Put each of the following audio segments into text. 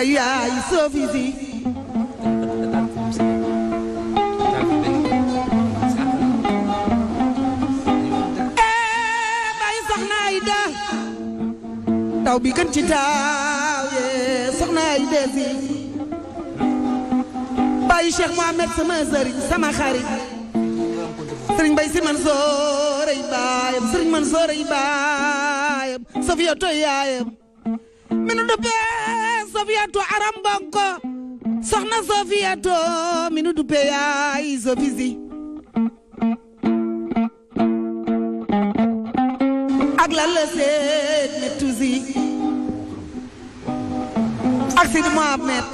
ay ay sofisi ee bay soxna ay da taw bi kën ci taaw yee soxna ay desi bay Cheikh Mohamed sama sëriñ sama xarit sëriñ bay si man sooray baayam sëriñ man sooray baayam Sofiya toy sofiyatu aram bonko soxna sofiyatu mi nu duppe yaay sofi si ak la la seet ne tusi ak Sidi Mohamed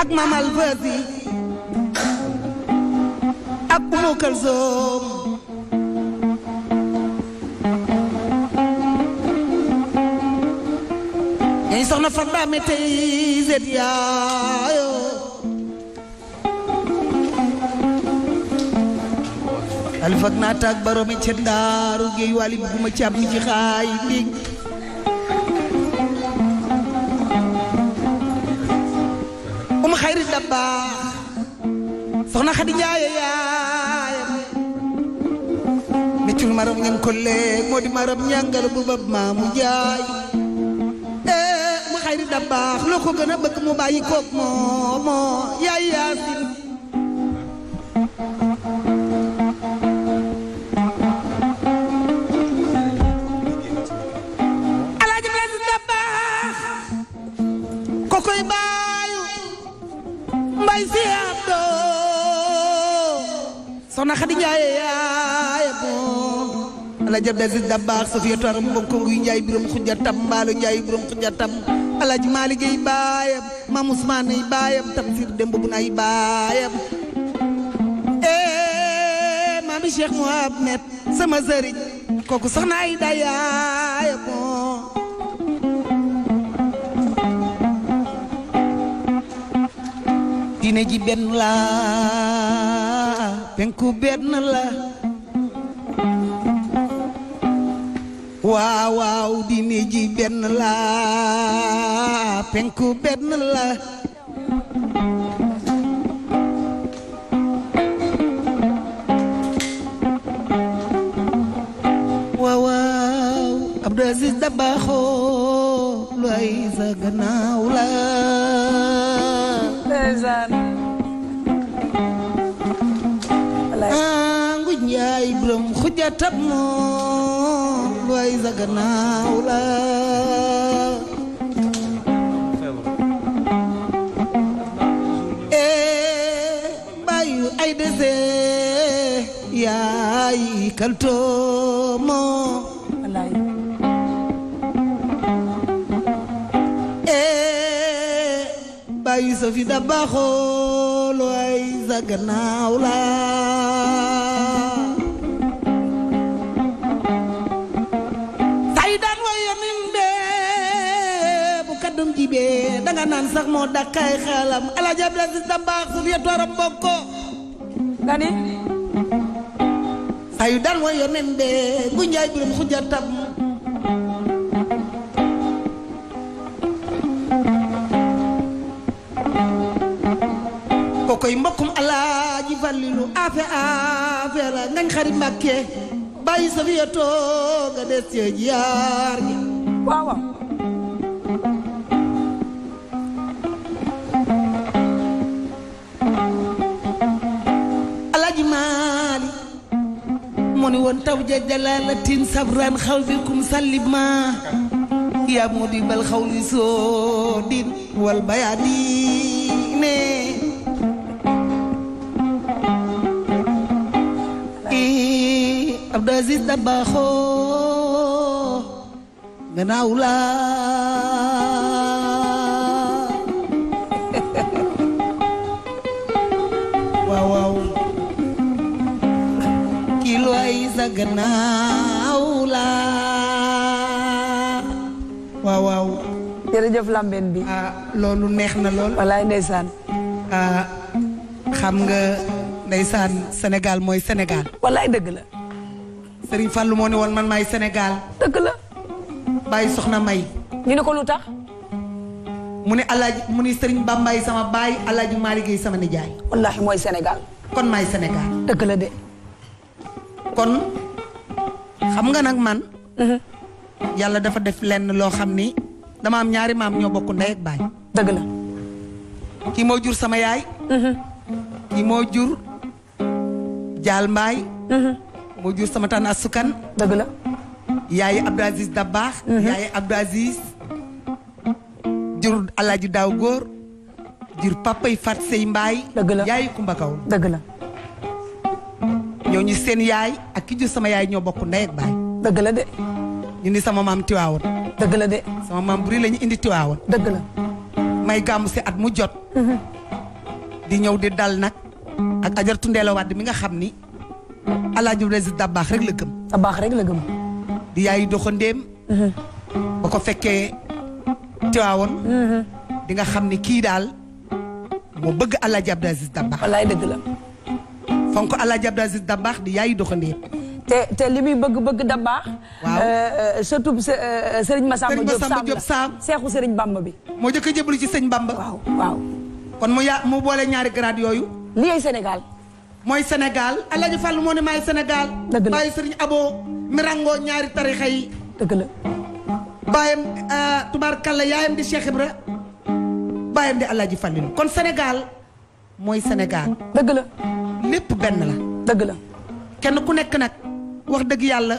ak Mamal Fasi ak Umu Kalsoom soxna fat ba me tey zet yaayo naa taag baroome ca ndaaru géey wali bugguma ci am ni ci xaay dégg um xayri dabba soxna xadi njaaye yaayam meccul maram ñang kolle moo di maram ñangal bu bab maamu jaay xayri da baax loo ko gën bàyyi ko koy baayu mbay si abdo soxna Xadi Njaay yaaya moo alaaji Blaise da baax Sofiyatu aram bonko nguy Njaay birom xujja mbaalo Njaay birom xujja tam Alaaji Maalik ay baayam Maam Usmaan ay baayam Tamsir Demba Bun ay baayam eh Maami Cheikh Mohamed sama sëriñ kooku soxna ay dayaayam diine ji benn la penku benn la waaw waaw diine ji benn la penku benn la waaw waaw Aziz Dabaxo lu ay sa gannaaw la yaay biram xuja tab moo looy sa gannaaw la ee baayu ay dese yaay kaltoomo eh bayu so fi da baaxoo looy sa gannaaw la bee danga naan sax moo dakkaay xelam alaja bi la si sa mbaax su fi torom bokko gani sayu dan wa yonen be bu njaay birum afe afe la ngañ xarit Mbàkke bàyyi sa fi ya toog a moni won taw tawja jalalatin sabran khalbikum salima ya mu di bal xawli soodin wal bayaadine e, Abdou Aziz Dabakho gannaaw sa gannaaw laa waaw waaw jërëjëf làmbeen bi ah, loolu neex na lool walaay ndeysaan ah, xam nga ndeysaan Sénégal mooy Sénégal walaay dëgg la Serigne lu moo ne woon man maay Sénégal dëgg la bàyyi soxna may ñu ne ko lu tax mu ne alaaji mu ne Serigne Bambaay sama baay alaaji Malick sama nijaay wallaahi mooy Sénégal kon maay Sénégal dëgg la de kon xam nga nag man. Uh-huh. yàlla dafa def lenn loo xam ni dama am ñaari maam ñoo bokk ndey ak baay. dëgg la. kii moo jur sama yaay. Uh-huh. kii moo jur Jaal Mbaay. Uh-huh. moo jur sama tànn asukan. dëgg la. yaayi Abdou Aziz Dabaax. yaayi Abdou Aziz jur Alaaji Daaw Góor jur papay Fat say Mbaay. dëgg la yaayi Kumba Kaw la. ñooñu seen yaay ak ki sama yaay ñoo bokk nday ak baay. dëgg la de. ñu ni sama maam Tiwaawoon. dëgg la de. sama maam buri la ñu indi Tiwaawoon. dëgg la. may gàmm si at mu jot. Mhm. di ñëw di dal nag ak ajartu Ndella Wade mi nga xam ni Alaaji Brésil da baax rek la gëm. da baax rek la gëm. di yaayu doxandéem. ba mhm. ko fekkee Tiwaawoon. Mhm. di nga xam ni kii daal moo bëgg Alaaji Abdou Aziz Dabakh. wallaay dëgg la. fonk Alaaji Abdou Aziz Dabakh di yaayu doxandéem. te li muy bëgg bëgg Dabakh. waaw euh, euh, surtout euh, Serigne Massamba Diop Samb la seexu Serigne Bamba bi. moo jëkk a jébbalu ci sëñ Bamba. waaw kon mu ya mu boole ñaari grade yooyu. lii ay Sénégal. mooy Sénégal Alaaji oh. Fall moo ne maay Sénégal. dëgg la Abo mi rangoo ñaari tarixa yi. dëgg la. baayam tubaarkalla yaayam di Cheikh Ibra baayam di Alaaji Fallilu kon Sénégal mooy Sénégal. dëgg la. lépp benn la. dëgg la. kenn ku nekk nag wax dëgg yàlla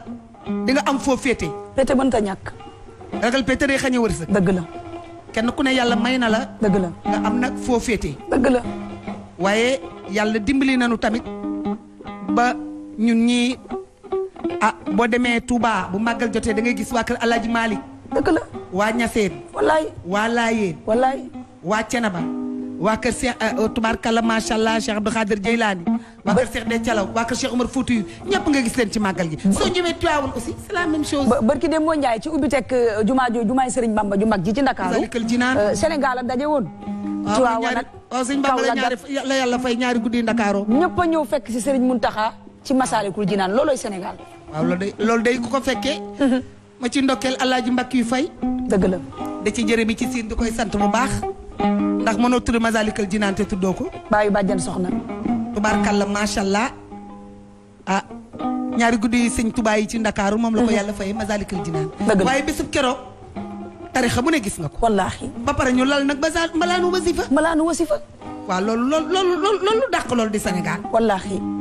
di nga am foo féete. féete mënta ñàkk. ragal péete day dëgg la. kenn ku ne yàlla may na la. dëgg la nga am nag foo féete. dëgg la. waaye yàlla dimbali nañu tamit ba ñun ñii ah boo demee tuubaa bu màggal jotee da ngay gis waa kër El Hadj Malick. dëgg la. waa Ñaseen. waa Laayeen. waa Cenaba. waa kër Cheikh eh, oh, tubaarkalla macha allah Cheikh Abdou Khadir Jeylani waa kër Cheikh Ndeye Thialaw waa Cheikh Omar foutu ñep nga gis len ci magal gi so ñewé Tivaouane aussi c'est la même chose barki dem mo Ndiaye ci ubi tek eh, juma ju jumaay Serigne Bamba ju mag ji ci dakar senegal a dajé won Tivaouane nak o serigne Bamba la ñaari la yalla fay ñaari guddi Ndakaaroo ñep a ñëw fekk ci Serigne Mountakha ci masalikul jinan loloy senegal waaw loolu day loolu day ku ko fekkee ma ci ndokel Alaaji Mbakk fay deug la da ci jërë mi ci sin di koy bu baax ndax mënoo tudd Masalikul Jinaan te tuddoo ko. baayu bàjjan soxna. tubaarkàlla macha allah a ah, ñaari guddi sëñ Tuubaa yi ci Ndakaaru moom la ko mhm. yàlla fayee Masalikul Jinaan. dëgg waaye bésub keroog tarixa bu ne gis nga ko. ba pare ñu lal nag mbalaanu wasifa. mbalaanu wasifa. waaw loolu loolu loolu loolu dàq loolu di Sénégal. wallaahi.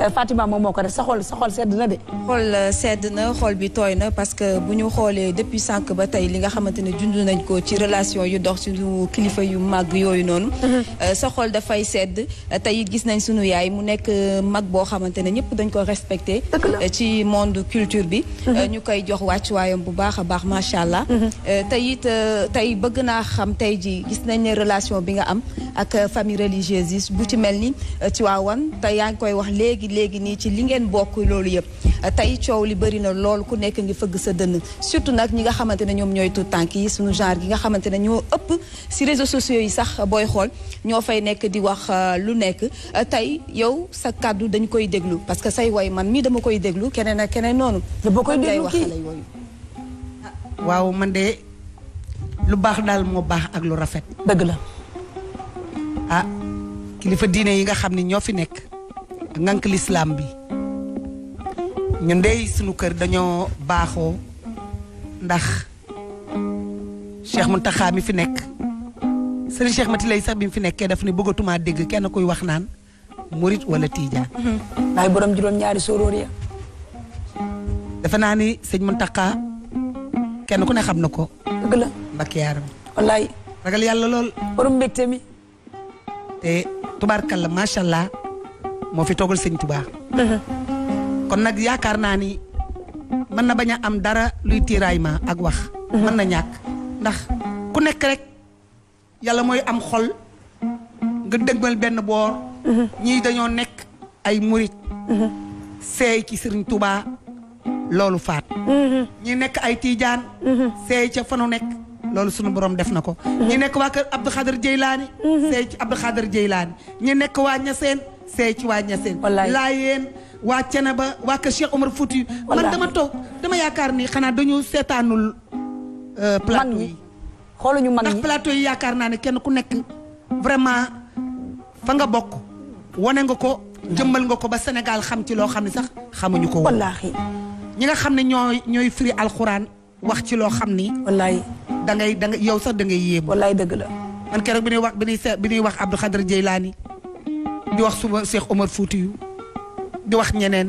Euh, Fatima moom moo ko def sa xol sa xol sedd na de. xol euh, sedd na xol bi tooy na parce que bu ñu xoolee depuis sànq ba tey li nga xamante ne junj nañ ko ci relation yu dox suñu kilifa yu màgg yooyu noonu. Mhm. Euh, sa xol dafay sedd tey gis nañ sunu yaay mu nekk mag boo xamante ne ñëpp dañ ko respecté. ci monde culture bi. Mhm. ñu koy jox wàccuwaayam bu baax a baax macha allah. Mhm. tey it tey bëgg naa xam tey ji gis nañ ne relation bi nga am ak famille religieuse bu ci mel ni ci yaa ngi koy wax léegi nii ci li ngeen bokk loolu yëpp tey coow li bëri na lool ku nekk ngi fëgg sa dënn surtout nag ñi nga xamante ne ñoom ñooy tout tànk yi suñu genre gi nga xamante ne ñoo ëpp si réseaux sociaux yi sax booy xool ñoo fay nekk di wax euh, lu nekk tey yow sa kàddu dañ koy déglu parce que say woy man mii dama koy déglu keneen ak keneen noonu boo koy déglu kii waaw man de lu baax daal moo baax ak lu rafet dëgg la ah kilifa diine yi nga xam ne ñoo fi nekk ngank l'islam bi ñun ndey suñu kër dañoo baaxoo ndax Cheikh Muntaxa mi fi nekk sëriñ Cheikh Mati lay sax bi mu fi nekkee daf ni bëggatuma dégg kenn kuy wax naan mourid wala tiijaan mhm. ndaay borom juróom ñaari sóoróor ya dafa naa ni sëñ Muntaxa kenn ku ne xam na ko dëgg la mbakk yaaram wallaay ragal yàlla lool borom mbégte mi te tubaarkalla macha allah mo fi togal serigne touba kon nak yaakaar na ni man na baña am dara luy tirayma ak wax man na ñak ndax ku nek rek yalla moy am xol nga deggal ben bor ñi dañoo nek ay murit sey ci serigne touba lolu fat ñi nek ay tiijaan seey ca fanu nek lolu sunu borom def nako ñi nek wa kër Abdou Khader jeylani sey ci Abdou Khader jeylani ñi nek wa ñasen seey ci waa Ñaseen laayeen waa Cenaba waa Kër Cheikh Omar Fouti man dama toog dama yaakaar ni xanaa dañu seetaanul euh, plateau yi xooluñu mag ñi ndax yi yaakaar naa ne kenn ku nekk vraiment fa nga bokk wane nga ko jëmmal nga ko ba Sénégal xam ci loo xam ne sax xamuñu ko woon wallaahi ñi nga xam ne ñooy ñooy firi alxuraan wax ci loo xam ni wallaahi da ngay da nga yow sax da ngay yéem wallaahi dëgg la man keroog bi ñuy wax bi ñuy se bi ñuy wax Abdou Khadre Jeylaani di wax suba Cheikh Omar Foutiyou di wax ñeneen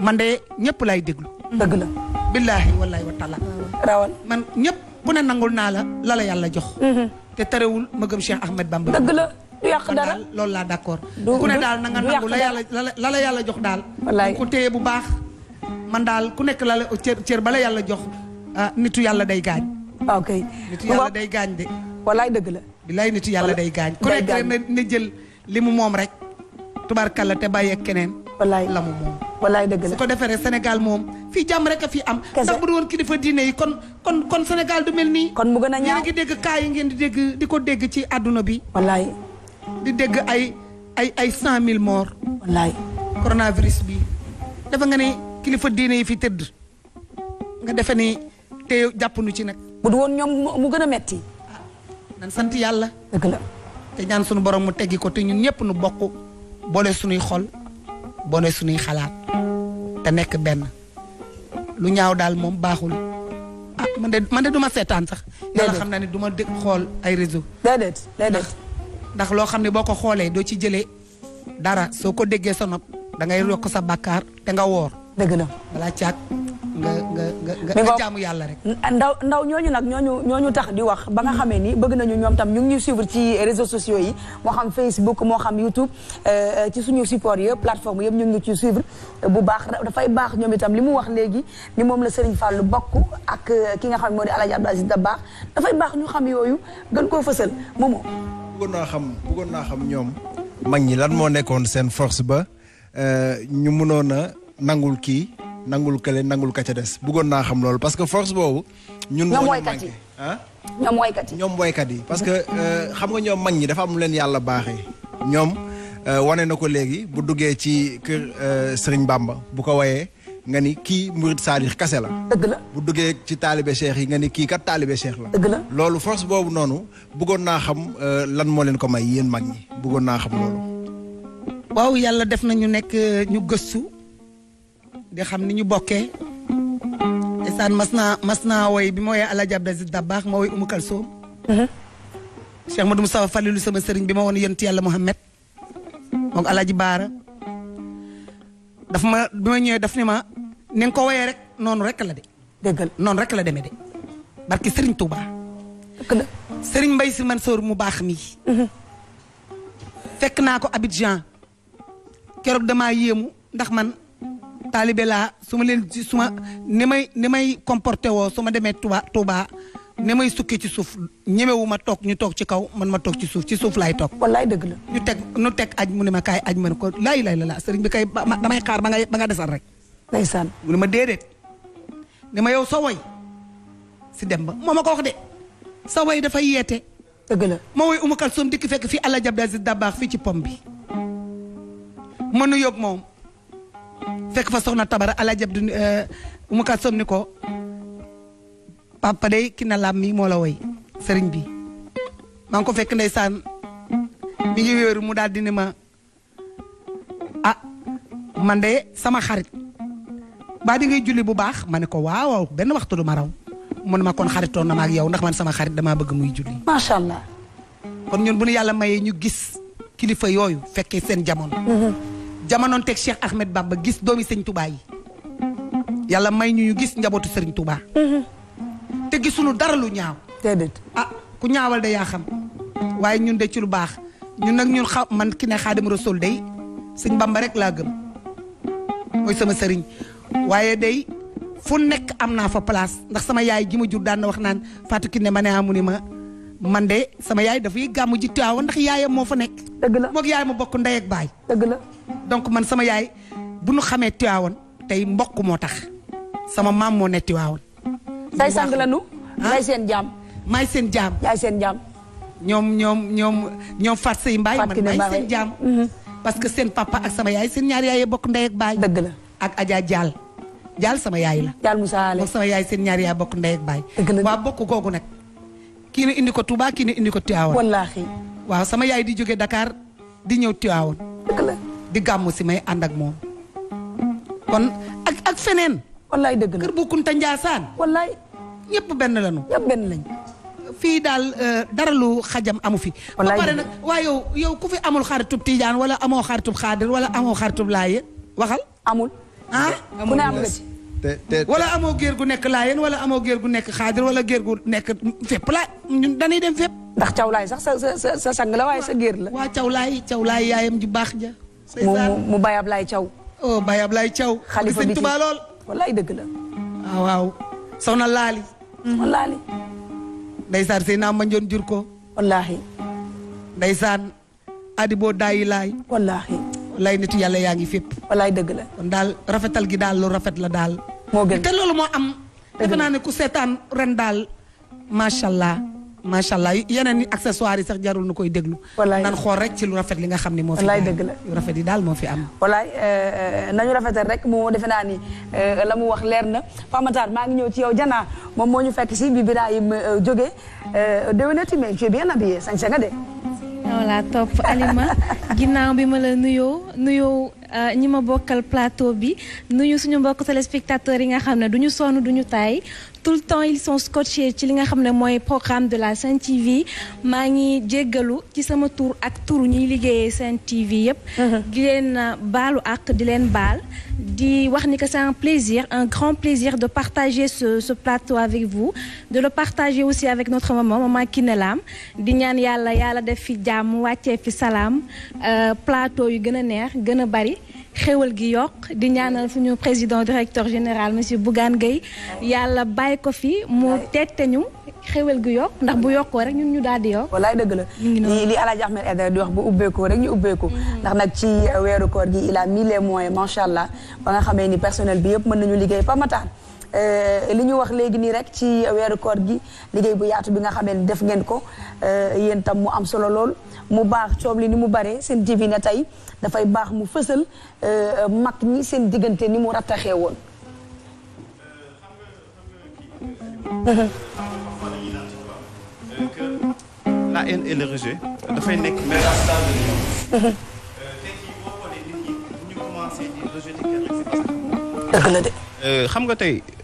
man de ñëpp laay déglu. dëgg la. billaahi wallaahi wa taala. rawal man ñëpp bu ne nangul naa la la yàlla jox. Mhm. te terewul ma gëm Cheikh Ahmed Bamba. dëgg la du yàq dara kon daal loolu laa d'accord. ku ne daal na nga nangu la yàlla la yàlla jox daal. wallaay ku téye bu baax. man daal ku nekk la la cër yàlla jox ah, nitu yàlla day gaañ. Ah, nitu yàlla day gaañ de. wallaay dëgg la. billaay nitu yàlla day gaañ. ku nekk na jël. li mu moom rek tubaarkàlla te bàyyeek keneen. wallaay lamu mu moom. wallaay dëgg la su ko defee rek Sénégal moom fii jàmm rek a fi am. kese ndax bu woon kilifa diine yi kon kon kon Sénégal du mel nii. kon mu gën a ngi dégg kaa yi ngeen di dégg di ko dégg ci àdduna bi. wallaay. dégg ay ay ay cent mille morts. wallaay. coronavirus bi dafa nga ne kilifa diine yi fi tëdd nga defe ni te jàpp nu ci nag. bu du woon ñoom mu gën a metti. Ah, nan sant yàlla. dëgg la. te ñaan suñu borom mu teggi ko te ñun ñëpp nu bokk boole suñuy xol boole suñuy xalaat te nekk benn lu ñaaw daal moom baaxul ah man de man de du ma seetaan sax. yàlla xam na ne du ma dégg xool ay réseau. déedéet déedéet ndax loo xam ne boo ko xoolee doo ci jëlee dara soo ko déggee sa nopp da ngay yokk sa bàkkaar te nga woor. dëgg la balaa caag nga nga nga jaamu yàlla rek ndaw ndaw ñooñu nag ñooñu ñooñu tax di wax ba nga xamee ni bëgg nañu ñoom tam ñu ngi ñuy suivre ci réseaux sociaux yi moo xam Facebook moo xam YouTube euh, euh, ci suñu support yëpp plateforme yëpp ñu ngi ci suivre bu baax dafay baax ñoom itam li mu wax léegi ni moom la Serigne Fallou bokk ak euh, ki nga xam moo di Alaaji Abdou Aziz Dabakh dafay baax ñu xam yooyu gën koo fësal moomu bëggoon naa xam bëggoon naa xam ñoom mag ñi lan moo nekkoon seen force ba ñu mënoon a nangul kii nangul kële nangul ka ca des buggoon naa xam loolu parce que force boobu. ñun moo ñu manqué ah. ñoom woykat yi parce que euh, xam nga ñoom mag ñi dafa am leen yàlla baaxee ñoom euh, wane na ko léegi bu duggee ci kër euh, Serigne Bamba bu ko wayee nga ni kii murid Sadikh kase la. dëgg la bu duggee ci taalibe cheikh yi nga ni kii kat taalibe cheikh la. dëgg loolu force boobu noonu bëggoon naa xam lan moo leen ko may yéen mag ñi buggoon naa xam loolu. waaw yàlla def na nekk ñu gëstu. di xam ni ñu bokke ndeysaan mas naa mas naa woy bi ma woyee El Hadj Abdoulaye Dabakh ma woy Umu Kalsoom. Uh-huh. Cheikh Madou Moustapha Fallilu sama sëriñ bi ma woon yonent yàlla Mouhamed moog El Baara daf ma bi ma ñëwee daf ne ma ni nga ko woyee rek noonu rek la de. noonu rek la demee de barki sëriñ Touba. sëriñ Mbaye Sy Mansour mu baax mii. Uh-huh. fekk naa ko Abidjan keroog damaa yéemu ndax man. taalibe laa su ma leen suma su may ni may comporté woo su ma demee Touba tubaa ne may sukki ci suuf ñemewu ma toog ñu toog ci kaw man ma toog ci suuf ci suuf laay toog. wallaay dëgg la. ñu teg ñu teg aj mu ma kaay aj ma ne ko laay laay la sëriñ bi kay ba damay xaar ba nga ba nga desal rek. ndeysaan mu ne ma déedéet ni yow sa woy si dem ba moo ma ko wax de sa woy dafa yeete. dëgg la ma woy Umu Kalsum dikk fekk fii El Hadj dabaax Aziz fii ci pom bi mënu yóbbu moom. fekk fa soxna tabara alaaji abdu eh, mu ka som ni ko papa day ki na laam mi moo la woy sëriñ bi maa ngi ko fekk ndeysaan mi ngi wéeru mu daal di ne ma ah man de sama xarit baa di ngay julli bu baax ma ne ko waaw benn waxtu du ma raw mu ma kon xaritoon na ma ak yow ndax man sama xarit damaa bëgg muy julli. macha allah. kon ñun bu nu yàlla mayee ñu gis kilifa yooyu fekkee seen jamono. Mm-hmm. jamonoon teg Cheikh Ahmed ba gis doomi sëñ Touba yi yàlla may ñu gis njabootu sëriñ Touba. Mm-hmm. te gisuñu dara lu ñaaw. déedéet ah ku ñaawal de yaa xam waaye ñun de ci lu baax ñu nag ñun xaw man ki ne Xaadim Rasul day sëñ Bamba rek laa gëm mooy sama sëriñ waaye day fu nekk am naa fa place ndax sama yaay ji ma jur daan wax naan Fatou Kiné ma ne amu ah, ni ma. man de sama yaay dafay gàmmu ji Tiwaawan ndax yaayam moo fa nekk. dëgg la moog yaay ma bokk ndey baay. dëgg la donc man sama yaay bu nu xamee Tiwaawan tey mbokk moo tax sama maam moo ne Tiwaawan. say sang lanu. may ah? seen jaam. may seen jaam. yaay ñoom ñoom ñoom ñoom Fatou Seye Mbaye. man may seen jaam. Mm-hmm. parce que seen papa ak sama yaay seen ñaari yaay bokk ndey baay. dëgg la ak Adja Diall. Diall sama yaay la. Diall Moussa Ale. moom sama yaay seen ñaari yaay baay. dëgg la waa bokk kooku nag. kii indi ko Touba kii indi ko Tivaouane. wallaahi. waaw sama yaay di jóge Dakar di ñëw Tivaouane. di gàmmu si may ànd ak moom. kon ak ak feneen. dëgg la kër bu Kunta Ndiassane. wallaay. ñëpp benn lañu. fii daal euh, dara lu xajam amu fi. wallaay ba nag waaye yow yow ku fi amul xaritub Tidiane wala amoo xaritub Xaadir wala amoo xaritub Laaye waxal. amul. ah ku ne am nga te wala amoo géer gu nekk laayeen wala amoo géer gu nekk xaadir wala géer gu nekk fépp la ñun dañuy dem fépp. ndax cawlaay sax sa sa sa la waaye sa géer la. waa cawlaay cawlaay yaayam ju baax ja. mu mu Baye Ablaye Thiaw. oh Baye Ablaye Thiaw. xalifa bi Tuubaa lool. wallaay dëgg la. waaw ah, waaw soxna Laali. soxna Laali. ndeysaan naa ma njoon jur ko. wallaahi. ndeysaan. Adibo Dayi Laay. lay nitu yàlla yaa ngi fépp. walaay dëgg la daal rafetal gi daal lu rafet la daal. moo gën te loolu moo am. defe naa ne ku seetaan ren daal macha allah. macha allah yeneen i accessoires yi sax jarul nu koy déglu. wallaay nan xool rek ci lu rafet li nga xam ni moo fi. wallaay la lu rafet yi daal moo fi am. wallaay euh, euh, nañu rafetal rek moom defe naa ni euh, la mu wax leer na Pamatar maa ngi ñëw ci yow Jana moom moo ñu fekk si bi Birahim jógee déwénati mais tu es nga de. voilà topp Alima ginnaaw bi ma la nuyoo nuyoo euh, ñi ma bokkal plateau bi nuyu suñu mbokk téléspectateurs yi nga xam ne du ñu sonn duñu tay tout le temps ils sont scotchés ci li nga xamné moy programme de la Saint TV ma ngi djéggalu ci sama tour ak tour ñi liggéey Saint TV yépp mhm. di len balu ak di len bal di wax ni que c'est un plaisir un grand plaisir de partager ce ce plateau avec vous de le partager aussi avec notre maman maman Kinelam. Lam di ñaan yalla yalla def fi jamm wàccee fi euh plateau yu gëna neex gëna bari xéwal gi yokk di ñaanal président directeur général monsieur Bougane Gueye yàlla bàyyi ko fi mu tetteñu gi ndax bu rek ñun ñu la li Ahmed di wax bu ubbeekoo rek ñu ubbeeku mhm. ndax il a mis les moyens macha allah ba nga xamee ni personnel bi Euh, li ñu wax léegi nii rek ci weeru koor gi liggéey bu yaatu bi nga xamee ni def ngeen ko euh, yéen tam mu am solo lool mu baax coob li ni mu baree seen TV ne tey dafay baax mu fësal euh, mag ñi seen diggante ni mu rattaxee woon. la haine dafay nekk mélange dëgg de. xam nga tey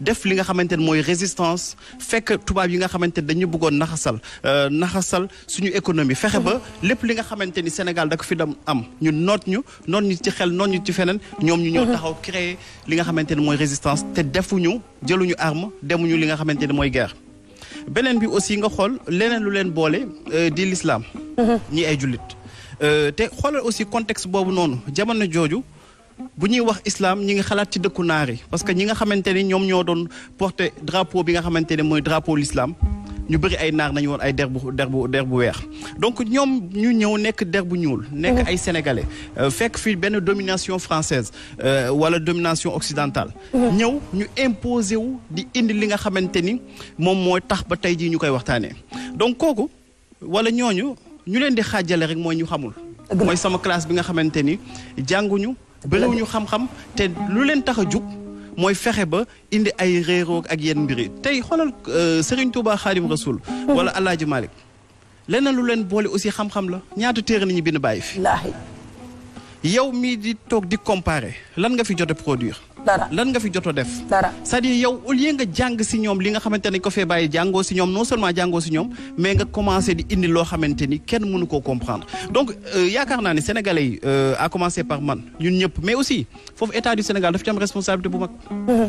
def li nga xamante ne mooy résistance fekk tubaab yi nga xamante ne dañu bëggoon naxasal euh, naxasal suñu économie fexe ba lépp li nga xamante ni Sénégal da ko fi dem am ñu noot ñu noot ñu ci xel noot ñu ci feneen ñoom ñu ñëw mhm. taxaw créer li nga xamante ni mooy résistance te defuñu jëluñu arme demuñu li nga xamante ne mooy guerre beneen bi aussi nga xool leneen lu leen boole euh, di l'islam mhm. ñi ay jullit euh, te xoolal aussi contexte boobu noonu jamono jooju bu ñuy wax islam ñi ngi xalaat ci dëkku naar yi parce que ñi nga xamante ni ñoom ñoo doon porter drapeau bi nga xamante ne mooy drapeau l'islam ñu bëri ay naar nañu woon ay derbu derbu derbu bu weex donc ñoom ñu ñëw nekk derbu bu ñuul nekk ay sénégalais euh, fekk fi benn domination française euh, wala domination occidentale ñëw ñu imposé wu di indi li nga xamante ni moom mooy tax ba tey jii ñu koy waxtaanee donc kooku wala ñooñu ñu leen di xaajale rek mooy ñu xamul mooy sama classe bi nga xamante ni jànguñu bëriwuñu xam-xam te lu leen tax a jug mooy fexe ba indi ay réeroog ak yenn mbir yi tey xoolal euh, Serigne Touba Xaadim Rasoul wala El Hadj Malick leneen lu leen boole aussi xam-xam la ñaata téere nañu bind baay fi. yow mii di toog di comparer lan nga fi jote a produire. dara lan nga fi a def dire yow nga si ñom li nga si non seulement si mais nga commencé di indi kenn comprendre donc sont euh, sénégalais euh, par man ñun mais aussi fofu du Sénégal dafa ci am responsabilité mhm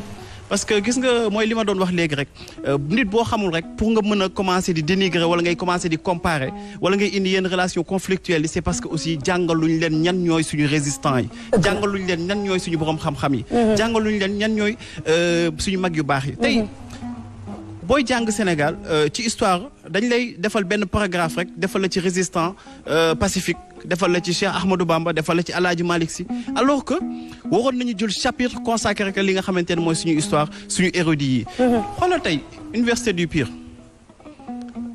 parce que gis nga moy lima ma doon wax légui rek euh, nit bo xamul rek pour nga mën commencer di dénigrer wala ngay commencer di comparer wala ngay indi yenn relation conflictuelle c'est parce que aussi jangaluñ len ñan ñoy suñu résistant yi jàngaluñ leen ñan ñoy suñu borom xam-xam yi mhm. jangaluñ len ñan euh suñu mag yu bax yi mhm. tay boy jang Sénégal euh, ci histoire dañ lay defal ben paragraphe rek defal la ci résistant euh, pacifique defal la ci Cheikh Ahmadou Bamba defal la ci El Hadj Malick Sy alors que waroon nañu jël chapitre consacré que li nga xamante moy suñu histoire suñu érudit yi. Mhm. xoolal tay Université du Pire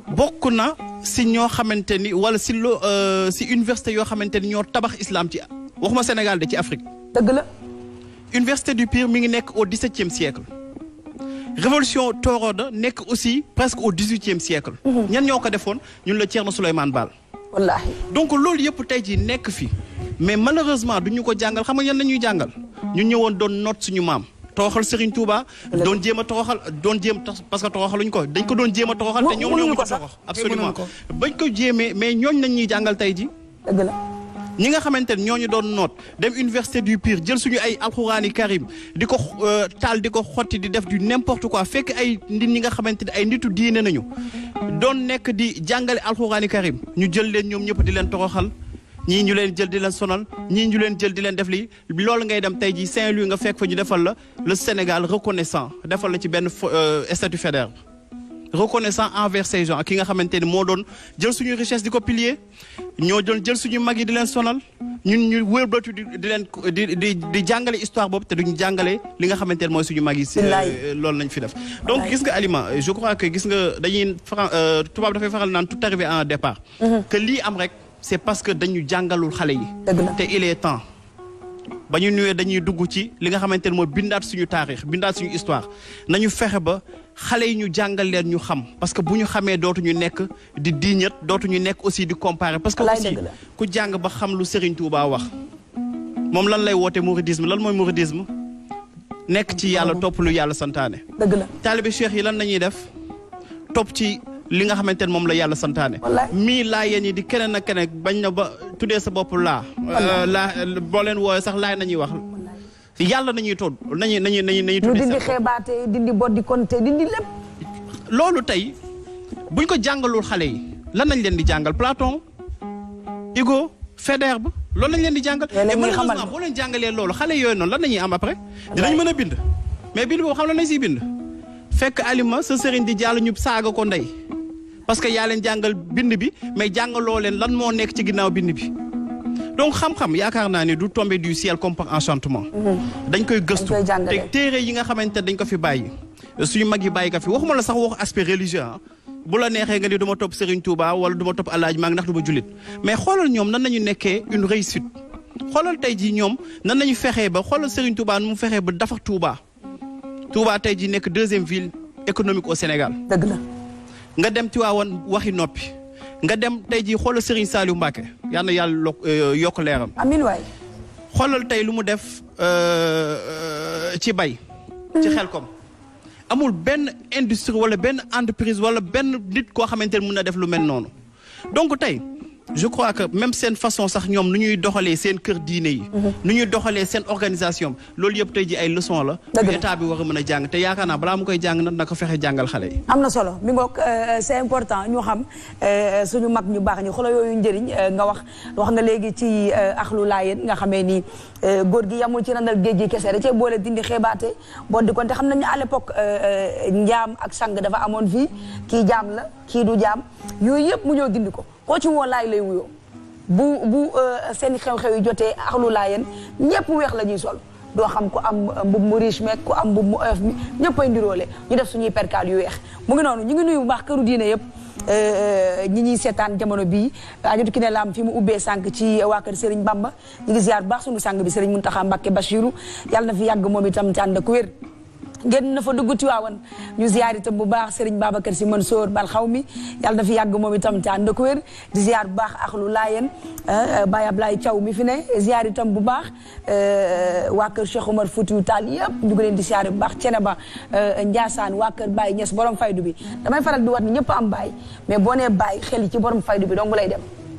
bokk na si ñoo xamante wala si euh si université yo xamante ni ñoo tabax islam ci waxuma Sénégal de ci Afrique. deug la. Université du Pire mi ngi nekk au 17e siècle. révolution Torodo nekk aussi presque au 18e siècle. Mhm. ñan ñoko ko ñun la Thierno Souleymane Baal. wallaahi donc loolu yëpp tey jii nekk fi mais malheureusement du ñu ko jàngal xam nga yan la ñuy jàngal ñu ñëwoon doon noot suñu maam. tooxal Serigne Touba doon jéem a tooxal doon jéem parce que tooxaluñ ko dañ ko doon jéem a tooxal te ñoom ñoo mujj toox absolument bañ ko jéemee mais ñooñ nañ ñuy jàngal tey ji dëgg la ñi nga xamanteni ne ñu doon note dem université du Pire jël suñu ay karim diko euh, taal di def n'importe quoi fekk ay nit ñi nga xamanteni ay nitu diine nañu doon nek di jàngale karim ñu jël nous ñom ñëpp di leen toroxal ñi ñu leen jël di sonal ñi ñu jël di def ngay dem Saint-Louis nga fekk fa ñu defal le Sénégal reconnaissant defal la ci euh, statut reconnaissant envers ces gens qui nga xamante mo doon jël suñu richesse di ko pilier ñoo doon jël suñu mag di len sonal ñun ñu wëlbatu di di leen di di di histoire boobu té duñu jàngale li nga xamante moy suñu mag yi. Euh, euh, loolu lañ fi def. donc gis nga aliment je crois que gis nga dañuy faral euh, tubaab fay faral nan tout arrivé en départ. Mhm. que li am rek c'est parce que dañu jàngalul xalé yi. té il est temps. ba ñu ñëwee dañuy dugg ci li nga xamante ne mooy bindaat suñu taarix bindaat suñu histoire nañu fexe ba xale yi ñu jàngal leen ñu xam parce que bu ñu xamee dootuñu nekk di diiñat dootuñu nekk aussi di comparer. parce que aussi ku jàng ba xam lu Serigne Touba wax moom lan lay woote mouridisme lan mooy mouridisme nekk ci yàlla topp lu yàlla santaane. dëgg la yi lan la ñuy def topp ci li nga xamante ne moom la yàlla santaane mii laa yéen yi di keneen ak keneen bañ na ba tuddee sa bopp laa euh, laa boo leen wooyee sax laay nañuy wax yàlla nañuy todd nañuy nañuy nañuy nañuy tuddee dindi xeebaate dindi boddi konte dindi lépp loolu tey buñ ko jàngalul xale yi lan nañ leen di jàngal Platon Hugo Faidherbe loolu lañ leen di jàngal mais malheureusement boo leen jàngalee loolu xale yooyu noonu lan nañuy am après dinañ mën a bind mais bind boobu xam la nañ siy bind fekk alima sa sëriñ di jàll ñu saaga ko ndey parce que yaa leen jàngal bind bi mais jàngaloo leen lan moo nekk ci bind bi donc xam-xam yaakaar naa du du ciel comme par enchantement. Mm-hmm. dañ koy yi nga dañ ko fi suñu fi waxuma la sax wax aspect religieux ah. bu la du ma Serigne Touba wala du ma mais nan une réussite. xoolal tey jii nan nañu fexee ba Serigne Touba mu ba Touba Touba deuxième ville économique au Sénégal. nga dem Tiwaawan waxi noppi nga dem tey jii xoolal Serigne Saliou Mbacke yal na yàlla euh, yokk leeram. amiin waay. xoolal tey lu mu def euh, euh, ci bay. ci mm-hmm. xelkom amul benn industrie wala benn entreprise wala benn nit koo xamante ne mun na def lu men noonu donc tey. je crois que même seen façon sax ñoom nu ñuy doxalee seen kër diine yi. Mhm. ñuy doxalee seen organisation loolu yëpp tey ji ay leçon la. état bi war mën a jàng te yaakaar naa balaa mu koy jàng na ko fexe jàngal xale yi. am na solo mi ngook euh, euh, c'est important ñu xam euh, suñu mag ñu baax ñu xoolal yooyu njëriñ nga wax wax nga léegi ci axlu laayeen nga xamee ni góor gi yamul ci randal géej gi kese da cee boole dindi xeebaate bon di kon te xam nañu à l'époque njaam ak sang dafa amoon fii kii jaam la kii du jaam yooyu yëpp mu dindi ko. koo ci woo laay lay wuyoo bu bu euh, seen xew-xew yi jotee axlu laayeen ñëpp weex la ñuy sol doo xam ku am euh, mbub mu riche meeg ku am mbub mu oyof mi ñëppay ndiroole ñu def suñuy perkaal yu weex mu ngi noonu ñu ngi nuyu bu baax këru diine yëpp euh, ñi ñuy seetaan jamono bii ajatu ki ne laam fi mu ubbee sànq ci waa kër Serigne Bamba ñu ngi ziar bu baax suñu sàng bi Serigne Mountakha Mbacké Bachirou yàlla na fi yàgg moom itam ci ànd ak wér génn na fa dugg Tiwaawan ñu ziar itam bu baax Serigne Babacar Sy Mansour bal xaw mi yàlla na fi yàgg moom itam te ànd ko wér di ziar bu baax ak lu laayeen eh, Baye Ablaye Thiaw mi fi ne ziar itam bu baax eh, waa kër Cheikh Omar Foutiyou Tall yëpp ñu ngi leen di ziar bu baax Thiénaba eh, Ndiassane waa kër Baye Niass borom faydu bi damay faral di wat ni ñëpp am Baye mais boo nee Baye xel yi ci borom faydu bi dong lay dem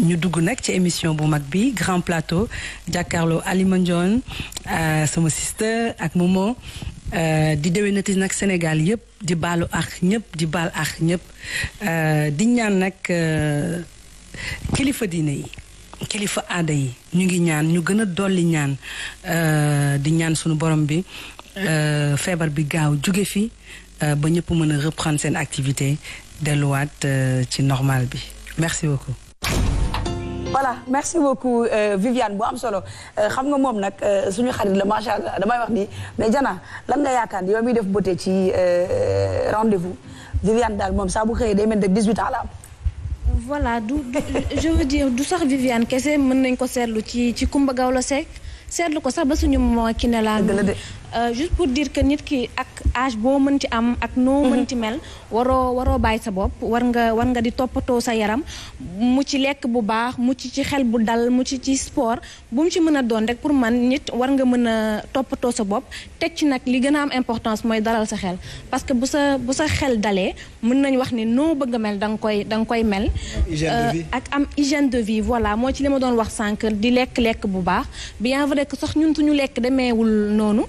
ñu dugg nak ci émission bu mag bi grand plateau jàkkaarloo Alima euh, sama sister ak Momo euh, di déwénati nak Sénégal yépp di balu ak ñëpp di bal ak ñëpp euh, di ñaan euh, kilifa diine yi kilifa aada yi ñu ngi ñaan ñu gëna dolli ñaan euh, di ñaan sunu borom bi feebar bi gaaw jóge fi ba ñëpp mën reprendre seen activité delluwaat ci normal bi merci beaucoup voilà merci beaucoup euh, Viviane bu am solo euh, xam nga moom nag euh, suñu xarit la macha allah damay wax ni mais Jana lan nga yaakaar yow miy def beauté ci rendez-vous Viviane daal moom saa bu xëyee day mel ne 18 ans voilà du je veux dire du sax Viviane kese mën nañ ko seetlu ci ci Kumba Gawlo Seck seetlu ko sax ba suñu mo ki ne laa Euh, juste pour diir que nit ki ak âge boo mënti am ak noo mhm. mënti mel waroo waroo bàyyi sa bopp war nga war nga di toppatoo sa yaram mu ci lekk bu baax mu ci ci xel bu dal mu ci ci sport bu mu ci mën a doon rek pour man nit war nga mën a toppatoo sa bopp teg ci nag li gën a am importance mooy dalal sa xel parce que bu sa bu sa xel dalee mën nañu wax ne noo bëgg a mel da koy da nga koy mel euh, ak am hygiène de vie voilà moo ci lima doon wax sànq di lekk-lekk bu baax bien vrai sax ñun suñu lekk demeewul noonu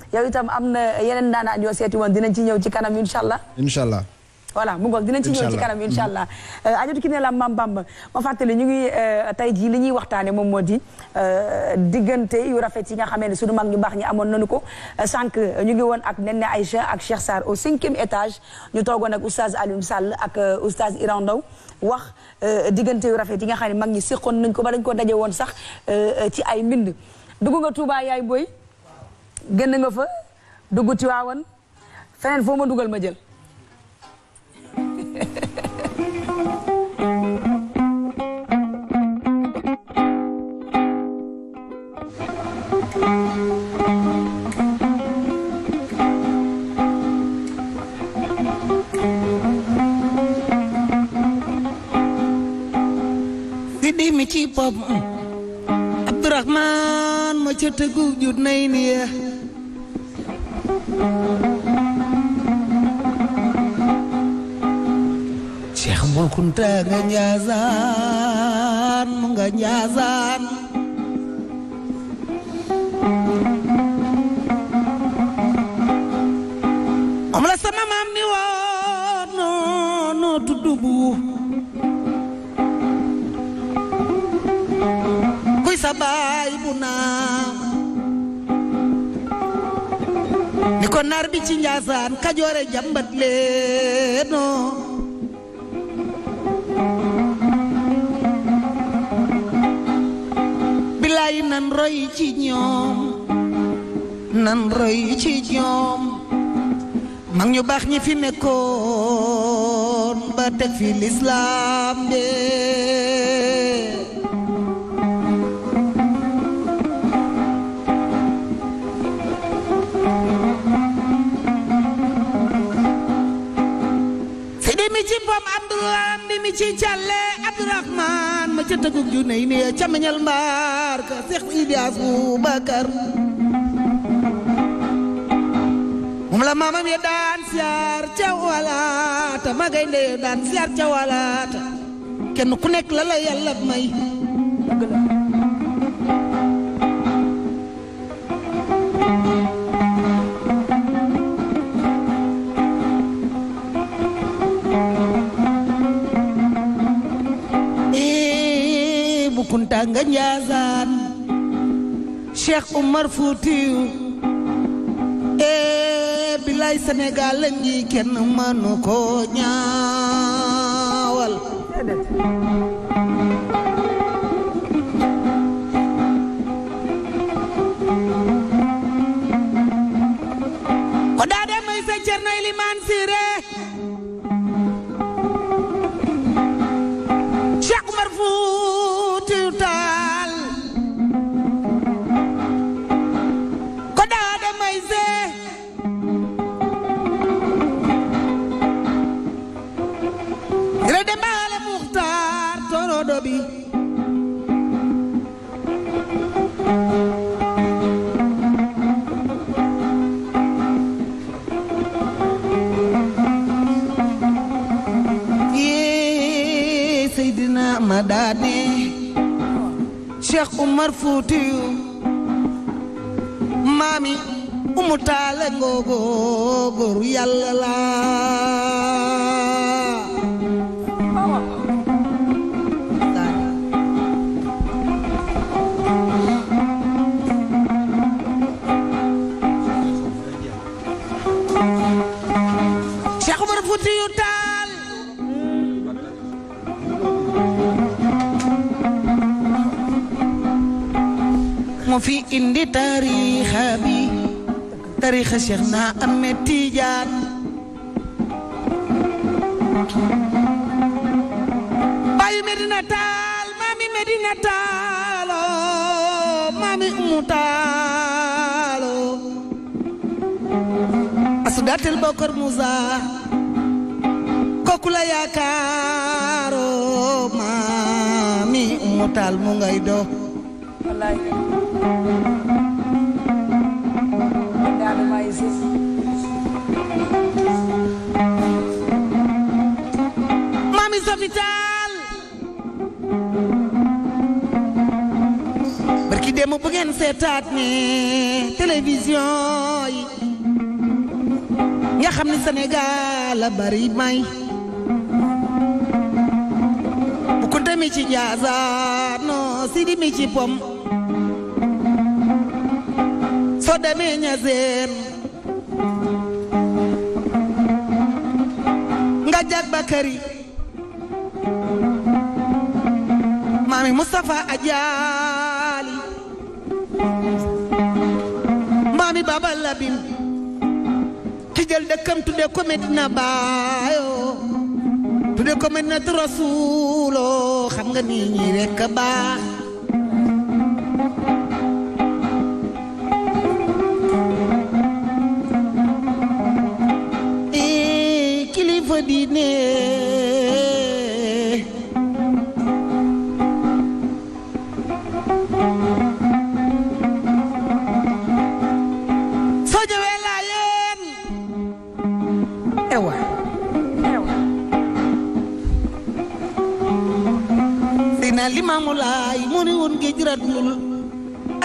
yow itam am na yeneen daanaan yoo seeti woon dinañ ci ñëw ci kanam incha allah. incha allah. voilà mu ngoog dinañ ci ñëw ci kanam incha mm-hmm. allah. Euh, ajatu ki ne la Mam Bamba ma fàttali ñu ngi euh, tey jii li ñuy waxtaane moom moo di euh, diggante yu rafet yi nga xamee ne suñu mag ñu baax ñi amoon nañu ko sànq ñu ngi woon ak ay Aïcha ak Cheikh Sarr au cinquième étage ñu toogoon ak oustaz Alioune Sall ak oustaz Iran Ndaw wax diggante yu rafet yi nga xam ne mag ñi séqoon nañ ko ba dañ ko daje woon sax ci ay mbind dugg nga Touba yaay booy genn nga fa dugg ci waawan feneen foo ma dugal ma jël ci bopp Abdourahman ma ca tëggu jut nay ni ya. Cheikh Mor Kunta nga Njaasaan nga konar bi ci njaasaan kajoore jàmbat leeno bilaay nan roy ci ñoom nan roy ci ñoom mag ñu baax ñi fi nekkoon ba teg fi lislaam be bopp abdourahman bi mi ci càlle abdourahman ma ca tëggug junne yi ne ca mbaar ka Seex Sidi Abubakar moom la maamam ya daan siyaar ca walaata ma gaynde ya daan siyaar ca walaata kenn ku nekk lala la yàlla may Kunta nga Njaasaan Cheikh Umar Fuutiyu ee eh, bilaay Sénégal a kenn mënu ko ñaawal ma daane Cheikh Umar Fuutiyu maami umu taala ngoogo góoru yàlla la indi tariixa bi tariixa Cheikh na Ahmed Tidiane baayu Medina Taal maami Medina Taaloo maami Umu Taaloo asudaatel bokkar Musa kooku la yaakaaroo Umu Taal mu ngay do wallaay man daal maa barki démb bu seetaat ni télévision yi nga xam ni Sénégal la bari may bu kunte mi ci njaasaat non si di mi ci pom soo demee ñaseen nga jag ba maami Mustafa Ajaali maami Baba Labin ki jël dëkkam tudde ko Medina Bayo tudde ko Medinatu Rasuulo xam nga nii ñi rekk baax Madine soo ñëwee laa yéen ewa ewa Seydina Limaamu Laay mu ni woon géej ratlul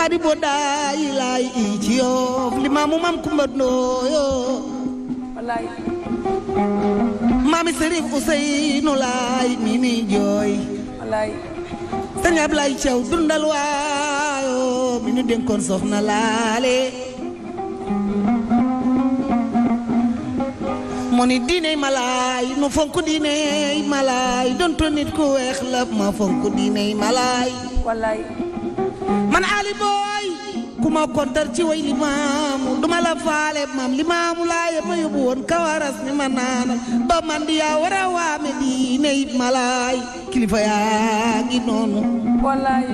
ari boo daay laay i ci Yoof Limaamu Maam Kumba Ndooyo wallaay maami Serigne Ousseynou laay mi mi jooy wallaay sëñ Ablaye Thiaw dundal waayo mi ñu dénkoon soxna laale mu ni diiney malaay nu fonk diiney malaay donto nit ku weex la ma fonk diiney malaay wallaay man ku ma kontar ci way limaamu duma la faale maam limaamu laaye ma yóbbu woon kawaras ni ma naana ba man di yaa war a waame diine it malaay kilifa yaa ngi noonu wallaay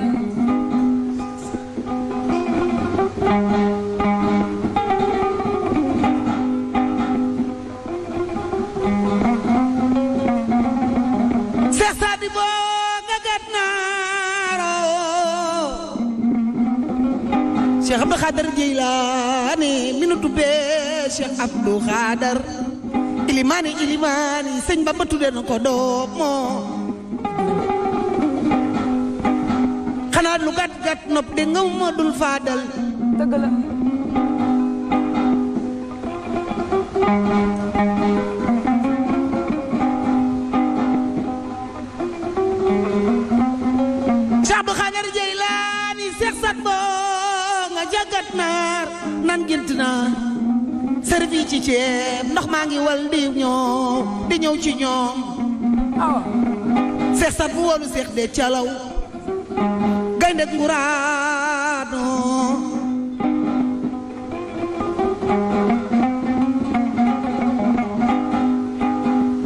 Xaadar jilani mi nu Cheikh Abdou Xaadar ilimani ilimani señ ba tuddee na nako do mo xana lu gat-gat nop de ngaw modul fadal faadal mang yêu ci ceeb ndox maa ngi wal di ñoom di ñëw ci ñoom seex sat bu woonu seex de calaw gaynde nguraano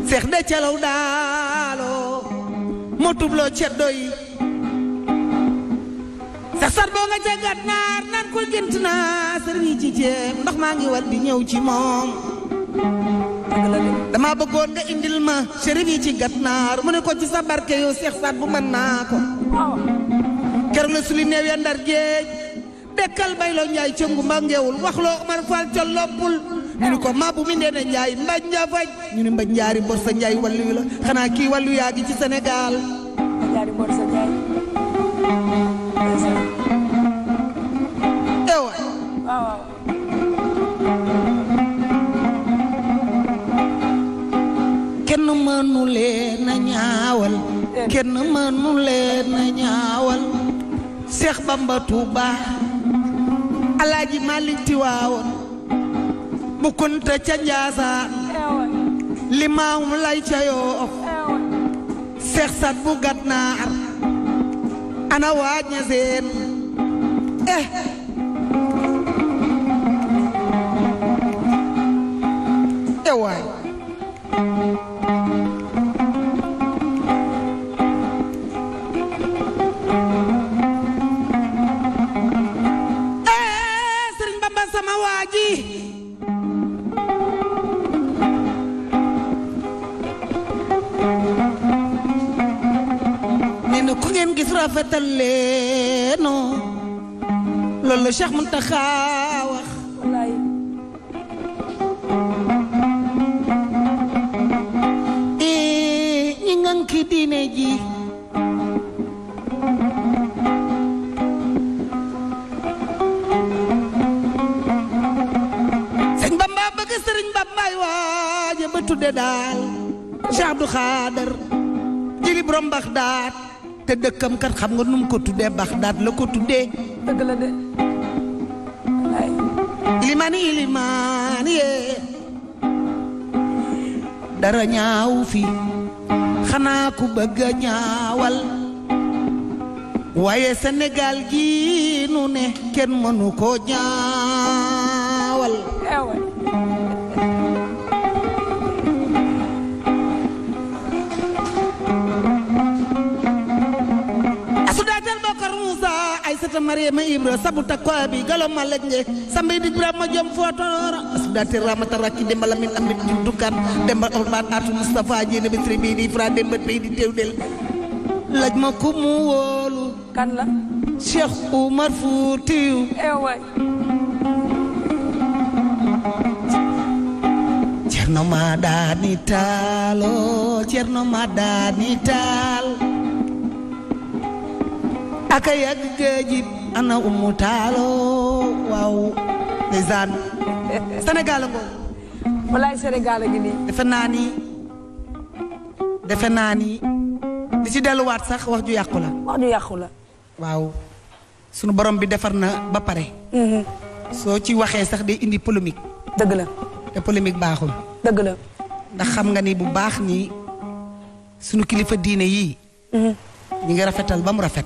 seex de calaw daalo moo tubloo ceddo yi ndax sat boo nga jaggat naar nan ko gént naa sëriñ ci jéem ndax maa ngi war bi ñëw ci moom dama bëggoon nga indil ma sëriñ yi ci gatnaar mu ne ko ci sa barke yow seex saat bu mën naa ko keroog la suli neew ya ndar géej dekkal bayloo njaay cëngu mba ngeewul wax loo Omar Fall ca loppul ñu ni ko ma bu mi ndeena njaay mbaj njaafaj ñu ni mbaj njaari bor njaay wallu la xanaa kii wallu yaa ci Sénégal mënu leen a ñaawal kenn mënu leen a ñaawal Seex Bamba Tuuba Alaaji Malik Tiwaawoon bu kunta ca Njaasaan Limaam Lay ca Yoof Seex Sat bu Gànnaar ana waaj ña seen ewaay eh. eh rafetal leeno loolu la Cheikh Mountakha wax e, ñi nganki diine ji sëñ Bamba bëgg sëriñ Bambaay waaje ba tudde daal Cheikh Abdou Khader jili borom Baxdaad te dëkkam kat xam nga nu mu ko tuddee Baxdaad la ko tuddee. dëgg la eh. dara ñaaw fi xanaa ku bëgg ñaawal waaye senegal gi nu ne kenn mënu ko ñaaw. aysata mariama ibra sabu takwa bi galo malanje sambe di ma jom foto asdati ramata rakki dembal min di dukan dembal olman atu mustafa ne bi tribi di fra dembal be di del laj ma ku mu wolu kan la cheikh oumar foutiou e eh, way cerno madani talo oh, cerno madani talo aka yag jeji ana umu talo wow ndeysaan senegal a ngoon senegal gi defenani. ni di ci wat sax wax ju yakula wax ju yakula wow sunu borom bi defar na ba pare mhm. so ci waxe sax day indi polemique deug la te polemique baxul deug la ndax xam nga ni bu bax ni sunu kilifa diine hmm ñi nga rafetal ba rafet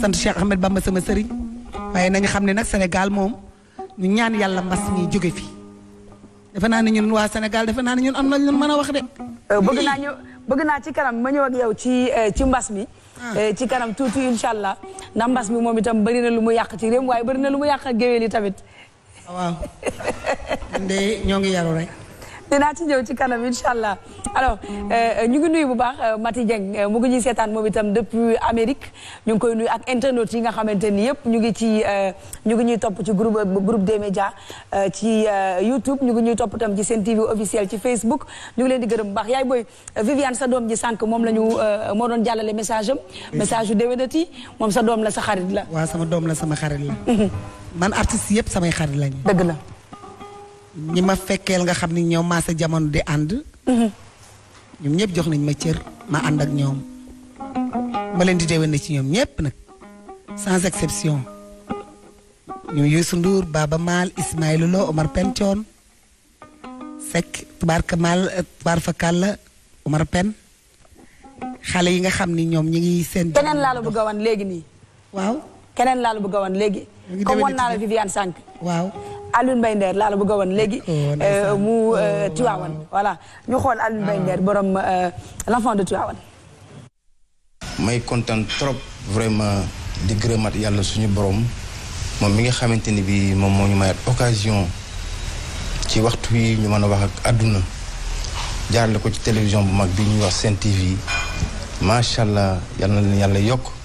sant Cheikh Ahmed Bamba sama sëriñ waaye nañu xam ne nag Sénégal moom ñu ñaan yàlla mbas mi jóge fi defe naa ne ñun waa Sénégal defe naa ne ñun am nañ mën a wax de. Euh, bëgg naa ñëw ci kanam ma ñëw ak ci euh, ci mbas mi. Ah. Euh, ci kanam tuuti incha allah ndax mbas mi moom itam bëri na lu mu yàq ci réew waaye bëri na lu mu yàq a géwél yi tamit. Ah, waaw. ñoo ngi yaru te naa ci ñëw ci kanam incha allah alors euh, ñu ngi nuyu bu baax euh, Mati Dieng euh, mu ngi ñuy seetaan moom itam depuis Amérique ñu ngi koy nuyu ak internautes yi nga xamante ni yëpp ñu ngi ci ñu ngi ñuy topp ci groupe groupe des médias ci YouTube ñu ngi ñuy topp tam ci seen TV officiel ci Facebook ñu ngi leen di gërëm bu baax yaay booy Viviane sa doom ji sànq moom la ñu moo doon jàllale message am. message yu moom sa doom la sa xarit la. waaw sama doom la sama xarit la. Mhm. man artiste yëpp samay xarit lañu. dëgg la. ñi ma fekkel nga xamni ñoo ma sa jamono di and mhm. ñoom ñëpp jox nañ ma cër ma and ak ñoom ma leen di déwén na ci ñoom ñëpp nak sans exception ñu Youssou Ndour Baba Mal, ismaïl Lo Omar Pention fek Seck mal Maal euh, tubaarfa Omar Pen, xalé yi nga xamni ni ñoom ñi ngi seen. keneen la la bëgg wan léegi waaw. keneen laa la bëgg wan léegi. comme wan naa la Viviane Sànq. waaw Alioune Mbaye Nder laa la bëgg a wan léegi. Oh, euh, mu Tiwaawan euh, oh, voilà ñu xool Alioune Mbaye ah. Nder euh, l'enfant de Tiwaawan. may kontaan trop vraiment di gërëmaat yàlla suñu borom moom mi nga xamante ni bii moom moo ñu mayaat occasion ci waxtu wi ñu mën a wax ak àdduna jaarale ko ci télévision bu mag bi ñuy wax Sen TV macha allah yal na yàlla yokk.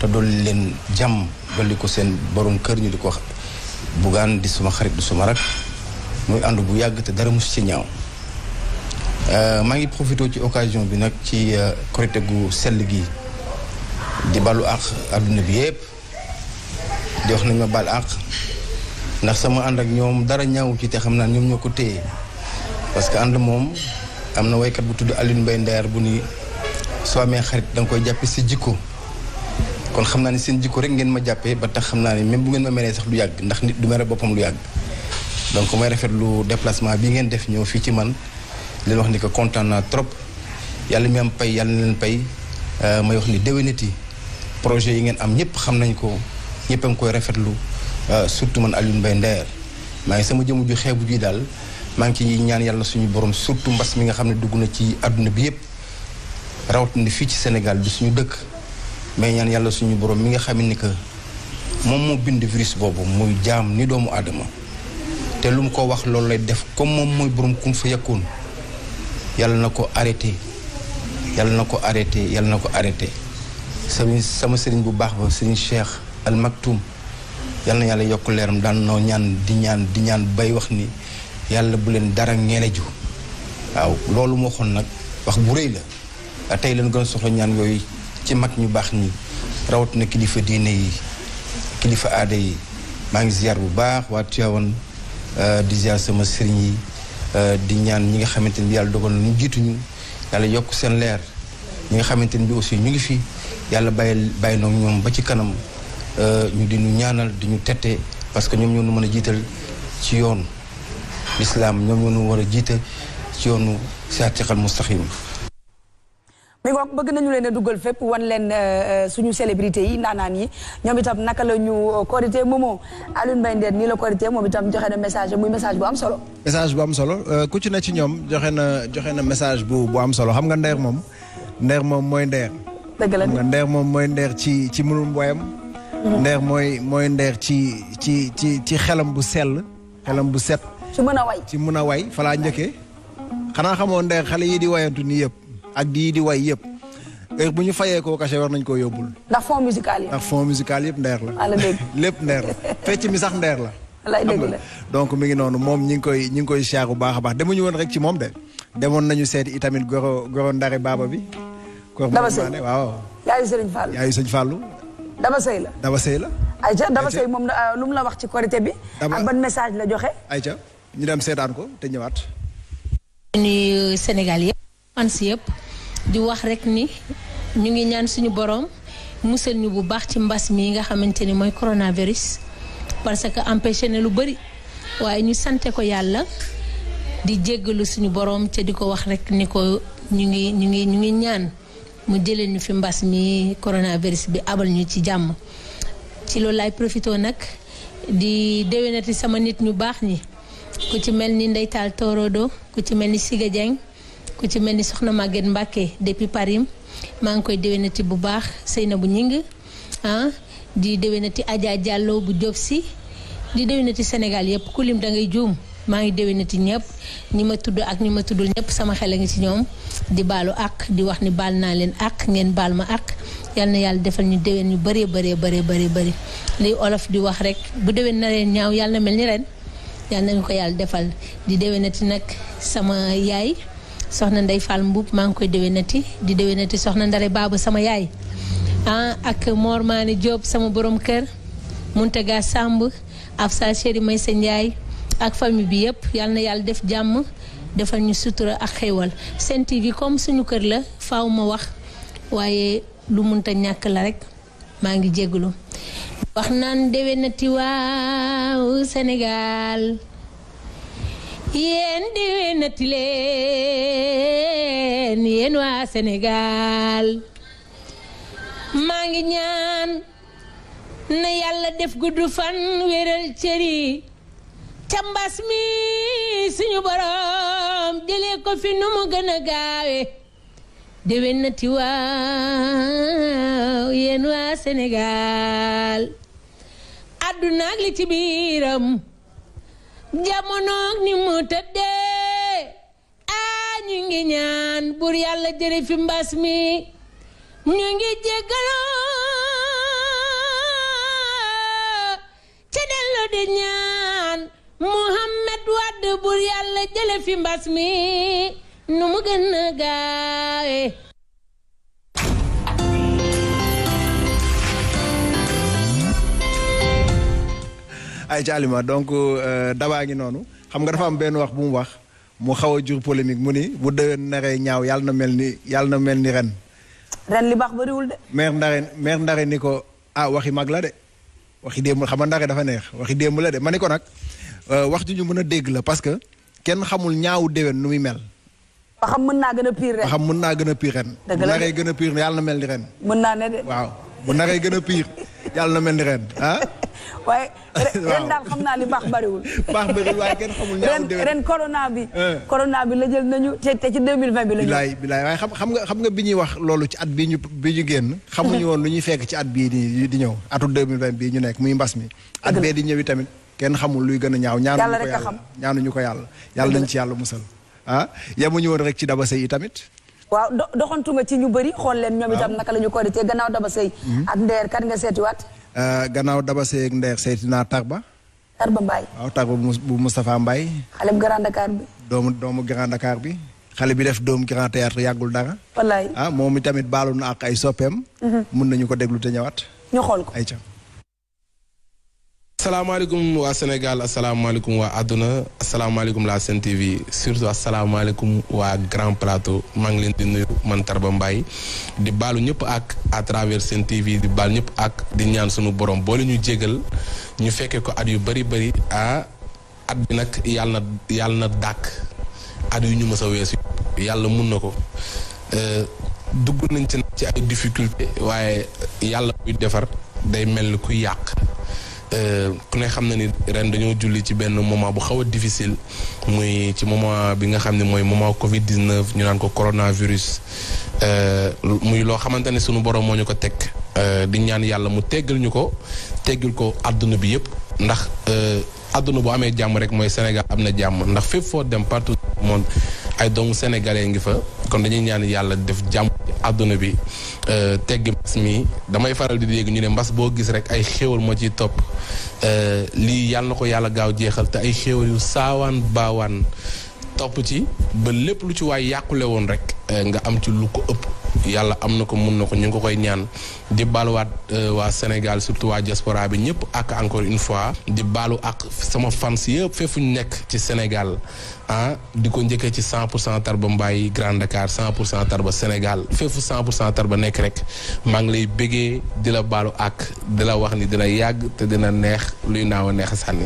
te dol len jam dolli sen borom keur ñu di wax bu gan di suma xarit di suma rak muy andu bu yag te dara musu ci ñaaw euh, ma ngi profito ci occasion bi nak ci euh, korité gu sel gi di balu ak aduna bi yeb di wax nañ bal ak ndax sama and ak ñoom dara ñaaw ci te xam naa ñoom ñoko teye parce que and mom amna way kat bu tuddu Aline mbay Nder bu ni so amé xarit dang koy ci jikko kon xamna ni seen jikko rek ngeen ma jappé ba tax xamna ni même bu ngeen ma méré sax du yàgg ndax nit du méré bopam lu yàgg donc may lu déplacement bi ngeen def ñëw fi ci man li wax ni ko kontaan naa trop yalla mi am pay yalla leen pay euh may wax ni déwénati projet yi ngeen am ñëpp xam nañ ko am koy rafet lu euh surtout man aliou mbay ndeer ma ngi sama jëm ju xébu ji dal ma ngi ci ñaan yalla suñu borom surtout mbass mi nga xam duguna ci aduna bi yépp yëpp ni fi ci Sénégal bi suñu dëkk. mais ñaan yàlla suñu borom mi nga xam ni que moom moo bind virus boobu muy jaam ni doomu aadama te lu mu ko wax loolu lay def comme moom mooy borom kum fa yekkoon yàlla na ko arrêté yàlla na ko arrêté yàlla na ko arrêté sëriñ sama sëriñ bu baax ba sëriñ Cheikh Al Maktoum yàlla na yàlla yokk leeram daan noo ñaan di ñaan di ñaan bay wax ni yàlla bu leen dara ngeene ju waaw loolu moo xoon nag wax bu rëy la tey leen gën a soxla ñaan yooyu ci mag ñu baax ñi rawatina kilifa diine yi kilifa aada yi maa ngi ziar bu baax waa Tiwaawan euh, di ziar sama sëriñ yi euh, di ñaan ñi nga xamante ne bi yàlla dogal na ñu jiituñu yàlla yokk seen leer ñi nga xamante ne bi aussi ñu ngi fi yàlla bàyyi bàyyi noog ñoom ba ci kanam euh, ñu di ñu ñaanal di ñu tette parce que ñoom ñoo nu mën a jiital ci yoon lislaam ñoom ñoo nu war a jiite ci yoonu siraatal mustaqiim mais ngoog bëgg nañu leen a dugal fépp wan leen euh, euh, suñu célébrité yi naanaan yi ñoom itam naka la ñu euh, korité moomoo Alioune Mbaye Nder la korité moom itam joxe na message muy message bu am solo message bu am solo ku ci na ci ñoom joxe na joxe na message bu bu am solo xam nga ndeer moom ndeer moom mooy ndeer dëgg la xam nga ndeer moom mooy ndeer ci ci mënum woyam mm-hmm. ndeer mooy mooy ndeer ci ci ci ci xelam bu sell xelam bu set ci mën way ci mën way falaa njëkkee xanaa xamoo ndeer xale yi di wayantu nii yëpp ak di di way yëpp bu ñu fayee koo cachet war nañ ko yóbbul. ndax fond musical yi. ndax fond musical yëpp ndeer la. lépp ndeer la fecc mi sax ndeer la. donc mi ngi noonu moom ñi ngi koy ñi ngi koy siyaar bu baax a baax demuñu woon rek ci moom de demoon nañu seeti itamit goro goro ndare baaba bi. daba sëy ko waaw. yaayu sëriñ Fallou yaayu sëriñ Fallou. daba sëy la daba sëy la. ayca daba sëy moom ah, lu mu la wax ci korité bi. ak ban message la joxe. ay ca ñu dem seetaan ko te ñëwaat. nuyu fans yëpp di wax rek ni ñu ngi ñaan suñu borom musal ñu bu baax ci mbas mi nga xamante ni mooy coronavirus parce que empêché na lu bëri waaye ñu sante ko yàlla di jéggalu suñu borom ci di ko wax rek ni ko ñu ngi ñu ngi ñu ngi ñaan mu jëlee ñu fi mbas mi coronavirus bi abal ñu ci jàmm ci loolu laay profité nag di déwénati sama nit ñu baax ni ku ci mel ni ndeytaal Torodo ku ci mel ni Siga ku ci melni soxna parim, Mbacke depuis Paris ma ngi koy bu baax seyna bu ñing ah di déwénati Adja Diallo bu Diop di déwénati Senegal yep ku lim da ngay joom ma ngi ma tuddu ak ñi ma tuddul ñep sama xel nga ci ñom di balu ak di wax ni bal na len ak ngeen bal ma ak yal yalla defal ñu déwén ñu bari bari bari bari bari li olaf di wax rek bu déwén na len ñaaw yalla melni ren yalla nga ko yalla defal di déwénati nak sama yaay soxna Ndeye Fall Mbuub maa ngi koy déwénati di déwénati soxna Ndare Baaba sama yaay ah ak Mor Maane Diop sama boroom kër Muntaga Samb Afsa Chéri may sa Ndiaye ak famille bi yëpp yal na yàlla def jàmm defal ñu sutura ak xéewal Sen TV comme suñu kër la faaw ma wax waaye lu munta ñàkk la rek maa ngi jégalu wax naan déwénati waaw Sénégal yéen di wénati leen yéen waa Sénégal maa ngi ñaan na yàlla def gudd fan wéral cëri ca mbas mi suñu borom jëlee ko fi nu mu gën a gaawe di wénati waaw yéen waa Sénégal àdduna li ci biiram jamonoog ni mu aa ñu ngi ñaan buur yàlla jëre fi mbas mi ñu ngi jéggaloo ci dellu di ñaan Muhammad Wade buur yàlla jële fi mbas mi nu mu gën a gaawe ay ci donc euh, dabaa ngi noonu xam nga dafa am benn wax mu wax mu xaw a jur polémique mu ni mu déwén naree ñaaw yàlla na mel ni yàlla na mel ni ren. ren li baax bëriwul de. meer ndare meer ndare ni ko ah waxi mag la de waxi démb xam nga ndare dafa neex waxi démb la de ma ni ko nag euh, wax ju ñu mën a dégg la parce que kenn xamul ñaaw déwén nu muy mel. ba xam mën naa gën a pire ren. ba xam mën naa gën a pire ren. dëgg la gën a piir yàlla na mel ni ren. mën naa ne de bu naree gën a piir yàlla na mel ni ren ah. waaye ren daal xam naa li baax bariwul. baax bariwul waaye kenn xamul ñaar déwén bi. Eh. corona bi la jël nañu te te ci 2020 bi la ñu. bilaay bilaay xam xam nga xam nga bi ñuy wax loolu ci at bii ñu bi ñu xamuñu woon lu ñuy fekk ci at bii di di ñëw atu 2020 bii ñu nekk muy mbas mi. at bee di ñëwi tamit kenn xamul luy gën a ñaaw. ñaanuñu ko yàlla ñu ko yàlla. yàlla nañ ci yàlla musal ah yemuñu woon rek ci daba sey yi tamit waaw doxantu nga ci ñu bëri xool leen ñoom itam naka la ñu koritee gannaaw daba sëy hmm. ak ndeer kan nga seetiwaat euh, gannaaw daba sëy ak ndeer seeti naa tarba tarba mbaay waaw tarba bu Moustapha Mbaye xale bu bi doomu garandakaar bi xale bi def doomu Grand Théâtre yàggul dara wallaay ah moom itamit baalu na ak ay soppeem hmm. mun nañu ko déglu te ñëwaat ñu xool ko ay asalaamaaleykum waa Sénégal asalaamaaleykum waa àdduna asalaamaaleykum la Sen TV surtout asalaamaaleykum waa Grand Plateau maa ngi leen di nuyu mantar ba mbay di baalu ñëpp ak à travers Sen TV di baal ñëpp ak di ñaan sunu borom boole ñu jégal ñu fekkee ko at yu bari bari ah at bi nag yàlla na yàlla na dàkk at yu ñu mës a weesu yàlla mun na ko euh, dugg nañ ci ci ay difficulté waaye yàlla buy defar day mel ni kuy yàq. Euh, ku ne xam na ni ren dañoo julli ci benn moment bu xaw a difficile muy ci moment bi nga xam ne mooy moment Covid 19 ñu naan ko coronavirus euh, muy loo xamante ne sunu borom moo ñu ko teg euh, di ñaan yàlla mu teggal ñu ko teggil ko àdduna bi yëpp ndax. àdduna boo amee jàmm rek mooy Sénégal am na jàmm ndax fépp foo dem partout moom monde ay doomu sénégalais ngi fa kon dañuy ñaan yàlla def jàmm ci àdduna bi euh, tegg mbas mi damay faral di léegi ñu ne mbas boo gis rek ay xéewal moo ci topp euh, lii yàlla ko yàlla gaaw jeexal te ay xéewal yu saawaan baawaan topp ci ba lépp lu ci waay yàqule woon rek eh, nga am ci lu ko ëpp yàlla am na ko mun na ko ñu ngi ko koy ñaan di baaluwaat eh, waa Sénégal surtout waa diaspora bi ñëpp ak encore une fois di baalu ak sama fans yëpp fépp ñu nekk ci Sénégal ah di ko njëkkee ci 100 pour cent Tarba Mbaye Grand Dakar 100 pour cent ba Sénégal fépp fu 100 pour cent nekk rek maa ngi lay bëggee di la baalu ak di la wax ni dina yàgg te dina neex luy naaw a neex a sànni.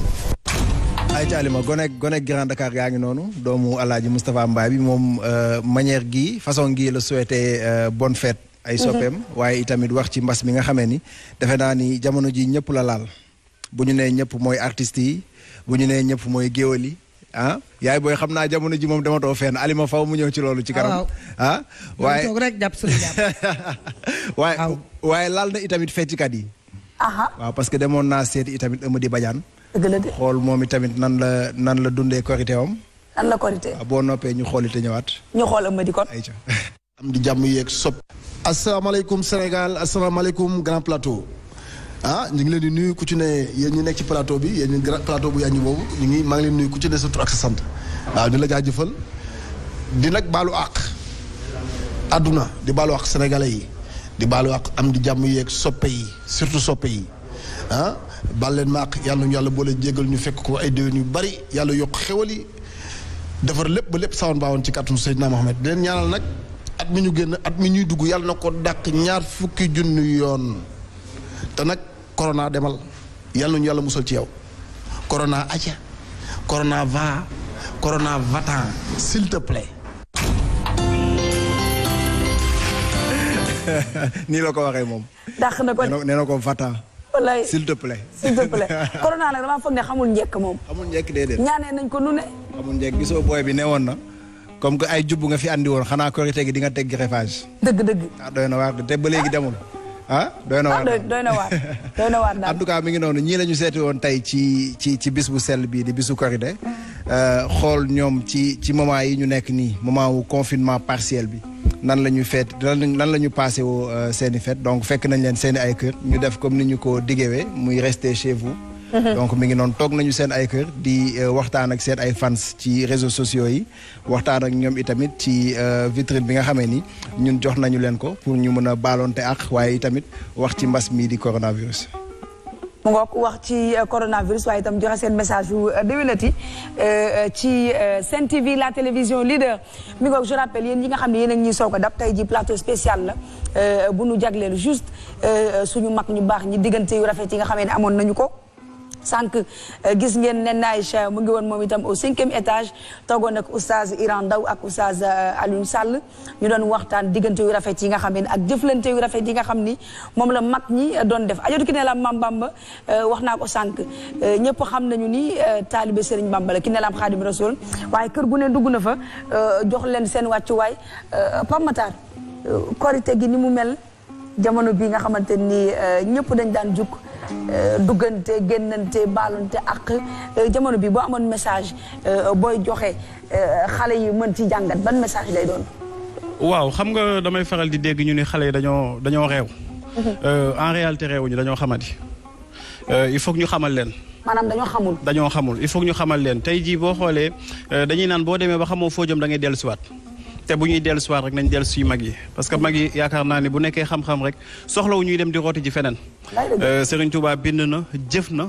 ay caalima gone gone Grand Dakar gaa ngi noonu doomu alaaji Moustapha Mbaye bi moom euh, manière gii façon gii la souhaité euh, bonne fête ay mhm. soppeem waaye itamit wax ci mbas mi nga xamee ni defe naa ni jamono ji ñëpp la laal bu ñu nee ñëpp mooy artistes yi bu ñu nee ñëpp mooy géwél yi ah yaay booy xam naa jamono ji moom dama too fenn alima faw mu ñëw ci loolu ci kanam ah waaye waaye waaye laal na itamit feccikat yi waaw parce que demoon naa seeti itamit ëma di bajaan dëgg la de xool moom itamit nan la nan la dundee korité wam nan la korité boo noppee ñu xool te ñëwaat. ñu xool am di kon. am di jàmm yeeg sopp. asalaamaaleykum Sénégal asalaamaaleykum Grand Plateau. ah ñu ngi leen di nuyu ku ci ne yéen ñu nekk ci plateau bi yéen ñu plateau bu yàññi boobu ñu ngi maa ngi leen nuyu ku ci ne sa tur ak sa sant. waaw ñu la jaajëfal di nag baalu àq. àdduna di baalu àq sénégalais yi di baalu àq am di jàmm yeeg soppe yi surtout soppe yi ah, baal leen maaq yàlla nañu yàlla boole jégal ñu fekk ko ay déwén yu bari yàlla yokk xewali defar lépp ba lépp sawoon baawoon ci kàttanu Seydina Mohamed di leen ñaanal nag at mi ñu génn at mi ñuy dugg yàlla na ko dàq ñaar fukki junni yoon te nag corona demal yàlla nañu yàlla musal ci yow corona aja corona va corona va-t'en s'il nii la ko waxee moom. dàq na ko nee na ko va wallaay s'il te plaît. s'il te corona nag damaa foog ne xamul njëkk moom. xamul njëkk déedéet. ñaanee nañ ko nu ne. xamul njëkk gisoo bi ne woon na. comme que ay jubbu nga fi andi woon xanaa korite gi di nga teg greffage. dëgg dëgg. ah doy na waar te ba léegi demul. ah doy na na waar tout cas mi ngi noonu ñii la ñu seeti woon tey ci ci ci bis bu sell bii di bisu korité xool ñoom ci ci moment yi ñu nekk nii moment wu confinement partiel bi nan la ñu feet nan la ñu passé woo seen i fête donc fekk nañ leen seen i ay kër ñu def comme ni ñu ko digéwee muy rester chez vous Mhm. donc mi ngi noonu toog nañu seen ay kër di euh, waxtaan ak seen ay fans ci réseaux sociaux yi waxtaan ak ñoom itamit ci euh, vitrine bi nga xamee ni ñun jox nañu leen ko pour ñu mën a baalonte ak waaye itamit wax ci mbas mii di coronavirus. mu ngoog wax ci euh, coronavirus waaye itam joxe seen message yu déwénati ci Sen TV la télévision leader mi ngoog je rappelle nga xam ne yéen a ngi ñuy soog a tey ji plateau spécial la bu nu jagleel juste suñu mag ñu baax ñi diggante yu rafet yi nga xamee ne amoon nañu ko. sànq eh, gis ngeen ne Naïcha eh, mu ngi woon moom itam au cinquième étage toogoon ak oustaz Iran Ndaw ak oustaz eh, Alioune Sall ñu doon waxtaan diggante yu rafet yi nga xam ne ak jëflante rafet yi nga xam ni moom la mag ñi doon def ajotu ki ne la Mam Bamba wax naa ko sànq ñëpp xam nañu ni taalibe Serigne Bamba la ki ne la am Xaadim Rasul waaye kër gu ne dugg na fa jox leen seen wàccuwaay Pape Matar korite gi ni mel jamono bii nga xamante ni euh, ñëpp dañ daan jug euh, duggante génnante baalante ak euh, jamono bi boo amoon message booy joxe xale yi mën ci jàngat ban message lay doon. waaw xam nga damay faral di dégg ñu ni xale yi dañoo dañoo réew. Mhm. en réalité réewuñu dañoo xamati. il foog ñu xamal leen. maanaam dañoo xamul. dañoo xamul il foog ñu xamal leen tey jii boo xoolee dañuy naan boo demee ba xamoo foo jom da ngay dellusiwaat. te buñuy del soir rek nañ del si mag yi parce que mag yi yaakaar naa bu nekké xam-xam rek soxla wuñuy dem di rooti ji euh Serigne Touba bind na jëf na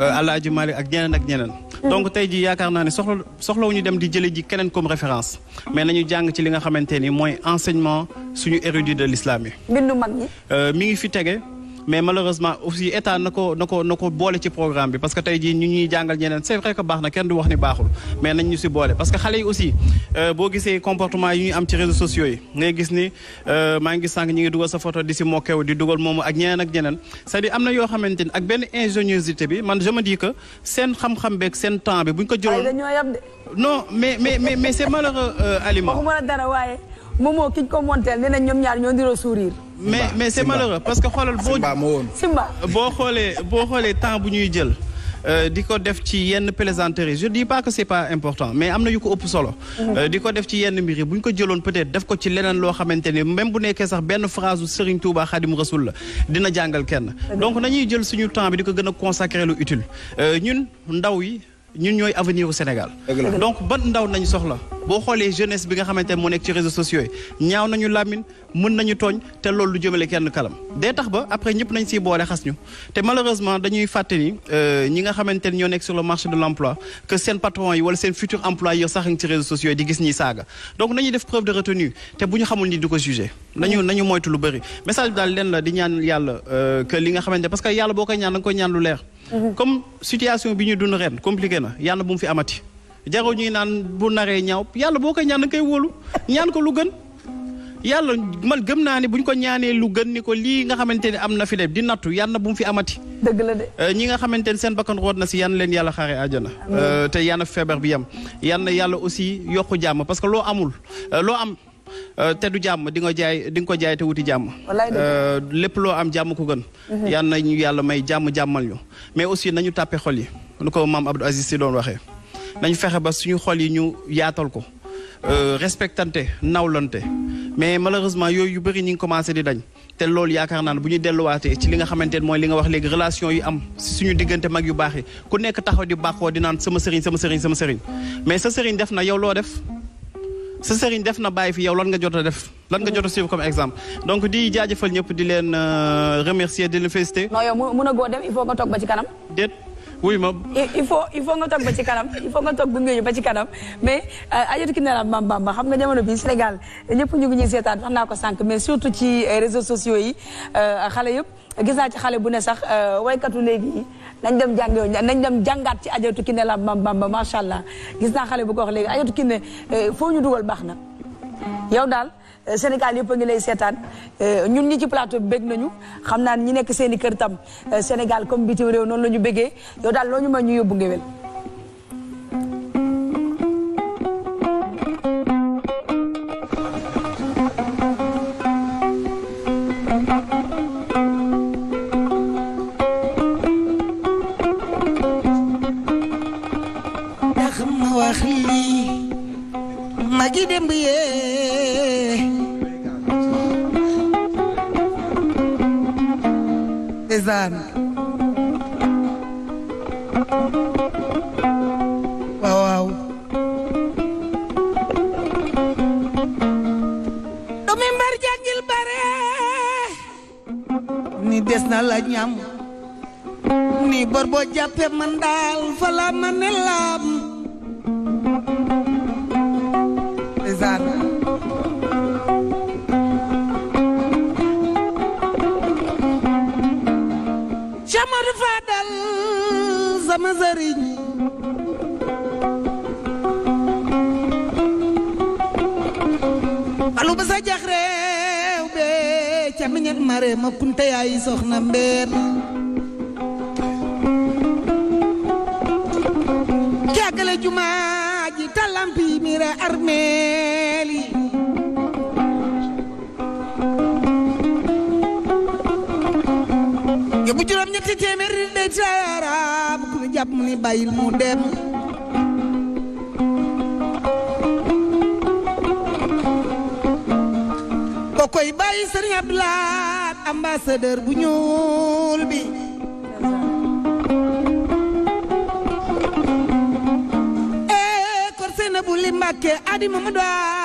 euh Alaaji Malik ak ñeneen ak ñeneen. Mm. donc tay ji yaakaar naa ne soxla soxlawu ñu dem di jële ji kenen comme référence mais nañu jang ci li nga xamanteni moy enseignement suñu érudit de l'islam yi. bindu mag yi. Euh, mi ngi fi tege mais malheureusement aussi état na pas nako bolé programme parce que tey ñu ñuy jàngal ñeneen c'est vrai que baxna kenn du wax ni baxul mais nañ ñu ci bolé parce que xalé yi aussi euh, bo comportement yi ñuy am ci réseaux sociaux yi ngay ni euh, ma ngi ñi ngi duggal sa photo di ci mokew di ak ñeneen ak ñeneen cest dire ak ingéniosité bi je me dis que sen xam-xam c'est sen temps bi buñ ko non mais mais mais c'est malheureux euh, aliment Momo kiñ ko monteel nee nañ ñoom ñaar ñoo ndiroo sourire. mais mais c'est malheureux parce que xoolal boo. Simba ma woon Simba. temps bu ñuy jël. Euh, di ko def ci yenn plaisanterie je dis pas que c'est pas important mais amna yu ko ëpp solo. Mhm. Euh, di ko def ci yenn mbir buñ ko jëloon peut-être def ko ci lenen lo xamante même bu nekké sax ben phrase Serigne Touba Khadim Rasoul dina jangal kenn. donc nañuy jël suñu temps bi diko gëna consacrer lu utile euh, ñun ndaw yi ñun ñooy avenir au Sénégal. donc ban ndaw nañ soxla boo xoolee jeunesse bi nga xamante ne moo nekk ci réseaux sociaux yi ñaaw nañu lamine mën nañu tooñ te loolu lu jëmale kenn kalam. dee tax ba après ñëpp nañ siy boole xas ñu te malheureusement dañuy fàtte ni euh, ñi nga xamante ne ñoo nekk sur le marché de l' emploi que seen patron yi wala seen futur employeur sax ngi ci réseaux sociaux yi di gis ñuy saaga donc nañu def preuve de retenue te bu ñu xamul ni di ko jugé. nañu nañu moytu lu bëri message bi daal leen la di ñaan yàlla euh, que li nga xamante parce que yàlla boo koy ñaan da nga koy ñaan lu leer Mm-hmm. comme situation bi ñu dund ren compliqué na yàlla bu mu fi amati. jarul ñuy naan bu naree ñaaw yàlla boo koy ñaan da nga wóolu ñaan ko lu gën. yàlla man gëm naa ne bu ñu ko ñaanee lu gën ni ko lii nga xamante ne am na fi def di nattu yàlla bu mu fi amati. dëgg la de. Euh, ñi nga xamante ne seen bakkan root na si yan leen yàlla xaaree àjjana. Euh, te yàlla feebar bi yam yàlla yàlla aussi yokku jàmm parce que loo amul euh, loo am. Euh, te du jàmm di nga jaay di nga ko jaay te wuti jàmm. Euh, lépp loo am jàmm ko gën. Mhm. yal na ñu yàlla may jàmm jàmmal ñu. mais aussi nañu tàppe xol yi nu ko maam Abdou Aziz si doon waxee nañu fexe ba suñu xol yi ñu yaatal ko euh, respectante nawlante mais malheureusement yooyu yu bëri ñu ngi commencé di dañ. te loolu yaakaar naa ne bu ñu delluwaatee ci li nga xamante ne mooy li nga wax léegi relation yi am si suñu diggante mag yu baax ku nekk taxaw di baaxoo di naan sama sëriñ sama sëriñ sama sëriñ mais se sëriñ def na bàyyi fi yow lan nga jot a def lan nga jot a suivre comme exemple donc di jaajëfal ñëpp di leen euh, remercier di leen féliciter. non yow mun a goo dem il faut nga toog ba ci kanam. déet wuy ma. il faut il faut nga toog ba ci kanam il faut nga toog gunge ba ci kanam mais euh, ajatu ki ne la bam bam xam nga jamono bi Sénégal ñëpp ñu ngi ñuy seetaan wax naa ko sànq mais surtout ci euh, réseaux sociaux yi xale yëpp gis ci xale bu ne sax waykatu léegi. nañ dem jàng yooyu nañ dem jàngaat ci ajatu kine la bamba macha allah gis naa xale bu ko wax léegi ajatu kine eh, foo ñu dugal baax na yow daal eh, Sénégal yëpp a ngi lay seetaan eh, ñun ñi ci plateau bi bég nañu xam naa ñi nekk seen i kër tam Sénégal comme bitim réew noonu la ñu bégee yow daal loo ñu may ñu yóbbu ngéwél bërki démb yee ndeysaan waaw waaw doomi mbar jàngil bare ni des na la ñam ni bor boo jàppe man daal fa la ma ne laam sama sëriñ jax réew be ca miñet mare ma kunte yaay soxna mbeen càggale jumaa ji talampi mira armeeli yóbbu juróom ñetti téeméeri de taara jàpp ko koy bàyyi sëriñ Abdoulaat ambassadeur bu ñuul bi ee eh, kor seen bu li Mbàkke adima mu doon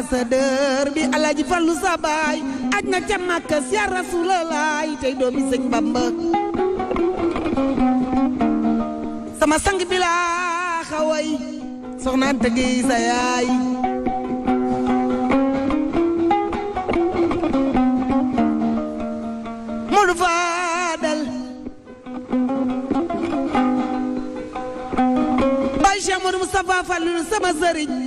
ambassadeur bi alaji fallu sa baay aj na ca Makka ya tey doomi sëñ Bamba sama sang bi laa xaway soxna Anta Gueye sa yaay Modou Fadal Baye Cheikh Modou Moustapha Fallou sama sëriñ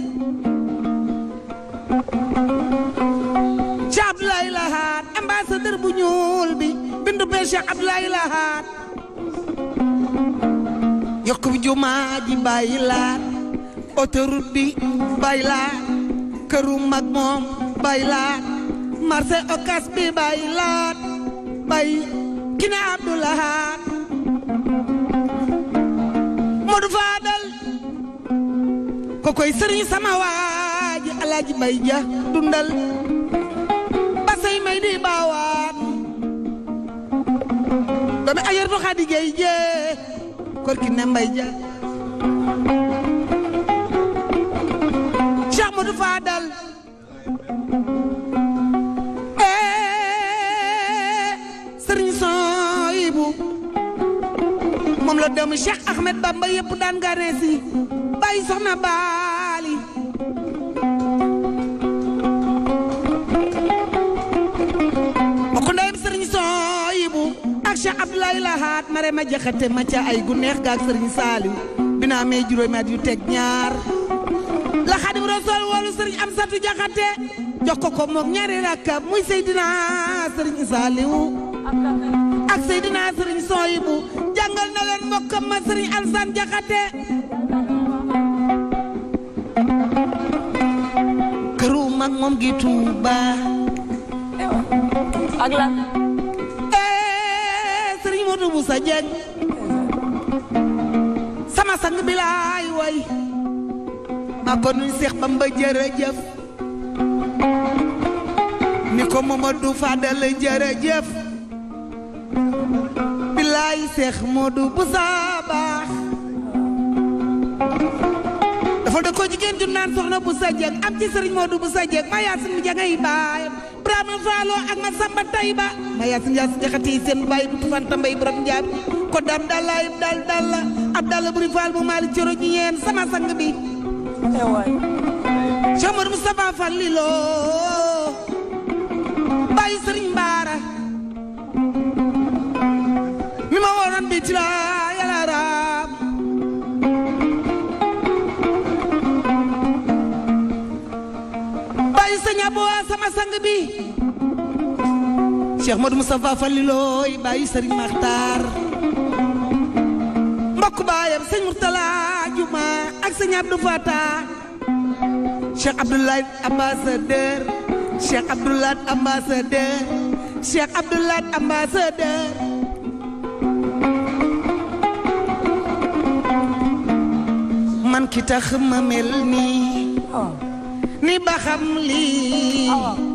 xër bu ñuul bi bindu be Cheikh Abdoulaye Lahat yokk bi jumaa ji bàyyi laat autoroute bi bàyyi laat këru mag mom bàyyi laat marché okas bi bàyyi laat kina abdoulaye Modou Fadal ko koy sama waji Alaaji Bay Ja dundal doomi ajaratu Xadi Géey jee kor ki ne mbay ja Cheikh Modou Fadal ee eh, sëriñ Soyibu moom la doomi Cheikh Ahmed Bamba yëpp daan gareesi bàyyi soxna baa Abdoulaye hat, mare ma jaxate ma ca ay gu neex gaak serigne sali bina me juroy ma yu tek ñaar la rasul walu serigne am satu Jaxate jox ko ko mook ñaari rakka muy Seydina sëriñ Saaliw ak sayidina serigne Soyibu jangal na len mok ma serigne Alsan Jaxate mak mom gi tuba ak lan Buusa Jeeñ sama sang bi laay ma ko nuy Seex Bamba jërëjëf ni ko Mamadu Fadal jërëjëf bilaay Seex Moodu Buusa baax dafa da ko jigéen ju naan soxna Buusa Jeeñ am ci sëriñ Moodu Buusa Jeeñ ma yaasin mu jangay baayam Sama Fallo ak ma Samba Tayba ma yaas njaas jaxati sen baay bu tufanta mbay borom njaab ko dam dalla yib dal dalla abdalla buri fall bu mali coro ji yeen sama sang bi ewaay Camar Moustapha Fall lilo baay sëriñ Baara mi ma woran bi ci laa sang bi Cheikh Modou Moustapha Fallilooy bàyyi Serigne Makhtar mbokk baayam sëñ Mourtala Juma ak sëñ Abdou Fata Cheikh Abdoulaye ambassadeur Cheikh Abdoulaye ambassadeur Cheikh Abdoulaye ambassadeur man ki tax ma mel nii oh. ni ba xam lii oh.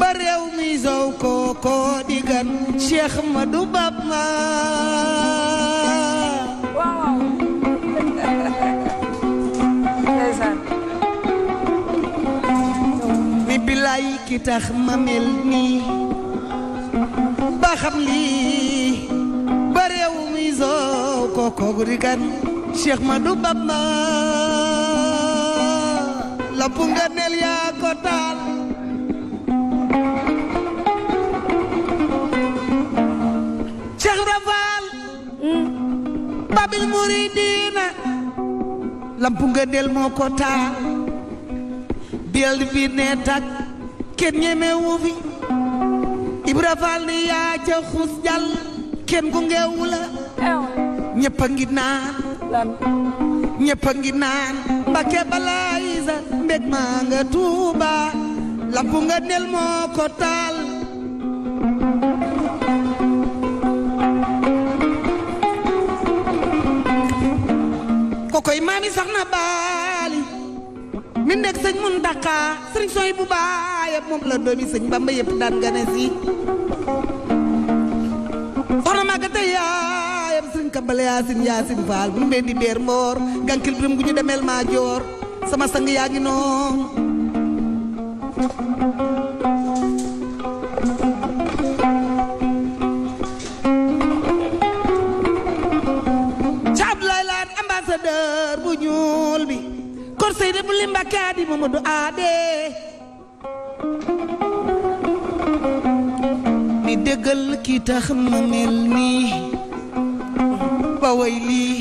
ba réew mi sow ko ko digan Cheikh Madou Bab ma ni bilaay ki tax ma mel nii ba xam lii ba réew mi sow ko ko digan Cheikh Madou Bab ma la punga nel yaa ko taal babil muridiina lampu nga del moo ko taal biel bi ne tak kenn ñeme wu Ibra Faal ni yaa ca xus jàll kenn ku ngeewu la ngi naan ñëpp ngi naan Mbàkke balaa isa mbég maa nga Tuuba lampu nga del moo ko taal kooku koy maami na baali mi nekk sëñ Muntaxa sëñ sooy bu baayam moom la doomi Bamba yëpp daan gane si soxna Maguette yaayam sëñ Kambale Yaasin Yaasin Faal bu ñu di beer mboor gankil biram gu demeel maa sama sang yaa ngi noonu li mbakaadi Mamadu aade ki tax ma mel nii ba way lii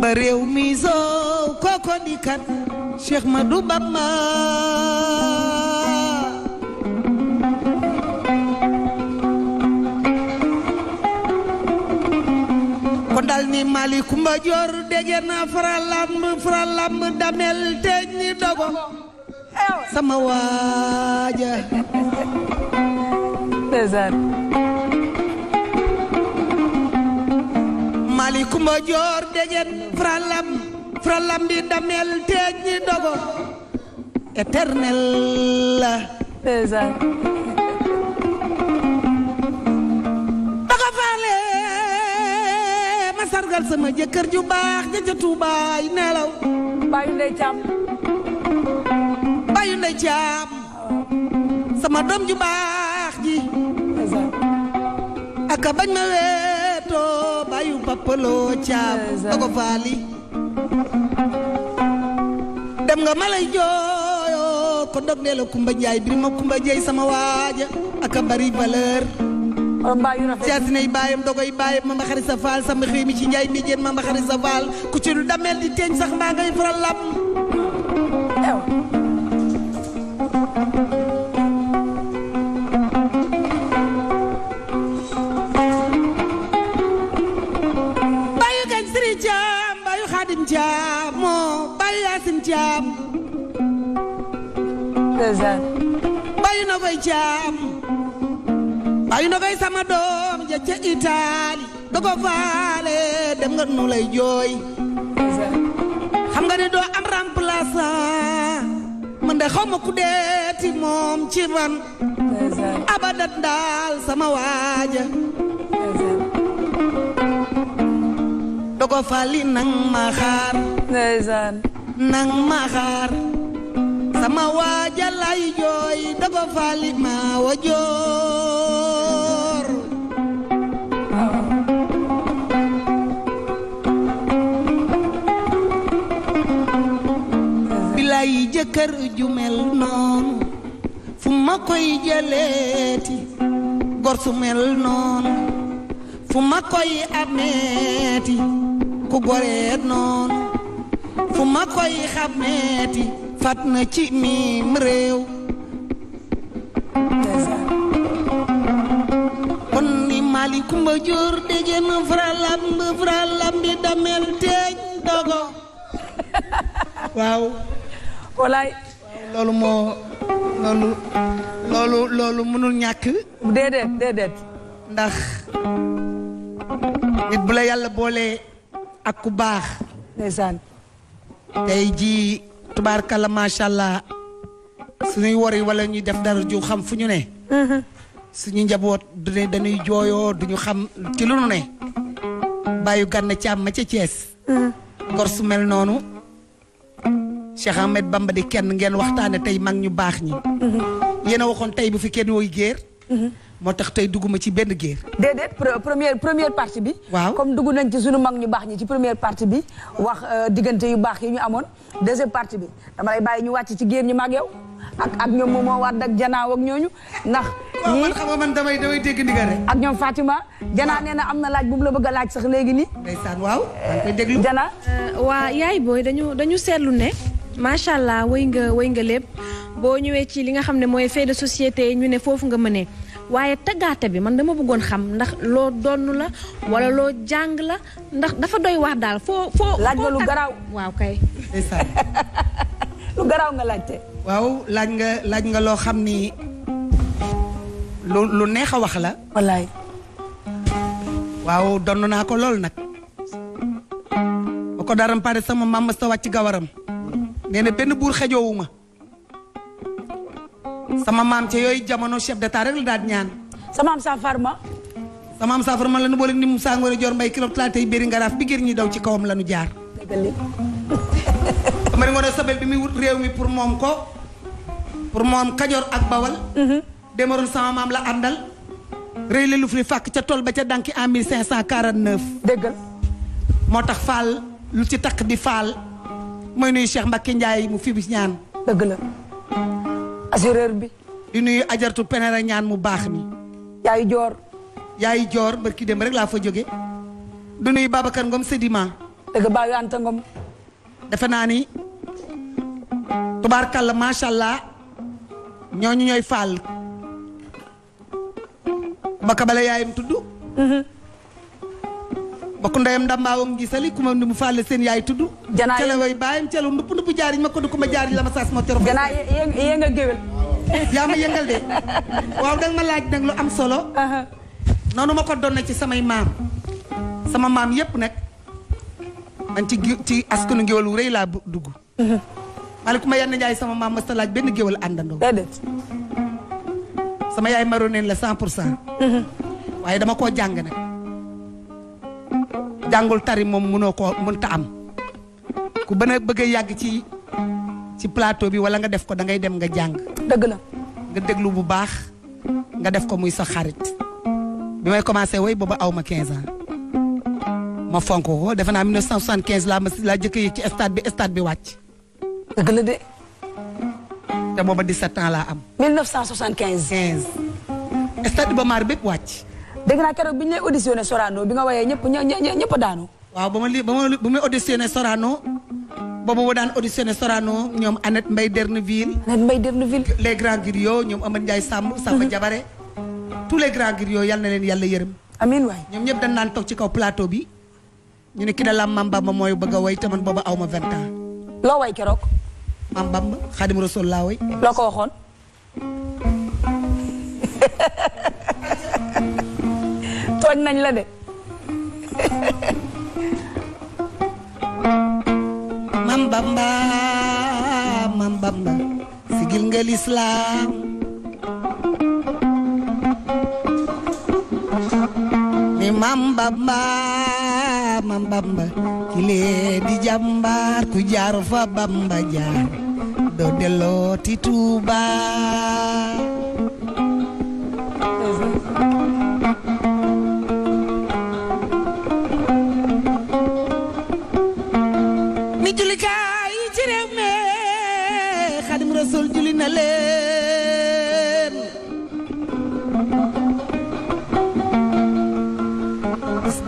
ba réew mi soow kooko di kat Cheikh Madou Bamba dal ni maliku kumba jor dege na fara lamb fara lamb damel te dogo sama waaja mali kumba jor dege fara lamb fara lamb damel dogo eternal César. sargal sama jeker ju bax ja ca bay nelaw bayu ndey cham bayu ndey cham sama dom ju bax ji aka bañ ma weto bayu papaloo cham ko fali dem nga malay jo ko dog nelaw la kumba njaay birima kumba sama waja aka bari valeur jaasi nay not dogoy bàyyam ma mbaxari sa faal bàyyi ndogoy sama doom ja ca Itaali dogo dem nga nu lay jooy xam nga ne doo am remplaçant man de xaw ma ku moom ci man abadat daal sama waaja dogo nang ma xaar nang ma xaar sama waaja lay jooy dogo faali maa ay jëkkër ju mel noonu fu ma koy jëleeti gor noonu fu ma koy ameeti ku goreet noonu fu ma koy xameeti fat ci miim réew kon ni mali kumba jóor dégéen fralamb fralambi damel teeñ dogo waaw walaay. loolu moo loolu loolu loolu mënul ñàkk. déedéet déedéet. ndax nit bu la yàlla boolee ak ku baax. ndeysaan. tey jii tubaarkalla macha allah suñuy wari wala ñuy def dara ju xam fu ñu ne. Mm-hmm. suñu njaboot du ne dañuy jooyoo duñu xam ci lu nu ne. bàyyu gànn ci am ma ca Thiès. Mm-hmm. gor su mel noonu. Cheikh Ahmed Bamba di kenn ngeen waxtaane tey mag ñu baax ñi mhm. yéen a waxoon tey bu fi kenn wooy géer mhm. moo tax tey dugguma ci benn géer déedéet première première partie bi waaw comme duggu nañ ci suñu mag ñu baax ñi ci première partie bi wax euh, diggante yu baax yi ñu amoon deuxième partie bi dama lay bàyyi ñu wàcc ci géer ñi mag yow ak ak ñoom moom moo waat ak janaaw ak ñooñu ndax ñii man xam nga man damay damay dégg ndigal rek ak ñoom Fatima janaa nee na am na laaj bu mu la bëgg laaj sax léegi nii ndeysaan waaw déglu janaa euh, waa ne macha allah wéy nga wéy nga lépp boo ñëwee ci li nga xam ne mooy fait de société ñu ne foofu nga mënee waaye taggaate bi man dama bëggoon xam ndax loo donn la wala loo jàng la ndax dafa doy wax daal foo foo. laaj nga waaw nga laajte. waaw laaj nga laaj nga loo xam ni lu neex a wax la. wallaay. waaw donn naa ko lool nag. ba ko daram pare sama maam sa wàcc gawaram. nee na benn buur ma sama maam ca yooyu jamono chef d'état rek la daal ñaan sama am saafar ma sama am saafar ma la nu boole ni mu sàngoor a jor mbay kilo tey béri ngaraaf bi gër ñi daw ci kawam la nu jaar amari ngoon sabel bi muy wut réew mi pour moom ko pour moom kajoor ak bawal mhm. demaroon sama maam la àndal rëy la lu fi fàkk ca tool ba ca dànki en 1549 dëggal moo tax faal lu ci takk di faal mooy nuyu Cheikh Mbacke ndjay mu fibis ñaan deug la assureur bi di nuyu adjartu penera ñaan mu bax mi yaay jor yaay jor barki dem rek la fa joge du nuyu babakar Ngom Sedima ba yu Anta Ngom dafa nani tabarakallah tubaarkàlla macha allah ñooñu ñooy faal ba kabale bokk ndeyam ndambaawam gisali ku ma mu faale seen yaay tudd cala way bàyyam cala nupp nupp jaariñ ma ko du ko ma jaariñ la ma saas moo coro ganaa yé nga ma yëngal de waaw am solo uh-huh. noonu ma ko doon na ci samay maam sama maam yépp nag man ci ci askanu géwél wu rëy laa dugg uh-huh. Malicouma Yann Ndiaye sama maam laaj benn géwél àndandoo sama yaay maroneen la cent pour cent uh-huh. waaye dama koo jàng nag jàngul tari moom mënoo koo mënta am ku bën a bëgg yàgg ci ci plateau bi wala nga def ko da ngay dem nga jàng. dëgg la nga déglu bu baax nga def ko muy sa xarit bi may commencé woy booba aw ma 15 ans ma fonk ko defe naa 1975 laa ma laa jëkk yi ci stade bi stade bi wàcc. dëgg la de. te booba 17 ans laa am. 1975. 15 stade ba maar bépp wàcc. dégg naa keroog bi ñu lay auditionné Sorano bi nga wayee ñëpp ñëpp daanu. waaw ba ma li ba ma li ba ma auditionné Sorano boobu ma daan auditionné Sorano ñoom Annette Mbaye Derneville. Annette Mbaye Derneville. les grands griots ñoom Amady Ndiaye Samb. Mhm. Samba Jabare tous les grands griots yal na leen yàlla yërëm. amiin waay ñoom ñëpp dañ naan toog ci kaw plateau bi. ñu ne ki da la Mam Bamba mooy bëgg a way te man boobu aw ma vingt ans. loo way keroog. Mam Bamba Xaadimu Rasuul laa way. loo ko waxoon. tooñ nañ la de mam bamba sigil nga lislaam ni mam bamba mam kile di jambar ku jaar fa bamba jaar do delo ti tuba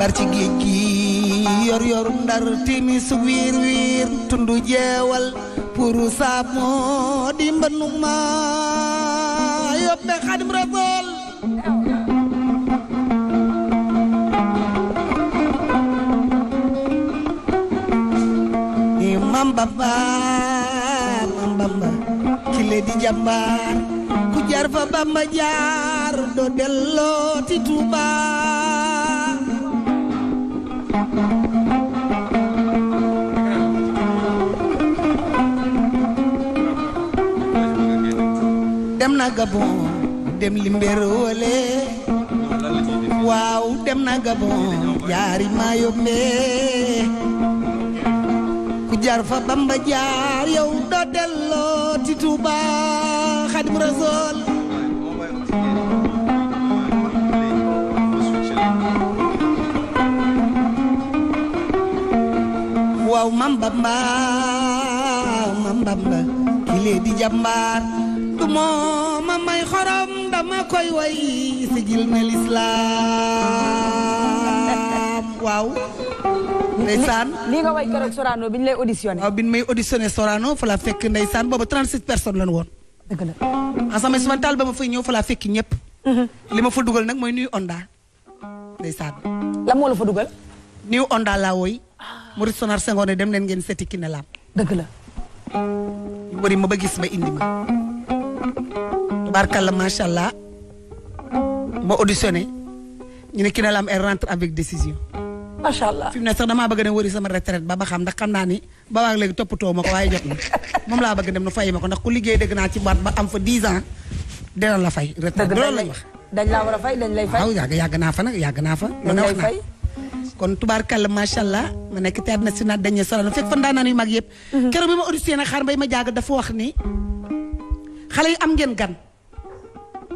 ndar ci géej yor yor ndar timi suwir wir tundu jewal puru saab moo di mbënnug ma yóbbe xadim Imam baba imam baba bamba kile di jambar ku jar fa bamba jar do delo ti tuubaa dem na Gabon dem Libreville Wow, dem na Gabon mayo me. ku jaar fa Bamba jaar yow doo delloo ci Touba Wow mamba bamba mamba kile di jambar du mooma xorom dama koy way sigil na lislaam waaw ndeysaan li nga way Sorano biñ lay auditionné oh, biñ e Sorano fa mhm. la fekk 36 personnes lañ la fay fa la fekk fa nuyu onda Maurice Sonar Senghor ne dem leen ngeen seeti Kiné dëgg la ñu wëri ma ba gis ma indi ma tubaarkàlla macha allah ma auditionné ñu ne Kiné Lam elle rentre avec décision macha allah fi mu ne sax damaa bëgg ne dem wëri sama retraite ba ba xam ndax xam naa ni ba waag léegi toppatoo ma ko waaye jot na moom laa bëgg dem nu fay ma ko ndax ku liggéey dëgg naa ci baat ba am fa 10 ans dina la fay retraite loolu lañ wax dañ laa war a fay dañ lay fay yàgg naa fa nag yàgg naa fa ne kon tubaarkàlla macha allah ma nekk théâtre national dañuy salon fekk fan daanaan yu mag yëpp. Mhm. keroog bi ma auditionné xaar mbay ma jaaga dafa wax ni xale yi am ngeen gan.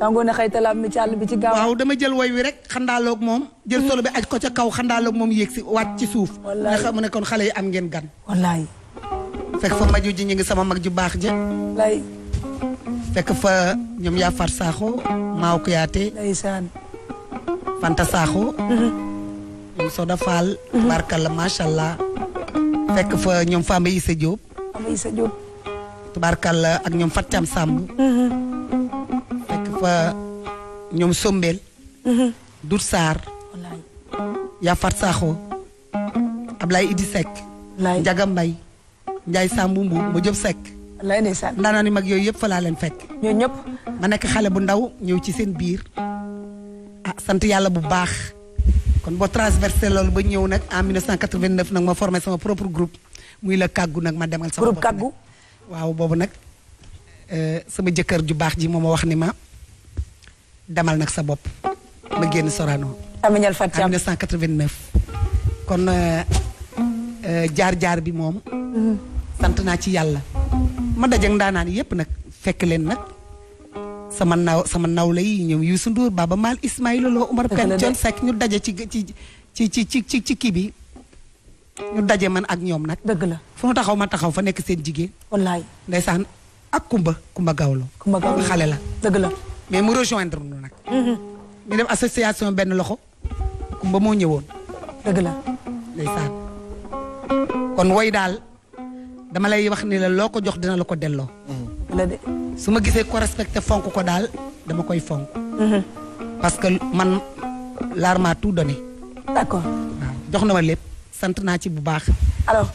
na xëy talaam mi càll bi ci gaaw. waaw dama jël woy wi rek xandaaloog moom. jël mhm. solo bi aj ko ca kaw xandaaloog moom yéeg si waat ci suuf. mu ne xale yi am ngeen gan. wallaay. fekk fa maju ji ñu sama mag ju baax ja. wallaay. fekk fa ñoom yaa far saaxo maaw kuyaate. ndeysaan. Fanta saaxo. Mhm. mu Soda Fall. tubaarkalla macha allah. fekk fa ñoom Fama Issa Diop. Fama ak ñoom Fatiam Samb. fekk fa ñoom Sombel. Dout Sarr. Yafat Sakho. Ablaye Idi Seck. Njaga Mbay. Njaay Sambu Mbu ma Diop Seck. lay mag yooyu yëpp fa laa leen fekk. ma nekk xale bu ndaw ñëw ci seen biir. ah sant yàlla bu baax. kon boo transversé loolu ba ñëw nag en 1989 nag ma formé sama propre groupe muy la kàggu nag ma demal. sama groupe kàggu waaw boobu nag euh, sama jëkkër ju baax ji moo ma wax ni ma demal nag sa bopp ma génn Sorano. Amina El Fatia en 1989. kon euh, euh, jaar-jaar bi moom. Mm-hmm. sant naa ci yàlla. ma dajeeg ndaanaan yépp nag fekk leen nag. sama naw sama nawle yi ñoom Youssou Ndour Baba Maal Ismaïla Lo Omar Pène Thione Seck ñu daje ci ci ci ci ci ci kii bi ñu daje man ak ñoom nag. dëgg la fu nu taxaw ma taxaw fa nekk seen jigéen. wallaay ndeysaan ak Kumba Kumba Gawlo. Kumba Gawlo xale la. dëgg la mais mu rejoindre nu nag. Mm-hmm. ñu dem association benn loxo Kumba moo ñëwoon. dëgg la ndeysaan kon woy daal. dama lay wax ni la loo ko jox dina la ko delloo. Mm-hmm. su ma gisee ko respecté fonk ko daal dama koy fonk. Mm-hmm. parce que man l'arma tout donné. d'accord waaw jox na ma lépp sant naa ci bu baax. alors.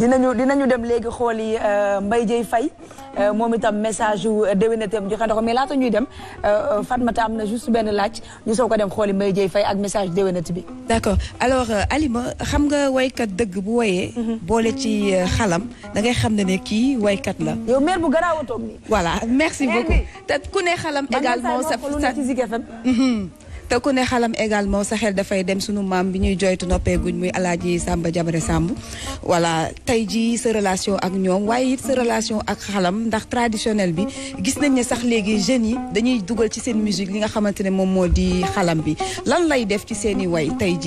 dinañu dinañu dem léegi xool yi euh, Mbaye Dieye Faye euh, moom itam message yu déwénatam joxe na ko mais laata ñuy dem euh, Fatmata am na juste benn laaj ñu soo ko dem xool yi Mbaye Dieye Faye ak message déwénat bi d'accord alors Alima xam nga woykat dëgg bu woyee mhm. boole ci xalam da ngay xam ne ne kii waykat la yow maire bu garaaw a toog nii voilà merci beaucoup te ku ne xalam également sa sa ci te ku ne xalam également sa xel dafay dem sunu mam bi ñuy joytu guñ muy alaaji Samba jabaré sambu. wala tey ce sa relation ak ñom waye it sa relation ak xalam ndax traditionnel bi gis nañ ne sax légui jeunes yi dañuy duggal ci seen musique li nga xamantene mom moom di xalam bi lan lay def ci seen way tey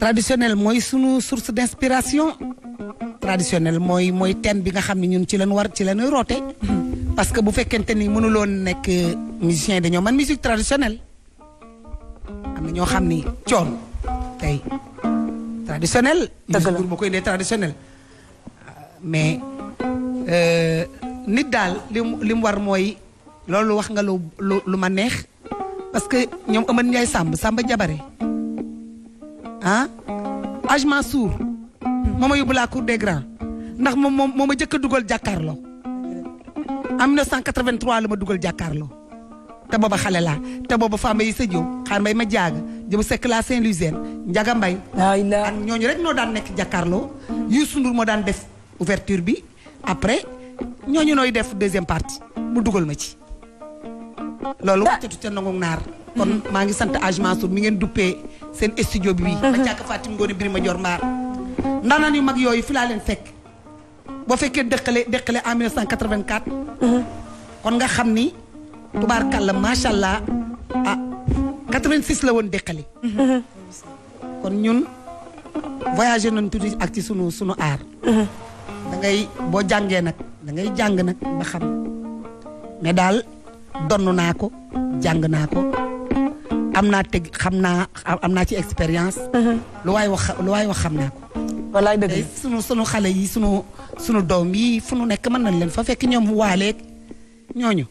traditionnel moy sunu source d'inspiration traditionnel moy moy thème bi nga xamni ñun ci lañ war ci lañuy roté mhm. parce que bu fekkente ni mënuloon nek musicien dañu man musique traditionnelle am na ñoo xam ni coon tey traditionnel. dëgg la boo koy indee traditionnel. mais euh, nit daal li war mooy loolu wax nga lu lu lu ma neex parce que ñoom Amady Ndiaye Samb Samba Jabare ah Aj Mansour moo ma yóbbu la cour des ndax moom moom moo ma jëkk a dugal jàkkaarloo en 1983 la ma dugal jàkkaarloo. te booba xale laa te booba Famba yi sa jiw xaar mbay ma jaaga jëm sekk laa Saint-Louisienne Njaga Mbay ak ñooñu rek noo daan nekk jàkkaarloo Youssou Ndour moo daan def ouverture bi après ñooñu nooy def deuxième partie mu dugal ma ci loolu ah. wàccatu ca nangu naar kon mhm. maa ngi sant Hadj Mansour mi ngeen duppee seen studio bi bii ma càkk Fatim Ngoone Birima Joor Mbaar ndaanaan yu mag yooyu fi laa leen fekk boo fekkee dëkkale dëkkale en 1984 mhm. kon nga xam ni tubaarkàlla macha allah ah 86 la woon deqali. kon ñun voyagé nañ tuuti ak ci sunu sunu aar. da boo jàngee nag da ngay jàng nag ba xam mais daal donn naa ko jàng naa ko am naa teg xam naa am naa ci expérience. lu waay wax wax xam naa ko. wallaay dëgg sunu xale yi sunu sunu doom yi fu nu nekk mën nañ leen fa fekk ñoom waaleeg ñooñu.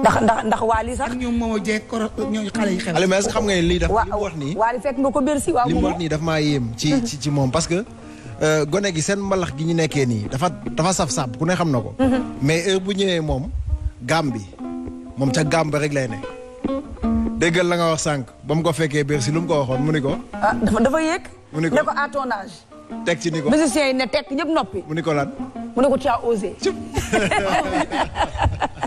ndax ndax ndax Waly sax. ak ñoom Momo Dieng koro ñooy xale yi xel. Aliouma est-ce que xam nga lii daf li mu wax nii. Waly ci moom parce que. Euh, gone gi seen mbalax gi nekkee nii dafa saf sàpp ku ne xam na ko. Mhm. mais heure bu ñëwee moom. gàmm bi moom ca gàmm ba rek lay ne. déggal la nga wax sànq ba mu ko fekkee Bercy lu mu ko waxoon mu ni ko. Ah, dafa dafa mu ni ko ne ko à ton ci ni ko musiciens yi ne tekk ñëpp noppi. mu ni ko lan. mu ni ko tu osé.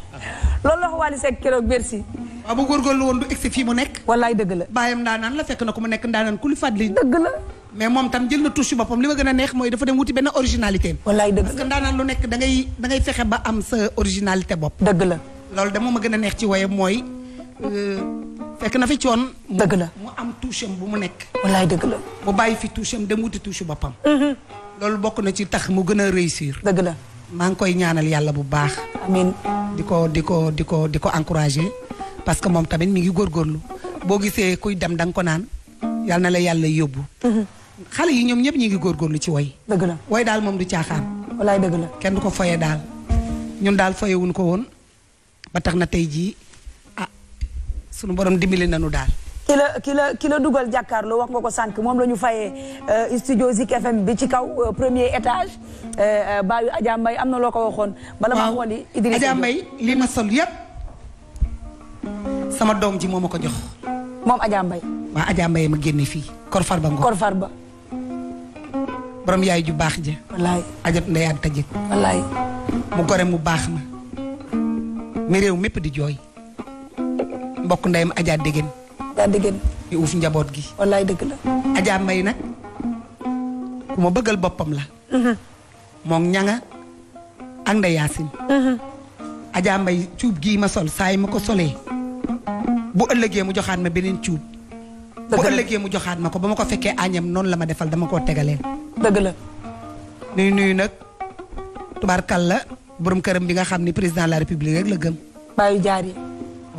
loolu la ko Wally Seck keroog Bercy waaw bu góorgóorlu won du exi fi mu nek wallahi deug la bayam da nan la fek na ko mu nek da nan kuli fadli deug la mais mom tam jël na touche bopam lima gëna neex moy dafa dem wuti ben originalité wallahi deug parce que da nan lu nek da ngay da ngay fexe ba am sa originalité bop deug la loolu de moom gëna neex ci woye mooy fek na fi cion deug la mu am touche bu mu nek wallahi deug la mu bàyyi fi touche dem wuti touche boppam loolu bokku na ci tax mu gëna réussir deug la maa ngi koy ñaanal yàlla bu baax. amiin di ko di ko di ko di ko encouragé parce que moom tamit mi ngi góorgóorlu boo gisee kuy dem da nga ko naan yal na la yàlla yóbbu. Mhm. xale yi ñoom ñëpp ñu ngi góorgóorlu ci woy. dëgg la woy daal moom du caaxaam walaay dëgg la kenn du ko foyee daal. ñun daal foyewuñ ko woon ba tax na tey jii ah sunu borom dimbali nañu daal. ki la ki la dugal jàkkaarloo wax nga ko sànq moom lañu ñu fayee euh, studio Zik FM bi ci kaw euh, premier étage euh, baayu Adja Mbaye am na loo ko waxoon. bala maa woon ni Idrissa Adja Mbaye li ma sol yëpp sama doom ji moom ma ko jox. moom Adja Mbaye. waa Adja Mbaye ma génne fii Kor Farba Ngor Kor Farba. borom yaay ju baax ja wallaay ajab ndeyaat tajit mu gore mu baax ma mi réew mépp di jooy mbokk ndeyam Adja Dégén. daa dëggeen yu uuf njabot gi wallahi deug la Adja mbay nak kuma beugal bopam la la mhm. moom ñanga ak nda yaasin mhm. Adja mbay ciub gi ma sol say mako solé bu ëllëgee mu joxaat ma benen ciub bu ëllëgee mu joxaat mako bama ko fekké añam non la ma defal dama ko tégalé deug la nuy nuyu nak tubaarkal la borom kërëm bi nga xamni président de la république rek la gëm bayu jaar yi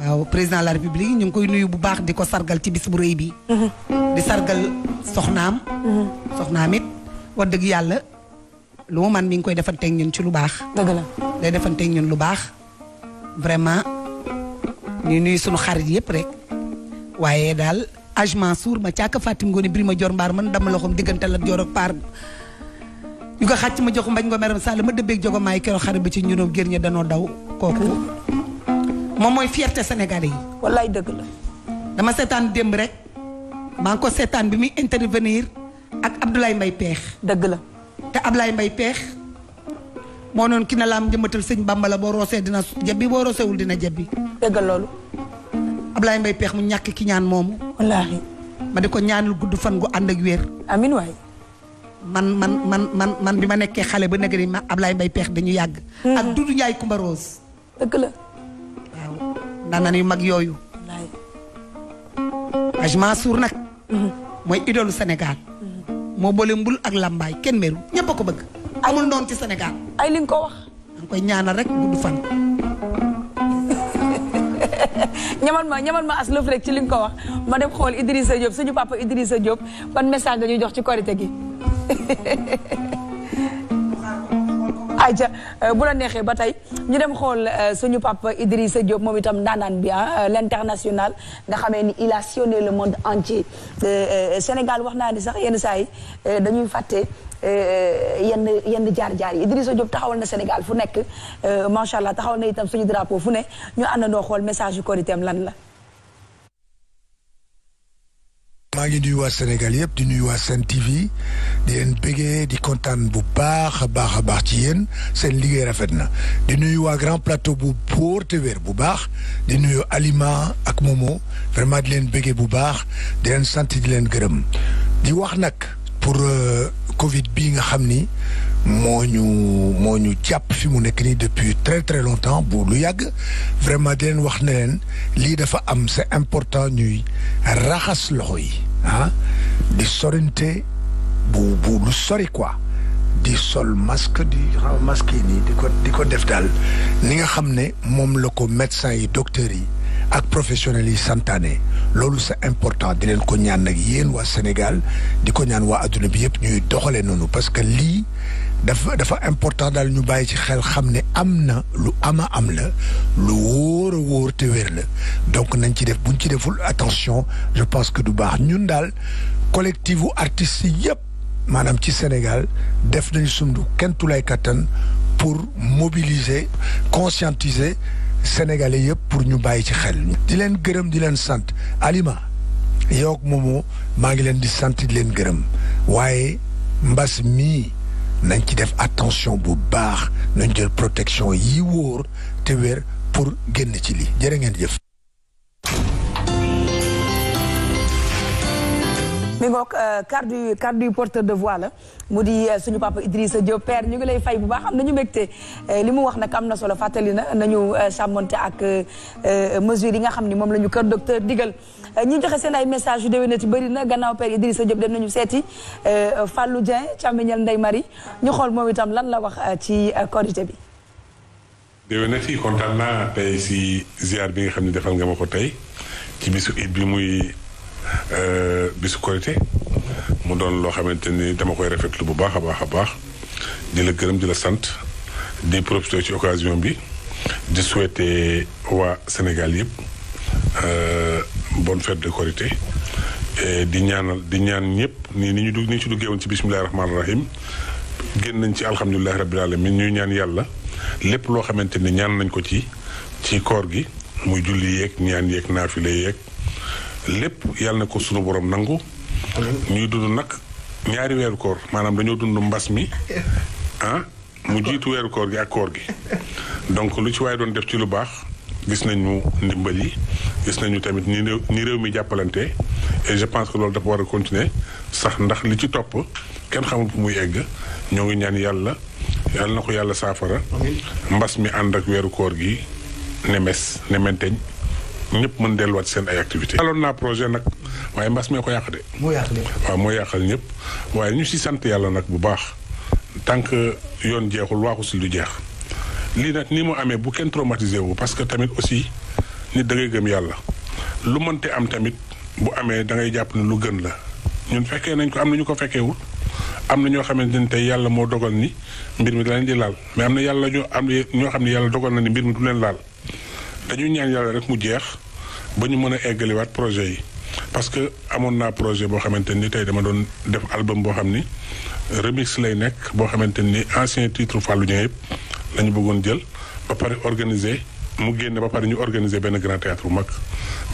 waaw président de la république ñu ngi koy nuyu bu baax di sargal ci bis bu rëy bi. Mhm. di sargal soxnaam. Mhm. soxnaam it wax dëgg yàlla lu mu man mi ngi koy defanteeg ñun ci lu baax. dëgg la day defanteeg ñun lu baax vraiment ñu nuyu suñu xarit yépp rek waaye daal Aj Mansour ma càkk Fatim Ngone brima Dior Mbaar man dama loxoom diggante la Dior ak Paar. yu ko xàcc ma jox mbañ ngo meram sàll ma dëbbeeg jogo maay keroog xarit ba ci ñunoom gér ña daw kooku moom mooy fierté sénégalais yi. dëgg la. dama seetaan démb rek maa ngi ko seetaan bi muy intervenir ak Abdoulaye Mbaye Peex. dëgg la te Abdoulaye mbay Peex moo noonu ki na laam jëmbatal sëñ Bàmba la dina jebbi boo roosewul dina jebbi. dëgg loolu. Abdoulaye mu ñàkk ki ñaan moomu. wallaahi. ma di ko ñaanal gudd fan gu ànd ak wér. amiin waay. man man man man bi ma nekkee xale ba nag ma ablaay mbay Peex dañu yàgg. Hmm. ak Doudou Ndiaye Coumba Rose. dëgg la. ndaanaan yu mag yooyu. Aj Mansour nag. Mm-hmm. mooy idolu Sénégal. Mm-hmm. moo boole mbul ak lambaay kenn meru ñëpp ko bëgg. amul noonu ci Sénégal. ay li nga ko wax. da rek gudd fan. ñamal ma ñamal ma as lëf rek ci li nga ko wax ma dem xool Idrissa Diop suñu papa Idrissa Diop ban message la ñuy jox ci korite gi. ayca euh, bu la neexee ba tey ñu dem xool euh, suñu papa Idrissa Diop moom itam ndaanaan bi ah l'international nga xamee ni il a sillonné le monde entier Sénégal wax naa ni sax yenn saay dañuy fàtte yenn yenn jaar-jaar yi Idrissa Diop taxawal na Sénégal fu nekk macha allah taxawal na itam suñu drapeau fu ne ñu noo xool message yu koriteem lan la. maa ngi nuyu waa Sénégal yëpp di nuyu waa Sen TV di leen bëggee di kontaan bu baax a baax a baax ci yéen seen liggéey rafet na di nuyu waa Grand Plateau bu wóor te wér bu baax di nuyu Alima ak Momo vraiment di leen bëggee bu baax di leen sant di leen gërëm di wax nag pour. Euh, Covid bi nga xamni moñu moñu ñu fi mu nek ni depuis très très longtemps bu lu yag vraiment di leen wax ne leen dafa am c'est important ñuy raxas loxo yi ah di sorinte bu bu lu sori quoi di sol masque di masque ni di ko di ko def dal ni nga xam mom la ko médecin yi docteur yi ak professionnels yi c'est important di sont ko ñaan Sénégal di ko ñaan wa bi ñuy parce que li dafa important ñu ci xel lu ama am la lu donc attention je pense que du baax ñun dal collectif artistes ci Sénégal def pour mobiliser conscientiser sénégalais pour ñu bàyyi ci xel di leen gërëm di leen sant Alima yow ak Momo maa ngi leen di sant di leen gërëm def attention bu baax nañ protection yi wóor te pour mi ngoog kaddu euh, yu kaddu porteur de voix la mu di euh, suñu papa Idrissa Diop per ñu ngi lay fay bu baax am nañu mbégte euh, li mu wax nag am na solo fàttali na nañu sàmmoon sàmmonte ak mesures yi nga xam ni moom la ñu kër docteur digal ñi joxe seen ay message yu déwénati bëri na gannaaw père sa Diop dem nañu seeti Fallou Dieng càmmiñal Ndeye Marie ñu xool moom itam lan la wax ci korité bi déwénati kontaan naa tey si ziar bi nga xam ne defal nga ma ko tey ci bisu it Euh, bisu korité mu doon loo xamante ni dama koy rafetlu bu baax a baax a baax di la gërëm di la sant di profité ci occasion bi di souhaiter waa Sénégal yëpp euh, bonne fête de korité di ñaanal di ñaan ñëpp ni ni ñu dugg ni ci duggee woon ci bisimilahi rahmaani rahim génn nañ ci alhamdulilahi rabbil alamin ñuy ñaan yàlla lépp loo xamante ni ñaan nañ ko ci ci koor gi muy julli yeeg ñaan yeeg naafile yéeg lépp yàlla na ko sunu borom nangu. ñuy dund nag ñaari weeru koor maanaam dañoo dund mbas mi ah mu jiitu weeru koor gi ak koor gi donc lu ci waaye doon def ci lu baax gis nañu ndimbal yi gis nañu tamit ni réew réew mi jàppalante et je pense que loolu dafa war a continuer sax ndax li ci topp kenn xamul fu muy egg ñoo ngi ñaan yàlla yàlla na ko yàlla saafara mbas mi ànd ak weeru koor gi nemes nementeñ ñëpp mën delluwaat seen ay activité aloon naa projet nag waaye mbas mee ko yàq de de. waaw moo yàqal ñëpp waaye ñu si sant yàlla nag bu baax tant que yoon jeexul waaxu si lu jeex lii nag ni mu amee bu kenn traumatisé wu parce que tamit aussi nit da ngay gëm yàlla lu mënte am tamit bu amee da ngay jàpp ne lu gën la ñun fekkee nañ ko am na ñu ko fekkeewul am na ñoo xamante ni tey yàlla moo dogal ni mbir mi da leen di laal mais am na yàlla ñoo am ñoo xam ne yàlla dogal na ni mbir mi du leen laal dañu ñaan yàlla rek mu jeex ba ñu mën a eggaliwaat projet yi parce que amoon naa projet boo xamante ni tey dama doon def album boo xam ni remix lay nekk boo xamante ni ancien titre Fallou Dieng yëpp la ñu bëggoon jël ba pare organiser mu génn ba pare ñu organiser benn grand théâtre bu mag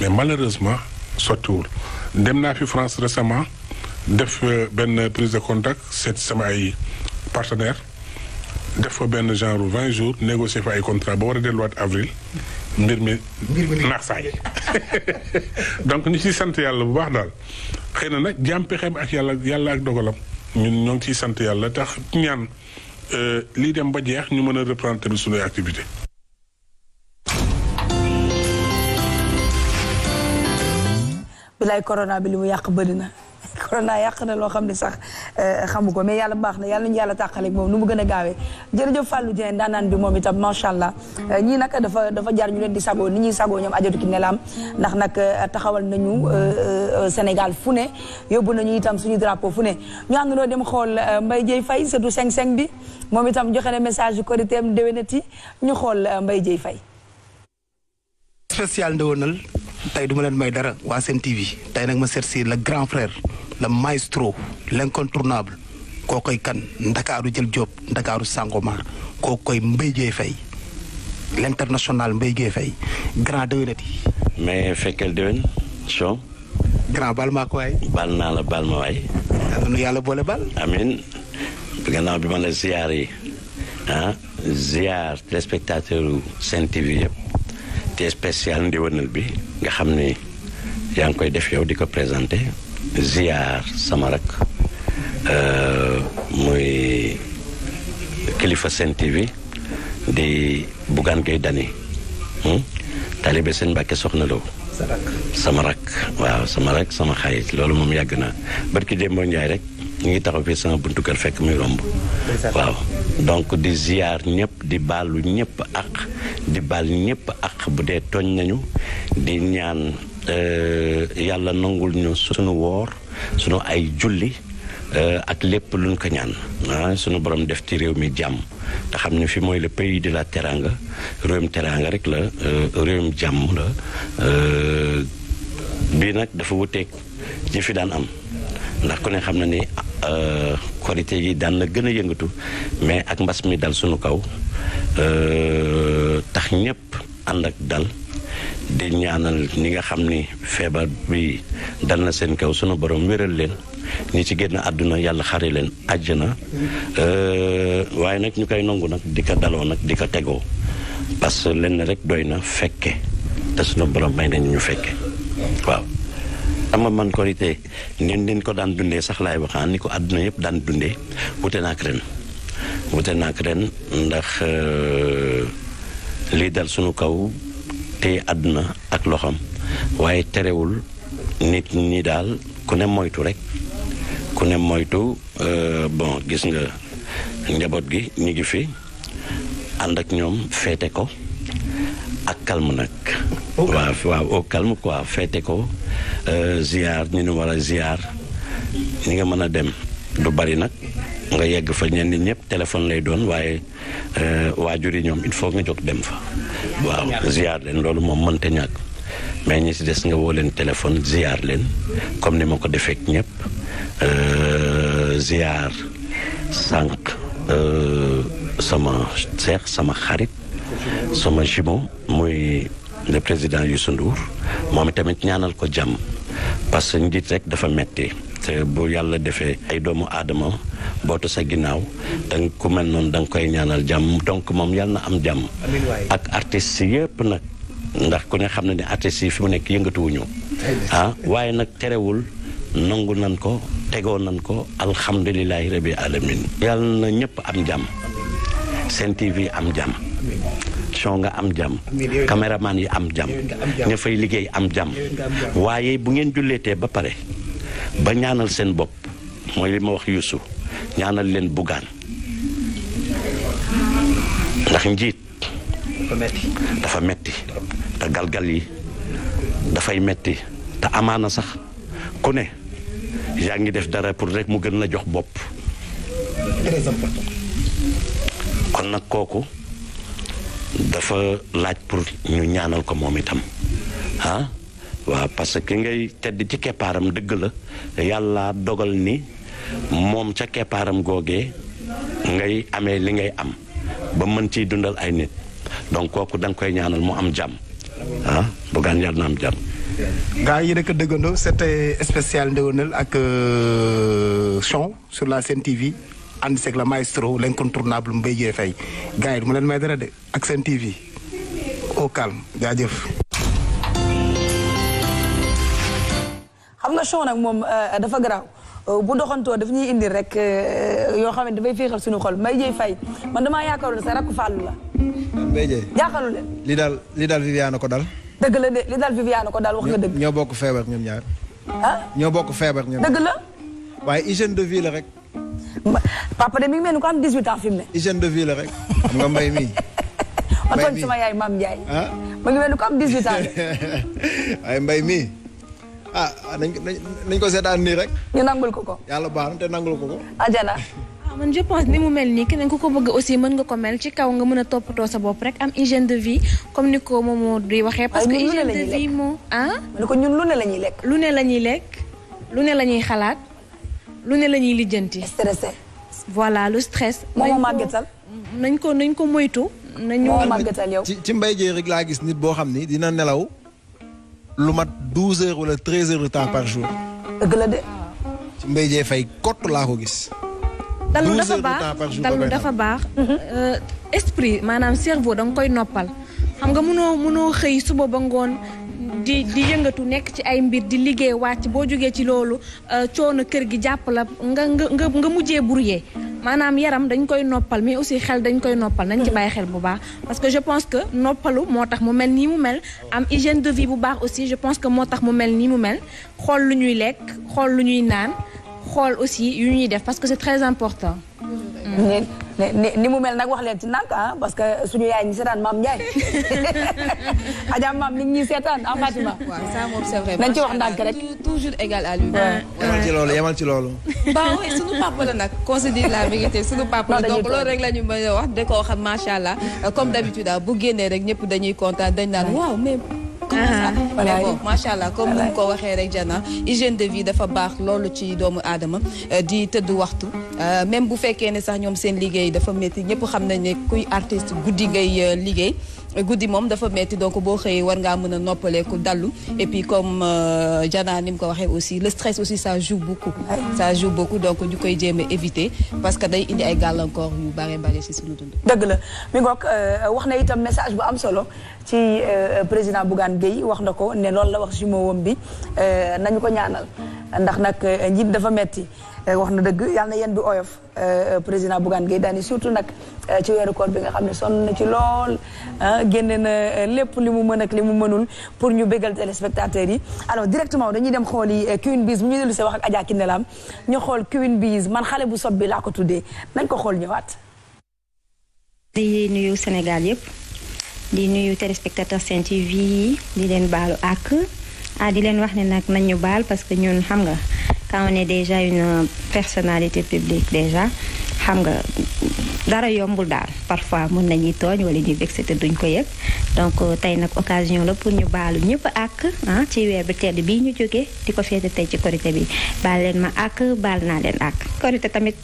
mais malheureusement sottiwul dem naa fi France récemment def euh, benn prise de contact seet sama ay partenaires def fa benn genre 20 jours négocier fa ay contrat ba war a delluwaat avril mbir mi naax saay donc ñu ciy sant yàlla bu baax daal xëy na nag jaam pexeem ak yàlla yàlla ak dogalam ñun ñoo ngi ciy sant yàlla tax ñaan euh, lii dem ba jeex ñu mën a reprendre tamit suñuy activité bilaay corona bi li mu yàq bëri na corona yàq na loo xam ne sax eh, xamu ko mais yàlla baax na yàlla ñu yàlla tàqaleeg moom nu mu gën a gaawee jërëjëf Fallou Dieng daanaan bi moom itam macha allah eh, ñii dafa dafa jar ñu leen di sagoo ni ñuy sagoo ñoom ajatu ki nelaam ndax nag eh, taxawal nañu Sénégal fu ne yóbbu nañu itam suñu drapeau fu ne ñu àndandoo dem xool Mbaye Dieye Faye surtout 5-5 bi moom itam joxe na message yu koriteem déwénati ñu xool mbay Dieye fay spécial Ndewenal tey du ma leen may dara waa Sen TV tey nag ma seet si le grand frère le maestro l'incontournable koo koy kan ndakaaru jël Diop ndakaaru Sangomar koo koy Mbaye Dieye Faye l'international Mbaye Dieye Faye grand déwénati mais fekkeel déwén so grand baal maa ko baal naa la baal ma waay nu yàlla boole baal amin gannaaw bi ma la ziyaar yi ah ziyaar téléspectateur Sen TV yëpp te spécial ndiwanal bi nga xam ni yaa ngi koy def yow di ko présenté ziar sama rak euh, muy kilifa Sen TV di Bougane Gueye Dany hmm? taalibe seen Mbàkke soxna Lo sama rak waaw sama rak sama xarit loolu moom yàgg na barki démb Njaay rek ñu ngi taxaw fii sama buntu kër fekk muy romb waaw donc di ziar ñëpp di baalu ñëpp ak di baal ñëpp ak bu dee tooñ nañu di ñaan euh, yàlla nangu ñu sunu woor sunu ay julli euh, ak lépp luñ ko ñaan ah, sunu borom def ci réew mi jàmm te xam ne fi mooy le pays de la teranga réewum teranga rek la euh, réewum jàmm la bi nag dafa wuteeg ñi fi daan am ndax ku ne xam na ni korité euh, yi daan na gën a yëngatu mais ak mbas mi dal sunu kaw euh, tax ñëpp ànd ak dal di ñaanal ni nga xam ni feebar bi dal na seen kaw sunu borom wéral leen ñi ci génn àdduna yàlla xare leen àjjana euh, waaye nag ñu koy nangu nag di ko daloo nag di ko tegoo parce que lenn rek doy na fekke te sunu borom may nañ ñu fekke waaw xam nga man korité ñun nin ko daan dundee sax laay waxaan ni ko àdduna yëpp daan dundee wute naak ren wute naak ren ndax euh, lii dal sunu kaw téye àdduna ak loxoom waaye terewul nit ñi daal ku ne moytu rek ku ne moytu euh, bon gis nga njaboot gi ñu ngi fi ànd ak ñoom féete ko ak calme nag. waaw waaw au calme quoi feete ko euh, ziar ñu nu war a ziar ñi nga mën a dem du bari nag nga yegg fa ñenn ñëpp téléphone lay doon waaye euh, waajur yi ñoom il faut nga jóg dem fa. waaw ziar leen loolu moom mënta ñàkk mais ñi si des nga woo leen téléphone ziar leen comme ni ma ko defee ak ñëpp euh, ziar sànq sama seex sama xarit. sama jumeau muy le président Youssou Ndour moom tamit ñaanal ko jàmm parce que njiit rek dafa metti te bu yàlla defee ay doomu aadama bootu sa ginnaaw danga ku mel noonu da nga koy ñaanal jàmm donc moom yàlla na am jàmm ak artistes yépp nag ndax ku ne xam na ne artistes yi fi mu nekk yëngatuwuñu ah waaye nag terewul nangu nan ko tegoo nan ko alhamdulilahi rabi alamin yàlla na ñëpp am jàmm Sen TV am jàmm son nga am jàmm caméraman yi am jàmm ña fay liggéey am jàmm waaye bu ngeen julleetee ba pare ba ñaanal seen bopp mooy li ma wax Youssou ñaanal leen bugaan ndax njiit dafa metti te galgal yi dafay metti te amaana sax ku ne yaa ngi def dara pour rek mu gën la jox bopp kon nag kooku dafa laaj pour ñu ñaanal ko moom itam ah waaw parce que ngay tedd ci keppaaram dëgg la yàlla dogal ni moom ca keppaaram googee ngay amee li ngay am ba mën ciy dundal ay nit donc kooku danga koy ñaanal mu am jàmm ah Bougane yàlla na am jàmm. gaa yi rek a dëggandoo c'était spécial ndéwénal ak Son euh, sur la Sen TV. ànd seeg la maestro l'incontournable Mbaye Dièye Faye gars yi du ma leen may dara de ak seen TV au calme xam nga show nag moom euh, dafa garaaw euh, bu doxantoo daf ñuy indi rek euh, yoo xam ne dafay féexal suñu xol Mbaye Dièye Faye man damaa yaakaaroon sa rakk Fallou la. Mbaye Dièye jaaxalu leen. li daal li daal Viviane ko dal. dëgg la de li daal Viviane ko daal wax nga ñoo bokk feebar ñoom ah? ñoo bokk feebar ñoom. dëgg la. waaye hygiène de vie rek. papa de mi ngi mel ni ko am 18 ans fi mu ne. hygiène de vie la rek xam nga mbay mi. ma tooñ sama yaay maam Ndiaye. ah ma ngi mel ko am 18 ans. waaye mbay mi ah nañ ko ko seetaan nii rek. ñu nangul ko ko. yàlla baax na te nangul ko ko. ajana. Ah, man je pense ni mu mel nii ki ku ko bëgg aussi mën nga ko mel ci kaw nga mën a toppatoo sa bopp rek am hygiène de vie comme ni ko Momo di waxee. parce que hygiène de vie moo ah. ko ñun lu ne la ñuy lekk. lu ne la ñuy lekk lu ne la ñuy xalaat. lu ne la ñuy lijjanti. stressé. voilà le stress. moo màggatal nañ ko nañ ko moytu. nañu màggatal yow ci mbay jee rek laa gis nit boo xam ni dina nelaw lu mat douze heures wala treize heures de temps par jour. dëgg la de. ci mbay jee fay kott laa ko gis. dalu dafa baax dalu dafa baax. Mhm. Euh, esprit maanaam cerveau da nga koy noppal. xam nga mënoo mënoo xëy suba ba ngoon. di di yëngatu nekk ci ay mbir di liggéey wàcc boo jógee ci loolu euh, coono kër gi jàpp la nga nga nga nga mujjee brouillé maanaam yaram dañ koy noppal mais aussi xel dañ koy noppal nañ ci bàyyi xel bu baax parce que je pense que noppalu moo tax mu mel nii mu mel am hygiène de vie bu baax aussi je pense que moo tax mu mel nii mu mel xool lu ñuy lekk xool lu ñuy naan xool aussi yu ñuy def parce que c'est très important. Mmh. ni mu mel nag wax leen ci nànk ah parce que suñu yaay ñi seetaan maam Ndiaye Adja maam mi ngi ñuy seetaan ah Fatima. waaw ça moom c'est vrai. nañ ci wax ndànk rek toujours égal à lui. yemal ci loolu yemal ci loolu. ba oui suñu papa la nag qu'on se dise la suñu papa la donc loolu rek la ñu mën a wax de koo xam macha allah comme d'habitude ah bu génnee rek ñëpp dañuy kontaan dañ naan waaw mais. voilà boobu macha allah comme ni ko waxee rek jana hygiène de vie dafa baax loolu ci doomu aadama euh, di tëdd waxtu euh, même bu fekkee ne sax ñoom seen liggéey dafa metti ñëpp xam nañ ne kuy artiste guddi ngay euh, liggéey guddi moom dafa metti donc boo xëyee war ngaa mën a noppaleeku dallu et puis comme euh, Jana ni mu ko waxee aussi le stress aussi ça joue beaucoup ça joue beaucoup donc ñu koy jéem éviter parce que day indi ay gàllankoor yu bare bare si suñu dund dëgg la mi ngoog euh, wax na itam message bu am solo ci euh, président Bougan Gueye wax na ko ne loolu la wax si bi nañu ko ñaanal ndax nag njiit dafa metti wax na dëgg yàlla na yéen bi oyof président Bougane Gueye Dany surtout nag ci weeru koor bi nga xam ne sonn na ci lool génne na lépp li mu mën ak li mu mënul pour ñu bégal téléspectateurs yi alors directement dañuy dem xool yi Queen Biz mu ñu dellu see wax ak Adja Kiné Lam ñu xool Queen Biz man xale bu sob bi laa ko tuddee nañ ko xool ñëwaat di nuyu Sénégal yëpp di nuyu téléspectateur Sen TV yi di leen baalu ak ah di leen wax ne nag nañu baal parce que ñun xam nga quand on est déjà une personnalité publique déjà xam nga dara yombul daal parfois mun nañuy togn wala ñuy vexé te duñ ko yëg donc euh, tay nak occasion la pour ñu balu ñëpp ak ah ci weer bi tedd bi ñu joggé diko fété tay ci korité bi baal leen ma ak baal naa leen àkk korité tamit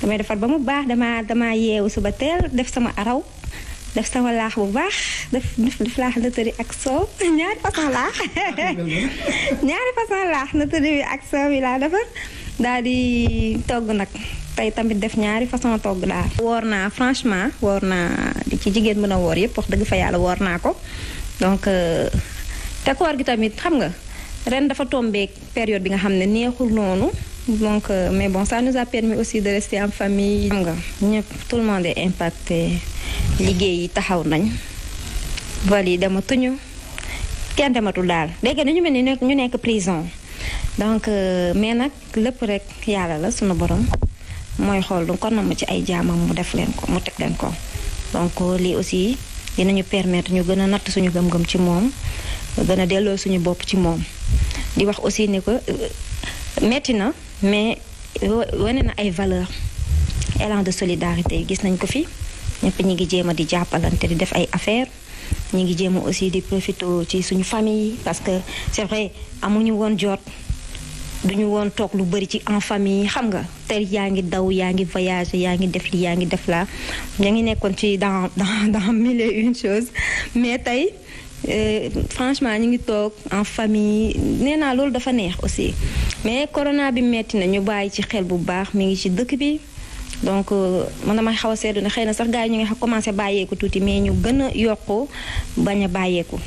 damay defar ba mu baax dama dama yeewu suba tél def sama araw def sama bu baax def def laax nëtëri ak soow ñaari façon laax ñaari façon laax nëtëri bi ak soow bi laa defar daal di togg nag tey tamit def ñaari façon togg daal. woor naa franchement woor naa ci jigéen mën a woor yëpp wax dëgg fa yàlla woor naa ko donc euh, te koor gi tamit xam nga ren dafa tombeek période bi nga xam ne neexul noonu. Donc, euh, mais bon, ça nous a permis aussi de rester en famille. Tout le monde est impacté. liggéey yi taxaw nañ vol yi dematuñu kenn dematul daal léegi nag ñu mel ñu nekk prison donc euh, mais nag lépp rek yàlla la sunu borom mooy xool du ko namm ci ay jaamam mu def leen ko mu teg leen ko. donc euh, lii aussi dinañu permettre ñu gën a natt suñu gëm-gëm ci moom gën a delloo suñu bopp ci moom di wax aussi ni ko metti mais wane na ay valeur élan de solidarité gis nañ ko fi ñëpp ñi ngi jéem a di jàppalante di def ay affaires ñi ngi jéem aussi di profité ci suñu famille parce que c'est vrai amuñu woon jot duñu woon toog lu bëri ci en famille xam nga te yaa ngi daw yaa ngi voyagé yaa ngi def li yaa ngi def la yaa ngi nekkoon ci dans dans dans mille et une choses mais tey Euh, franchement ñu ngi toog en famille nee naa loolu dafa neex aussi mais corona bi metti na ñu bàyyi ci xel bu baax mu ngi ci dëkk bi donc euh, man damay xaw a seetlu ne xëy na sax gars yi ñu ngi commencé bàyyeeku tuuti mais ñu gën a yokku bañ a bàyyeeku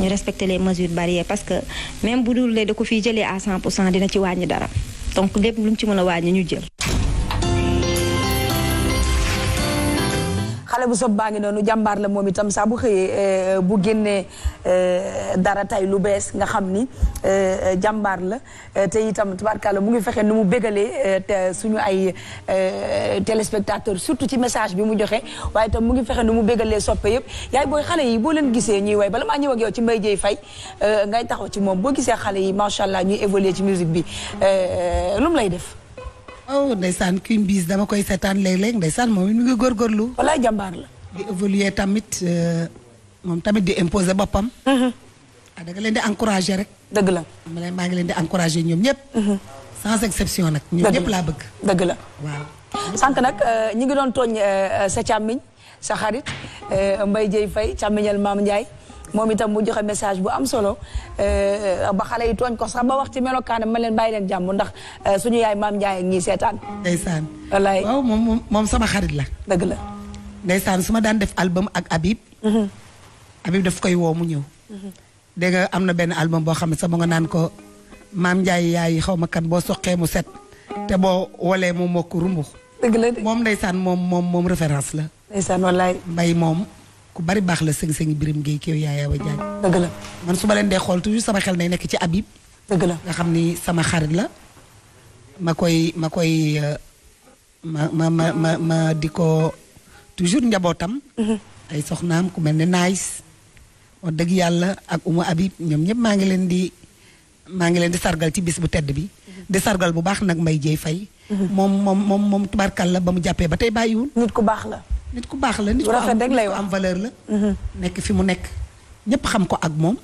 ñu respecter les mesures barrières parce que même bu dul da ko fiy jëlee à 100 pour cent dina ci wàññi dara donc lépp lu mu ci mën a wàññi ñu jël. xale bu sob baa ngi noonu jàmbaar la moom itam saa bu xëyee eh, bu génnee eh, dara tay lu bees nga xam ni eh, jàmbaar la te itam tubaarkàlla mu ngi fexe nu mu bégalee suñu ay téléspectateur surtout ci message bi mu joxe waaye mu ngi fexe nu mu bégalee soppe yëpp yaay booy xale yi boo leen gisee ñuy way bala maa ñëw ak yow ci may Dieye Faye ngay taxaw ci moom boo gisee xale yi macha allah ñuy évoluer ci musique bi lu mu lay def oh ndeysaan kuy mbiis dama koy seetaan léeg-léeg ndeysaan moom it mu ngi góorgóorlu. walaay jàmbaar la. di évoluer tamit euh, moom tamit di imposer boppam. Mhm. ah da leen di encourager rek. dëgg la. maa ngi leen di encourager ñoom ñëpp. Mhm. sans exception nag. ñoom ñëpp laa bëgg. dëgg la waaw. sànq nag euh, ñu ngi doon tooñ euh, sa càmmiñ sa xarit Mbaye Dieye Faye càmmiñal Maam Ndiaye. moom itam mu joxe message bu am solo euh, ba xale yi tooñ ko sax ba wax ci melokaanam ma leen bàyyi leen jàmm ndax euh, suñu yaay maam Ndiaye ñii seetaan. ndeysaan wallaay moom moom sama xarit la. dëgg la. ndeysaan su ma daan def album ak Habib. Mhm. Habib daf koy woo mu ñëw. Mhm. dégg am na benn album boo xam ne sax mu nga naan ko maam Ndiaye yaay xaw ma kan boo soqee mu set. te boo wolee mu mokk rumbu. dëgg moom ndeysaan moom moom moom référence la. ndeysaan wallaay mbay moom. ku bari bax la seug seug birim geey kew yaaya wa jaay deug la man su ma leen xol toujours sama xel nay nek ci abib deug la nga xamni sama xarit la ma makoy ma euh, ma ma ma ma ma di ko toujours njabootam mhm. ay soxnam ku melni Nice wa deug yalla ak Umu abib ñom ñep ma ngi len di ma ngi len di sargal ci bis bu tedd bi mhm. di sargal bu bax nak may jey fay mom mom mom moom tubaarkal la ba mu jàppee nit ku bax la nit ku baax la nit ku am nit ku am valeur la. Mhm. nekk fi mu nekk ñépp xam ko ak moom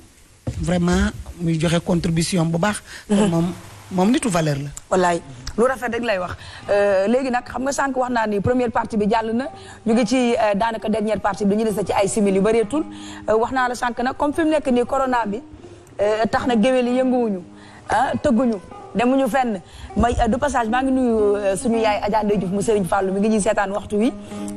vraiment muy joxe contribution bu baax. Mhm. moom moom nitu valeur la. wallaay lu rafet rek lay wax euh, léegi nag xam nga sànq wax naa ni première partie bi jàll na ñu ngi ci euh, daanaka dernière partie bi ñu des ci ay simili yu bëreetul euh, wax naa la sànq nag comme fi mu nekk nii corona bi tax na géwél yi yënguwuñu ah tëgguñu. demuñu fenn may euh, passage maa ngi nuyu euh, suñu yaay Adja Ndeye Diouf mu Serigne Fallou mi ngi ñuy seetaan waxtu wi ñu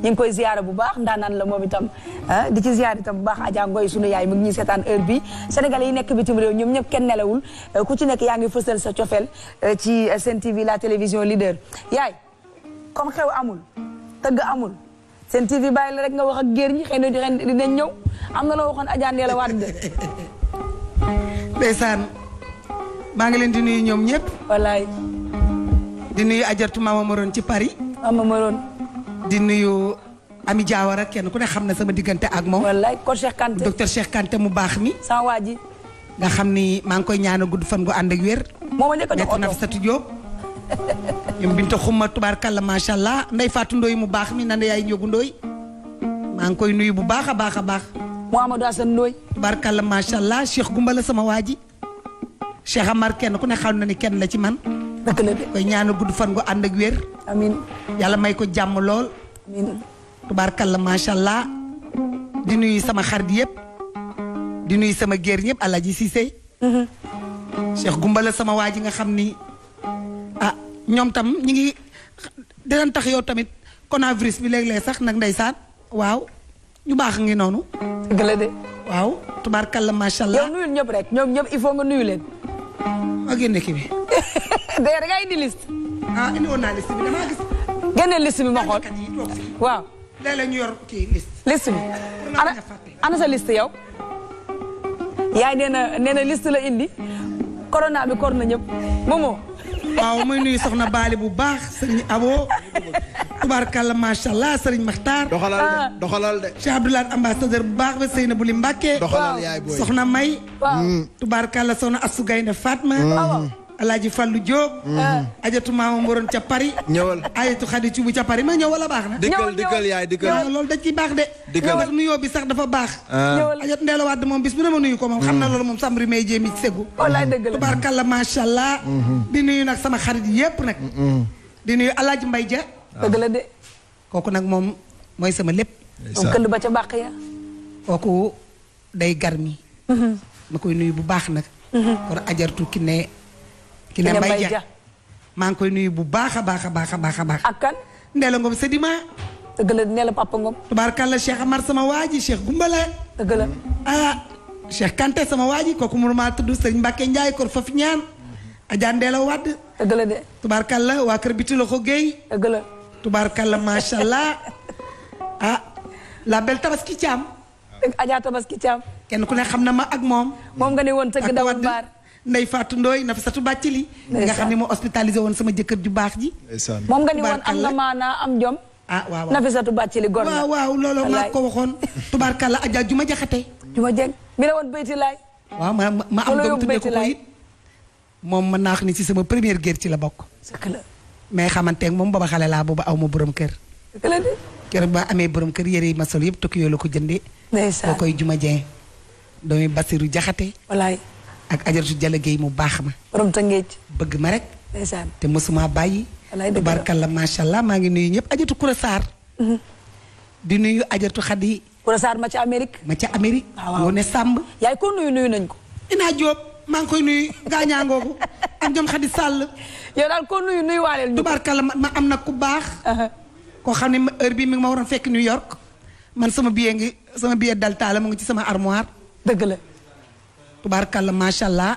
ngi koy ziyaara bu baax ndaanaan la moom itam ah, di ci ziyaar itam bu baax Adja Ngoy suñu yaay mu ngi ñuy seetaan heure bi sénégalais yi nekk bi bitim réew ñoom ñëpp kenn nelawul euh, ku ci nekk yaa ngi fësal sa cofeel ci Sen TV la télévision leader yaay comme xew amul tëgg amul Sen TV bàyyi la rek nga wax ak géer ñi xëy na joxe dinañ ñëw am na loo waxoon Adja la waat de maa ngi leen di nuyu ñoom ñëpp. walaay. nuyu ajartu Mama Morone ci Paris. Mama Morone. di nuyu Ami Diawara kenn ku ne xam ne sama diggante ak moom. walaay kon Cheikh Kanté docteur Cheikh Kanté mu baax mi. sans waa ji. nga xam ni maa ngi koy ñaanal gudd fan gu ànd ak wér. moom la ñu ko Nafisatu Diop. ñoom Binta Xuma tubaarkalla macha allah Ndeye Fatou Ndoye mu baax mi nanda yaay Ndiogu Ndoye. maa ngi koy nuyu bu baax a baax a baax. Mouhamadou Assane Ndoye. tubaarkalla macha allah Cheikh Gumbala sama waa ji. Cheikh Amar kenn ku ne xam na ni kenn la ci man dëgg la de koy ñaanal gudd fan gu ànd ak wér. yàlla may ko jàmm lool. amiin tubaarkalla macha allah. di nuyu sama xarit yëpp. di nuyu sama géer ñëpp El Hadj Cissé. Cheikh Gumbala sama waa ji nga xam ni ah ñoom tam ñi ngi dinañ tax yow tamit coronavirus bi léeg-léeg sax nag ndeysaan waaw ñu baax ngi noonu. dëgg la de. waaw tubaarkalla macha allah yow nuyul ñëpp rek ñoom ñëpp il faut nga nuyu leen. nga génne kii bi. dëgg da ngay indi liste. ah indi woon naa liste bi damaa gis. génne liste bi ma xool waaw. léeg-léeg ñu yor kii liste. liste bi ana ana sa liste yow. yaay nee na nee na liste la indi. corona bi kor na ñëpp momo waaw muy nuyu soxna Baali bu baax sëriñ Abo tubaarkàlla macha allah sëriñ Maxtaar. doxalal de ah. doxalal de. Cheikh bu baax ba Seyna Buli Mbàkke. doxalal yaay booy soxna May. waaw mm. tubaarkàlla soxna Assou Gaynde Fatma. Mm. Ah, Alaji fallu Diop. Hmm. aja tu mau ca Paris. ñëwal aja tu cubu ca Paris ma ñëw wala baax na. dikel ya, yaay dikkal loolu dañ ciy baax de. dikkal wax nuyoo bi sax dafa baax. ajatu Ndella Wade moom bis bu oh, ne ma nuyu ko moom. xam na samri may jéemi segu. dikel. dëgg la tubaarkalla macha allah. Hmm. di nuyu nak sama xarit yépp nak hmm, di nuyu alaaji Mbaye Dia. dëgg de. kooku nag moom mau sama lépp. moom këll ba ca bàq ya. kooku day garmi. ma koy nuyu bu baax nag. kon ajar ki ne. Kina Mbaye Dia maa koy nuyu bu baakha baakha baakha baakha baakha a baax ak kan. Ndéla Ngom Sedima. dëgg la Papa Ngom. tabarakallah Cheikh Amar sama waji Cheikh Gumbala. dëgg ah. Cheikh Kanté sama waji koku mu ma tuddu Serigne Mbacke Ndiaye kor fofu ñaan. a ah, Ndéla Wade. dëgg de. tabarakallah wa kër Biti Loxo Guèye. dëgg la. tubaarkàlla macha allah ah. la belle Tabaski Thiam. aja Tabaski cham kenn ku ne xamna ma ak mom mom nga ne won teug dawul baar Ndeye Fatou Ndoye Nafisatu Bàccili nga xam ne moo hospitalisé woon sama jëkkër ju baax ji moom nga ni woon am nga maanaa am jom ah waaw waaw Nafisatu Bàccili gor waaw waaw looloo maa ko waxoon tubaarkàlla Adja ju ma jaxate ju ma jeng mi la woon bayti laay ma am doom tuddee ko moom mën naa wax ni ci sama première guerre ci la bokk mais xamante moom booba xale laa booba aw ma borom kër kër ba amee borom kër yére yi ma sol yëpp tukki yoo la ko jëndee boo koy juma jeen doomi Basiru jaxate ak su Jalla Gueye mu bax ma. borom Tëngéej. bëgg ma rek. ndeysaan te musuma bayyi walaay dëgg la tubarkalla allah ma ngi nuyu ñëpp ajaratu Koura Sarr. Mhm. di nuyu ajaratu khadi Koura Sarr ma ci amerique ma ci amerique ah, waaw ne Samb. yaay ko nuyu nuyu nañ ko. Ina job ma ngi koy nuyu gaña ngogu ak ñoom khadi Sall. yow dal ko nuyu nuyu walel du tubarkalla ma am ku bax uh-huh. ko xamni heure bi mi ngi ma waron fekk New York man sama biye ngi sama biye dal taala mo ngi ci sama armoire. deug la. tubaarkàlla macha allah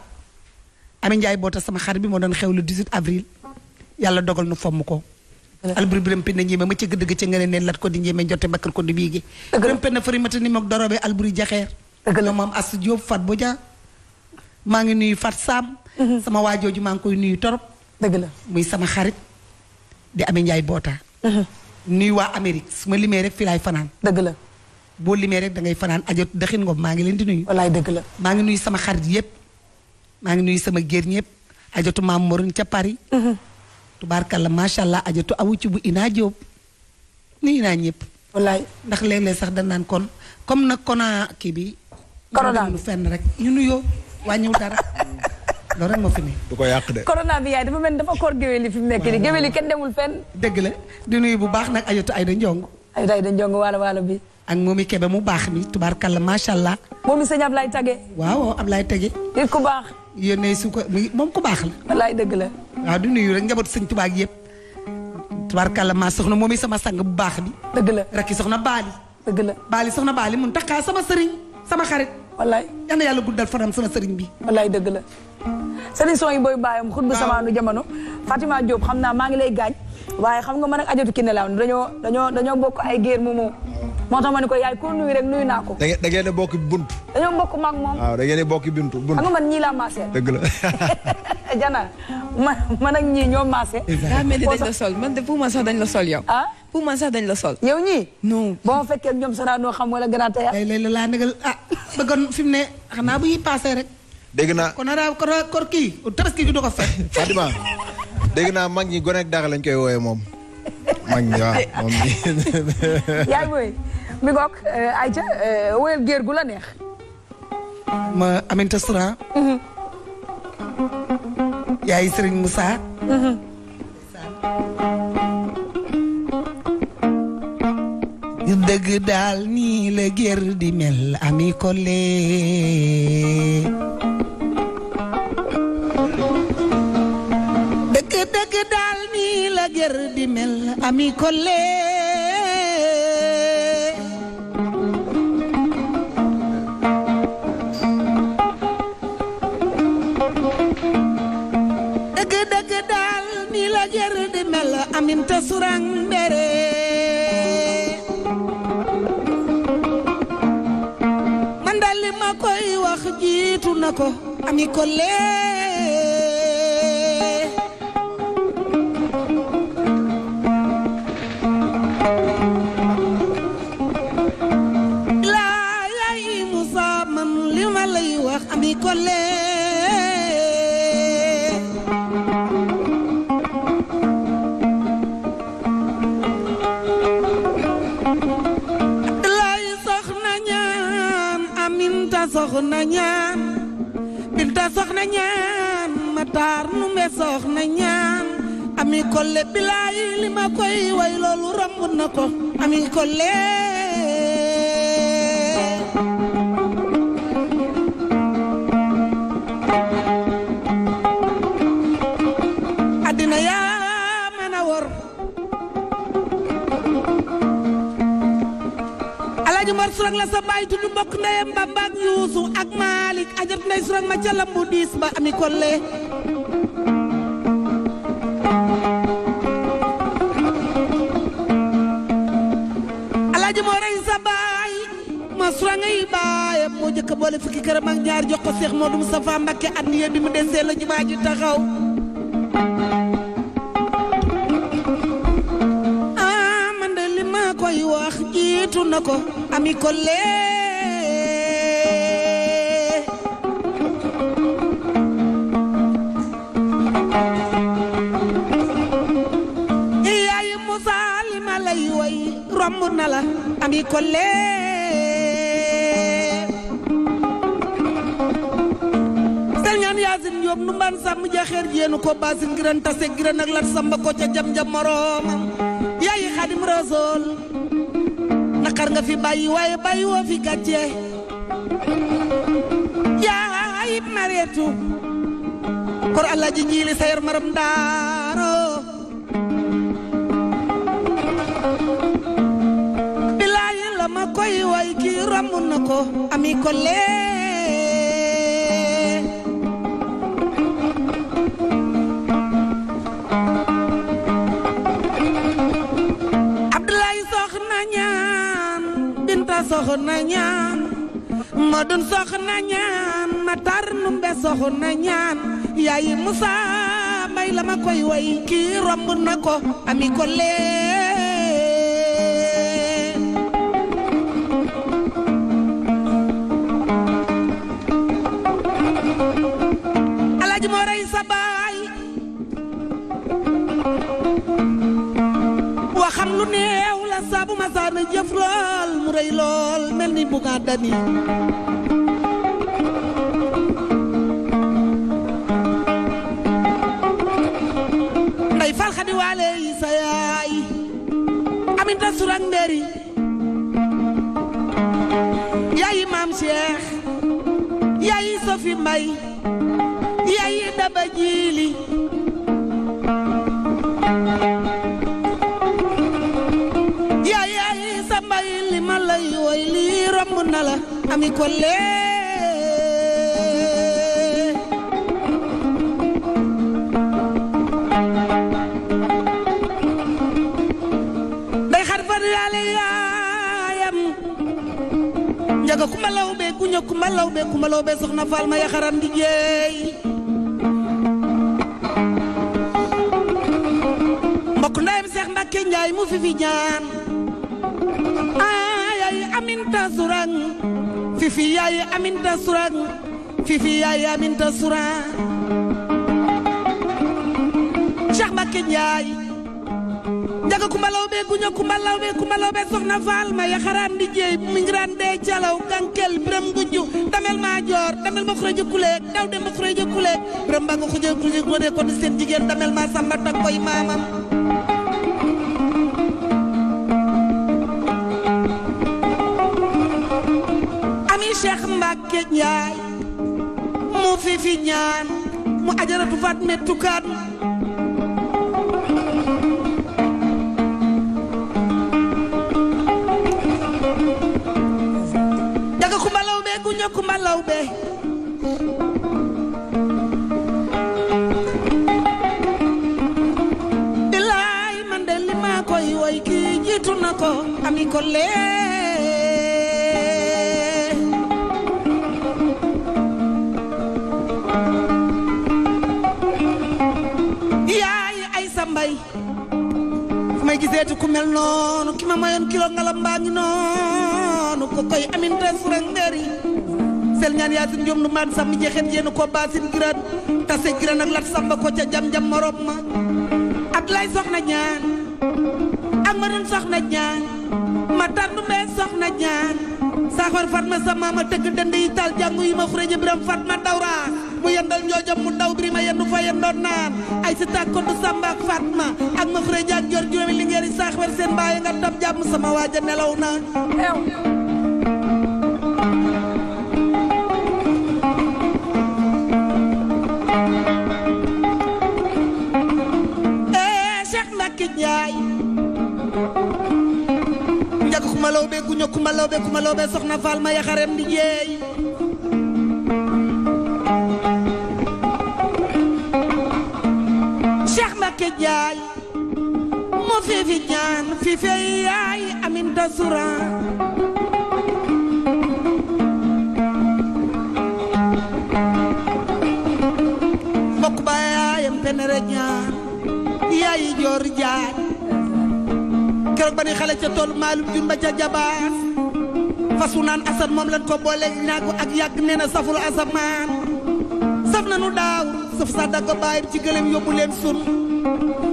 Ami njaay boota sama xar bi moo doon xew le 18 avril yàlla dogal nu fomm ko. albur biram pinna ñéeme ma ci gëdd ci nga ne neen lat ko di ñéeme njote mbakkar ko di bii gi biram pinna fari mata ni mook dorobe alburi fat bu ja maa ngi nuyu fat saam mhm. sama waajooju maa ngi koy nuyu torop dëgg la muy sama xarit di Ami Njaay boota mhm. nuyu waa Amérique su ma limee rek fii fanaan boo limee rek da ngay fanaan ajot daxin ngoom maa ngi leen di nuyu. wallaay dëgg maa ngi nuyu sama xarit yëpp. maa ngi nuyu sama géer ñëpp ajatu maam Morun ca Paris. Mhm. tubaarkalla macha allah ajatu awu ci bu Ina Diop. nuyu naa ñëpp. wallaay ndax léeg-léeg sax danaan kon comme nag kona kii bi. corona lu fenn rek nekk nii géwél yi kenn demul fenn. dëgg la Njong waalo waalo bi. ak moom i kebe mu baax mi tubaarkàlla macha allah. moom i sëñ Ablaye Tage. waaw Ablaye Tage. nit ku baax. yónnee su ko moom ku baax la. wallaay dëgg la. waaw du nuyu rek njabootu sëñ Tuubaa yëpp. tubaarkàlla maa soxna moom i sama sang bu baax bi. dëgg la rakki soxna Baali. dëgg la Baali soxna Baali mun taxaa sama sëriñ sama xarit. wallaay yal na yàlla guddal fanam sama sëriñ bi. wallaay dëgg la. sëriñ son yi booy bàyyam xut bu samaanu jamono Fatima Diop xam naa maa ngi lay gaañ waaye xam nga man ak ajatu kinne laaw dañoo dañoo dañoo bokk ay géer moomu moo tax ma ne ko yaay ko nuyu rek nuyu naa ko da ne bokk bunt dañoo bokk mag moom waaw bokk bunt bunt xam nga man ñii laa maase dëgg la jana man man ak ñii ñoo maase daa mel ni la sol man de pour man sax dañ la sol yow ah pour dañ la sol yow ñii non boo fekkee ñoom saraanoo xam wala gën a taya lay lay la laa negal ah bëggoon fi mu ne xanaa bu yi passé rek dégg naa kon ara kon kii tabaski ju du ko fekk Fatima dégg naa mag ñi gone ak dara lañ koy wooyee moom. mag ñi waaw moom yaay mooy mi ngoog euh, Aïcha euh, wóyal gu la neex. ma Aminta Sra. Mm-hmm. yaay Serigne Moussa. Mm-hmm. dëgg daal nii la géer di mel ami la guerre di mel ami Collé dëgg dëgg daal ni la guerre di mel Aminata Sourang Mbéré man daal li ma koy wax jiitu na ko ami Collé করলে soxna ñaan binta soxna ñaan matar numbe soxna ñaan ami kolle bilaay li ma koy way loolu romb na ami kolle sa baay tudd mbokk ndeyam ba bak yuusu ak maalik ajat nday surang ma ca lambu diis ba ami kolle alaaji moo rey sa baay ma surangay baayam moo jëkk boole fukki këram ak ñaar jox ko seex Moodu Mustafaa Mbakke addiya bi mu desee la jumaa ji taxaw ah man de li koy wax jiitu na ami Collé yaay Moussa li ma lay woy romb na la ami Collé selñaan Yaasin Jóob nu mbaan sàmm jaxeer jéenu ko baasin giran tase giran ak lat samba ko ca jam jam moroomam yaay Xaadim Rasuul yaakaar nga fi mareetu kor allah ji ñiili sayar maram daaro bilaayi la ma koy way ki romb na ko ami lee soxna ñaan ma dun soxna ñaan numbe soxna ñaan yaayi Musa Mbay la ma koy way kii romb na ko ami ko lee alaaji lu neew la saabu ma saana jëf tooy lool mel ni bugaat dani nday fal xadi waale yi sa yaay aminta surak nderi yaayi maam Cheikh yaayi Sofi Mbay yaayi daba jiili na la ami Collé day xar fan yaale yaayam njaga ku ma bee guña ku ma law bee ku ma law bee soxna Faal ma yaxaram liggéey mbokk ndeyam Seex Mbàkke Njaay mu fi fi aminta surang fifi yaay aminta surang fifi yaay aminta surang Cheikh Mbacké Ndiaye jaga kumbalaw be guño kumbalaw be kumbalaw be soxna faal ma yaxaraan di jeey mi ngiraan dee calaw gankel biram guñu damel ma joor damel ma xureje kuleek daw de ma xureje biram ba nga xureje kuleek ko de seen jigéen damel ma samba tak koy maamam Mbàkke Njaay mu fi mu ajaratu fat mettukat daga ku mbalaw be gu ñokku mbalaw be bilaay man de maa koy woy kii jiitu ko ami may ku mel noonu ki ma mayoon kilo ngalam mbaa ngi noonu ko koy aminta surang nderi sel ñaan yaasin jom nu maan sàmm jexet yéen ko baasin giran tase giran ak lat samba ko ca jam-jam morom ma at lay soxna ñaan ak ma doon soxna ñaan ma tàndu mbee soxna ñaan saxor fatma sa maama tëgg dënd yi taal jàngu yi ma fure jëbiram fatma dawra bu yendal njoojom mu daw birima yendu fa yendoon naan ay ci takko du Samba ak Fatma ak ma fure jaag jor juróomi li ngeeri sax wer seen baye nga tam jàmm sama waaja nelaw na ew eh, kumalobe kumalobe kumalobe soxna fal ma yaxarem di jeey Mbàkke jaay mu fi fi ñaan yaay aminta sura mbokk ba yaayam penere ñaan yaayi joor jaay keroog ba ni xale ca tool maalum jumba ca jabaas fasu naan asan moom lañ ko boole ñaagu ak yàgg nee na saful asamaan saf nanu daaw saf sa da ko ci gëlëm yóbbu leen sun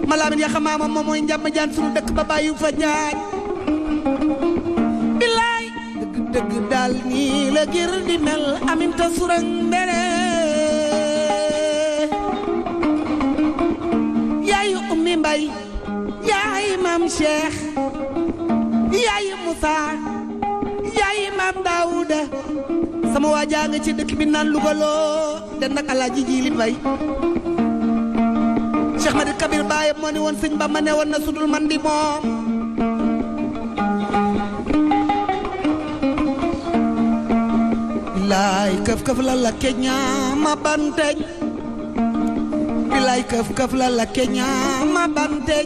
Malamin ya xamaama moom mooy njàmm jaan sunu dëkk ba bàyyi fa ñaan billaay dëgg dëgg daal nii la gir di mel aminta surang bere. yaayu ummi mbay yaayu mam cheikh yaayu musa yaayu mam daouda sama waa jaa nga ci dëkk bi naan lugaloo den alaaji ji li bay Cheikh Madi Kabir Baye moo ni woon sëñ Bamba ne na sudul man di mom lay kaf kaf la la Kenya ma banteñ lay kaf kaf la la Kenya ma banteñ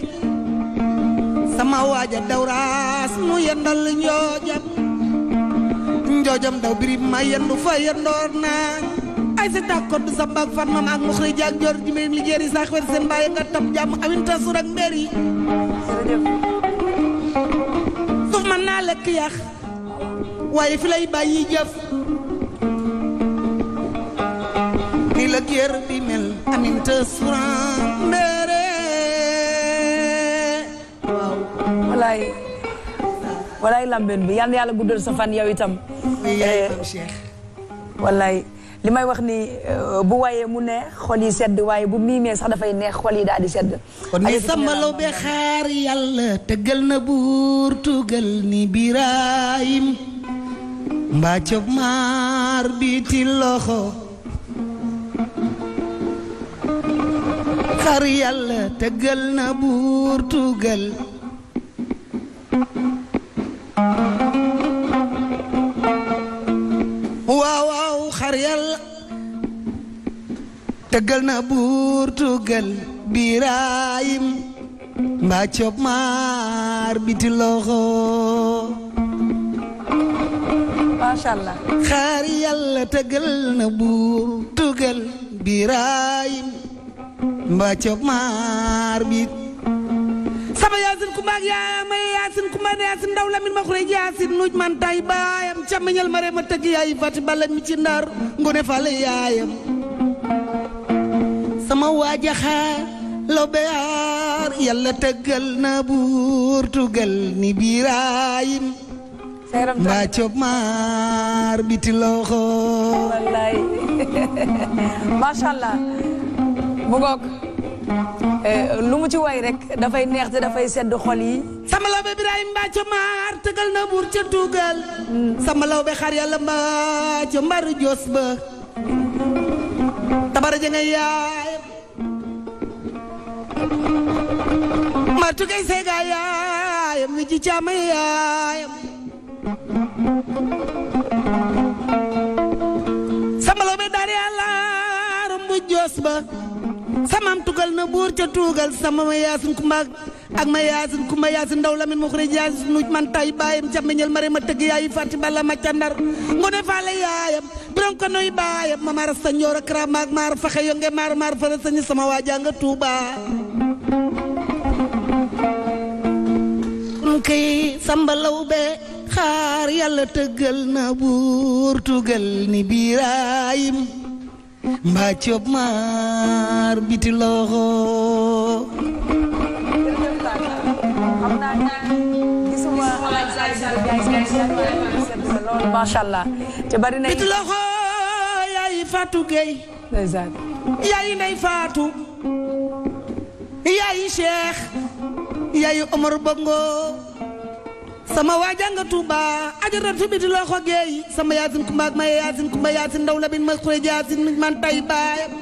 sama waja dawraas mu yandal ñojam ñojam daw bir ma yandu fa yandor naa baay si tàkkoot du sa bag fan mam ak muxrij ak jor ji mbirim liggéey yi sax wer seen bàyyi nga tam jàmm amin tasur ak mbeer yi suuf mën naa lekk yax fi lay la mel amin tasur waaw bi guddal sa fan yow itam. Iya, eh li may wax ni euh, bu wayee mu ne xol yi sedd waaye bu miimee sax dafay neex xol yi daal sedd kon ni sambalaw be xaar yàlla tëggal na buur tugal ni biraayim mbaa cëb maar biti loxo xaar yàlla tëggal na buur xar yàlla tëggal na buur tugal biraayim mbaa coob maar loxo macha allah Yaasin Kumba ak yaayam ay Yaasin Kumba Yaasin Ndaw Lamin ma xuree Yaasin nuuj man tay baayam càmmiñal ma ree ma tëgg yaay fati bala mi ci ndar ngone fale yaayam sama waajaxaa lobeyaar yàlla tëggal na buur ni biiraayim mbaa coob maar biti loxo wallaay bu goog Eh, lu mu ci way rek dafay neex te dafay sedd xol yi sama lawbe Ibrahima Mbacco maar tëgal na buur ca sama lawbe xar yàlla Mbacco mbaru jos ba tabara ja nga yaayam ma tugay seega yaayam wi ji caama yaayam sama lawbe daar yàlla rombu jos ba samaam tugal na buur ca tuugal sama ma yaasin kumba ak ma yaasin kumba yaasin ndaw lamin ma xurej yaasin nuuj man tay baayam ca meññal ma rema tëgg yaayi fàtti balla ma ca ndar ngone faale yaayam biron ko noy baayam ma mara sa njoor ak raam ak maar faxe yonge maar maar sama waajaa nga tuuba kay samba law be xaar yàlla tëggal na buur tugal ni biiraayim mbaa coob maar loxo macha allah te bari nay Fatou yaay Cheikh yaay Omar Bongo sama waa jànga Tuuba ajaratu bi di loxo geey sama yaasin kumba maye yaasin kumba yaasin ndaw la bin mas xure man tay baayam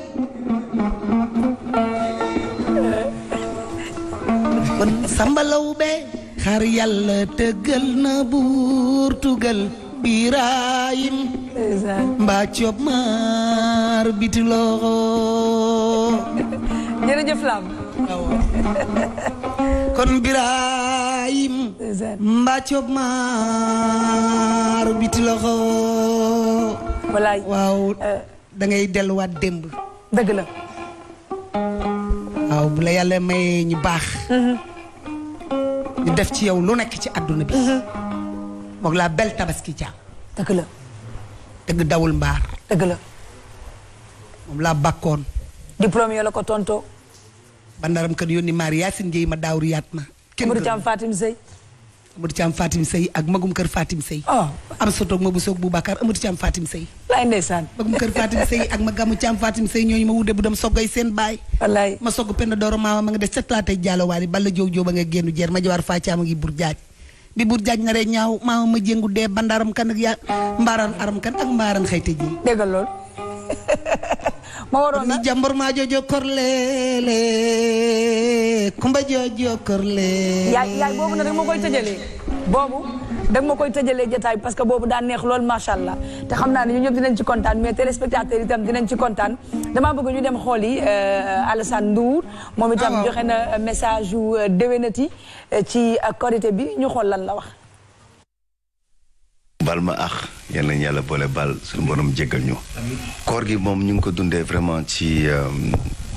kon samba law be yàlla tëggal na buur biraayim mbaa coob maar biti loxo jërëjëf lam kon Birahim mbàccob ma biti loxo walay waw eh. da ngay wat demb deug la aw bu la yalla may ñu bax mhm. ñu def ci yow lu nekk ci aduna bi mhm. mok la bel tabaski jaam deug la deug dawul mbaar deug la mom la bakkon diplôme yoo ya la ko tonto bandaram kan yónni maar Yacine Ndiaye ma daawru yaat ma. kenn ku am Fatim Sey. ak magum kër Fatim Sey. oh am sotoog ma bu soog Boubacar Amadou Thiam Fatim Sey. laay ma gàmmu Thiam Fatim Sey ñooñu ma wuute bu dem soggay seen baay. wallaay ma sogg Penda Doro maama ma nga des ca Talaatay Diallo waale bala Diop Diop a nga génn jeer ma jawaar Fatia am ngi bur jaaj bi bur jaaj na ree ñaaw maama ma jéngu dee bandaaram kan ak yaa mbaaraan aram kan ak mbaaraan xayte ji. dégg lool. ma waroon nag jàmbur maa joojoo kor leele kumba joojoo kor leele. yaay yaay boobu nag da ma koy tëjalee boobu da ma koy tëjalee jotaay parce que boobu daa neex lool macha allah te xam naa ne ñu ñëpp dinañ ci kontaan mais téléspectateurs itam dinañ ci kontaan damaa bëgg ñu dem xool yi euh, Alassane Ndour. moom itam ah joxe na message yu euh, déwénati euh, ci korité bi ñu xool lan la wax. bal ma ax yal yàlla boole bal suñu borom jéggal ñu. koor gi moom ñu ngi ko dundee vraiment ci euh,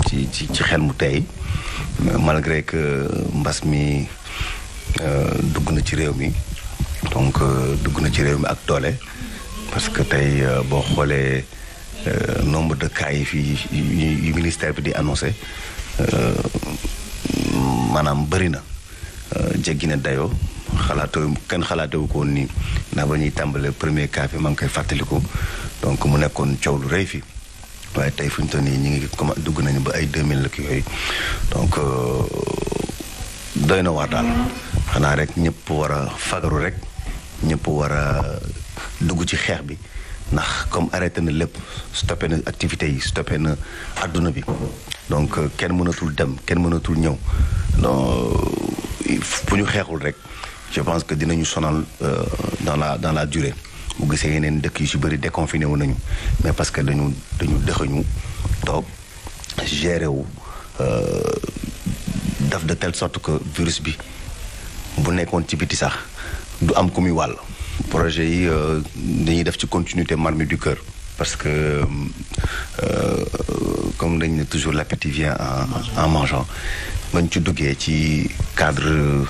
ci ci ci xel mu tey malgre que mbas mi euh, dugg na ci réew mi donc euh, dugg na ci réew mi ak doole parce que tey boo xoolee nombre de cas yi fii yu ministère bi di annoncé maanaam bëri na jéggi na dayoo. xalaatoo kenn xalaatewu ko nii ndax ba ñuy tàmbale premier cas bi maa ngi koy fàttaliku donc mu nekkoon coow lu rëy fi waaye tey fu ñu toll nii ñu ngi comme dugg nañu ba ay 2000 la ki yooyu donc euh, doy na waar daal xanaa rek ñëpp war a fagaru rek ñëpp war a dugg ci xeex bi ndax comme arrêté na lépp stoppé na activités yi stoppé na àdduna bi donc euh, kenn mënatul dem kenn mënatul ñëw donc euh, ñu xeexul rek je pense que nous sommes euh, dans la durée bu sommes yenen dëkk yu ci déconfiné mais parce que dañu dañu gérer top géré wu euh, de telle sorte que le virus bi bu pas ci biti sax du am kumuy wal projet yi euh, dañuy def ci continuité du cœur. parce que comme dañ ne toujours l'appétit vient en mangeant nous ci duggé ci cadre.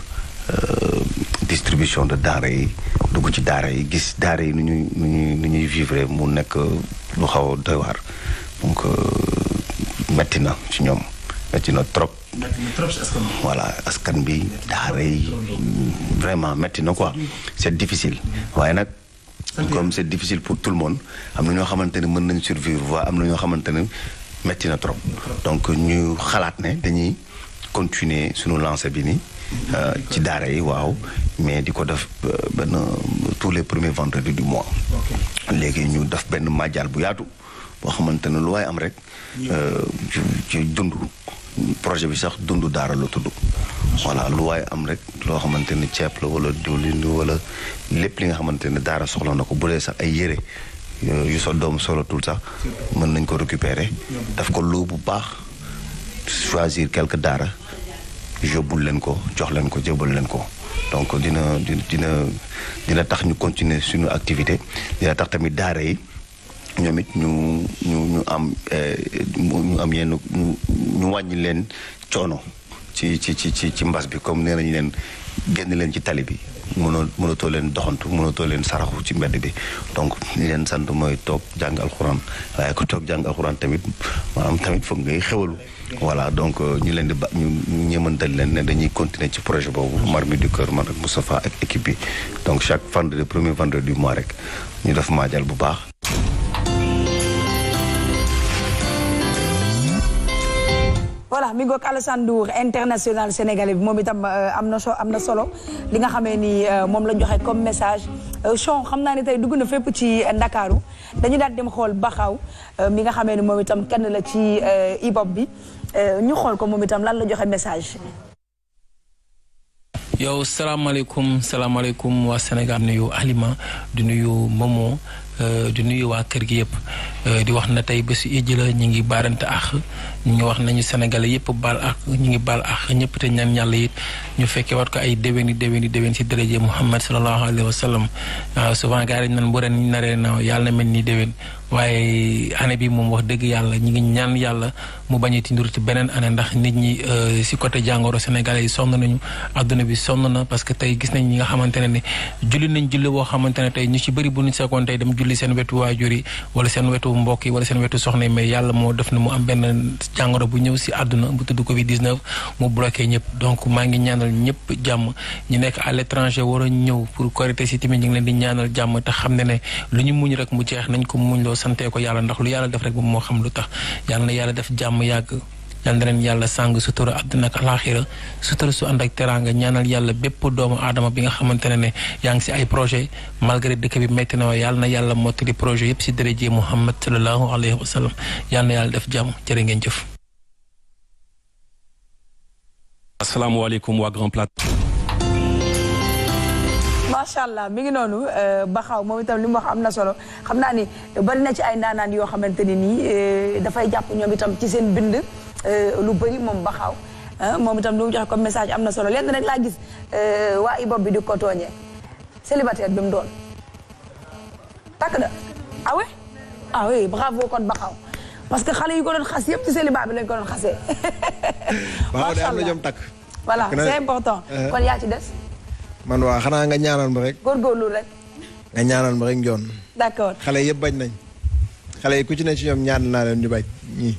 Euh, distribution de daara yi dugg ci daara yi gis daara yi nu ñuy nu vivre mu nek lu xaw doy donc euh, metti na ci ñom metti na trop. voilà askan bi daara vraiment metti na quoi c'est difficile waye nak hein? comme c'est difficile pour tout le monde am na ñoo xamante ne nañ survivre wa am na ñoo metti na trop donc ñu xalaat ne dañuy continuer suñu lancé bi Euh, ci daara yi waaw mais di ko def euh, benn tous les premiers vendredis du mois. léegi ñu def benn màjjaal bu yaatu boo xamante ne lu waay am rek. Euh, ci dund projet bi sax dund daara la tudd. voilà lu waay am rek loo xamante ne ceeb la wala diwlin wala lépp li nga xamante ne daara soxla na ko bu dee sax ay yére. yu sa doom solatul sax mën nañ ko récupérer daf ko lu bu baax choisir quelque daara. Je len ko jox len ko len ko donc dina dina dina tax ñu continuer suñu activité dina tax tamit daara yi ñomit nous ñu ñu ñu am euh, ñu am yenn ñu wañi nous choono ci ci ci ci bi comme nous len genn len ci tali bi mëno to len doxantu to len saraxu ci mbedd donc nous len sant moy top nous nous waye ko top nous alcorane tamit tamit voilà donc euh, ñu leen di ba ñu ñëmantal leen ne dañuy continuer ci projet boobu Marmite du Cœur man ak ak équipe bi donc chaque vendredi premier vendredi du mois rek ñu def maajal bu baax. voilà mi ngoog Alassane Ndour international sénégalais bi moom itam euh, am na so am na solo li nga xamee ni euh, moom la joxe comme message chon xam naa ne tey dugg na fépp ci ndakaaru dañu daal dem xool baxaw mi nga xamee ni moom itam kenn la ci hip-hop bi Euh, ñu xool ko moom itam lan la joxe message. yow salaamaaleykum salaamaaleykum waa Sénégal nuyu aliment di nuyu Momo euh, di nuyu waa kër gi yëpp euh, di wax na tey bésu ijji la ñu ngi baarante ax ñu ngi wax nañu sénégalais yëpp baal ak ñu ngi baal ak ñëpp te ñaan yàlla it ñu fekkee wat ko ay déwéni déwéni déwén si dërëje Muhammad sallallahu alayhi wa sallam souvent gars yi dañ naan bu na yàlla mel ni déwén waaye année bi moom wax dëgg yàlla ñu ngi ñaan yàlla mu bañ a tindur ci beneen année ndax nit ñi si euh, côté jàngoro sénégalais yi sonn nañu àdduna bi sonn na parce que tey gis nañ ñi nga xamante ne ni julli nañ julli woo xamante ne tey ñu ci bëri bu ñu sekoon tey dem julli seen wetu waajur yi wala seen wetu mbokk yi wala seen wetu soxna yi mais yàlla moo def na mu am benn jàngoro bu ñëw si àdduna bu tudd Covid 19 mu bloqué ñëpp donc maa ngi ñaanal ñëpp jàmm ñu nekk à l' étranger ñëw pour Korité si tamit ñu ngi leen di ñaanal jàmm te xam ne ne lu ñu muñ rek mu jeex nañ ko muñ loo santee ko yàlla ndax lu yàlla def rek moom moo xam lu tax yàlla na yàlla def jàmm yàgg. ñaanal yàlla sàng sutura àddina ak alaaxira sutura su ñaanal yàlla bépp doomu aadama bi nga xamante ne ne yaa si ay projet malgré dëkk bi métti na waaye yàlla na projet yëpp si dërëjee Muhammad sallallahu alayhi wa sallam yàlla na yàlla def jàmm jërë ngeen jëf. asalaamaaleykum waa Grand Plateau. macha allah mi ngi noonu euh, baxaw moom itam li mu wax am na solo xam naa ni bari na ci ay ndaanaan yoo xamante ne nii euh, dafay jàpp ñoom itam ci seen bind Euh, lu bëri moom ba ah, moom itam lu mu joxe comme message am na solo lenn rek laa gis euh, waa ibob bi di ko tooñee célibataire bi mu doon takk na ah, ah bravo kon ba parce que xale yi ko doon xas yëpp ci célibat bi lañ ko doon xasee. macha allah waaw am na jom takk. voilà c'est important. Euh, kon yaa ci des. man waa xanaa nga ñaanal ma rek. góorgóorlu rek. nga ñaanal ma rek njoon. d'accord xale yëpp bañ nañ. xale yi ku ci ne ci ñoom ñaan naa leen bañ ñii.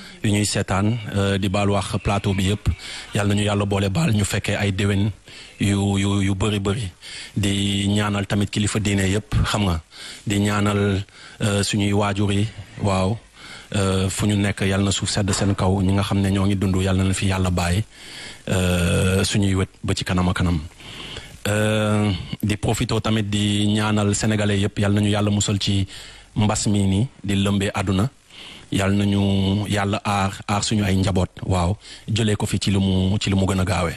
yu ñuy seetaan euh, di baal wax plateau bi yëpp yal na ñu yàlla boole baal ñu fekkee ay déwén yu yu yu bëri bëri di ñaanal tamit kilifa diine yëpp xam nga di ñaanal euh, suñuy waajur yi waaw euh, fu ñu nekk yal na suuf sedd seen kaw ñi nga xam ne ñoo ngi dundu yàlla na fi yàlla bàyyi suñuy wet ba ci kanam a kanam. di profito tamit di ñaanal sénégalais yëpp yal nañu yàlla musal ci mbas mii nii di lëmbee àdduna. yal nañu yalla ar ar suñu ay njabot waaw jëlee ko fi ci lu mu ci lu mu gën a gaawee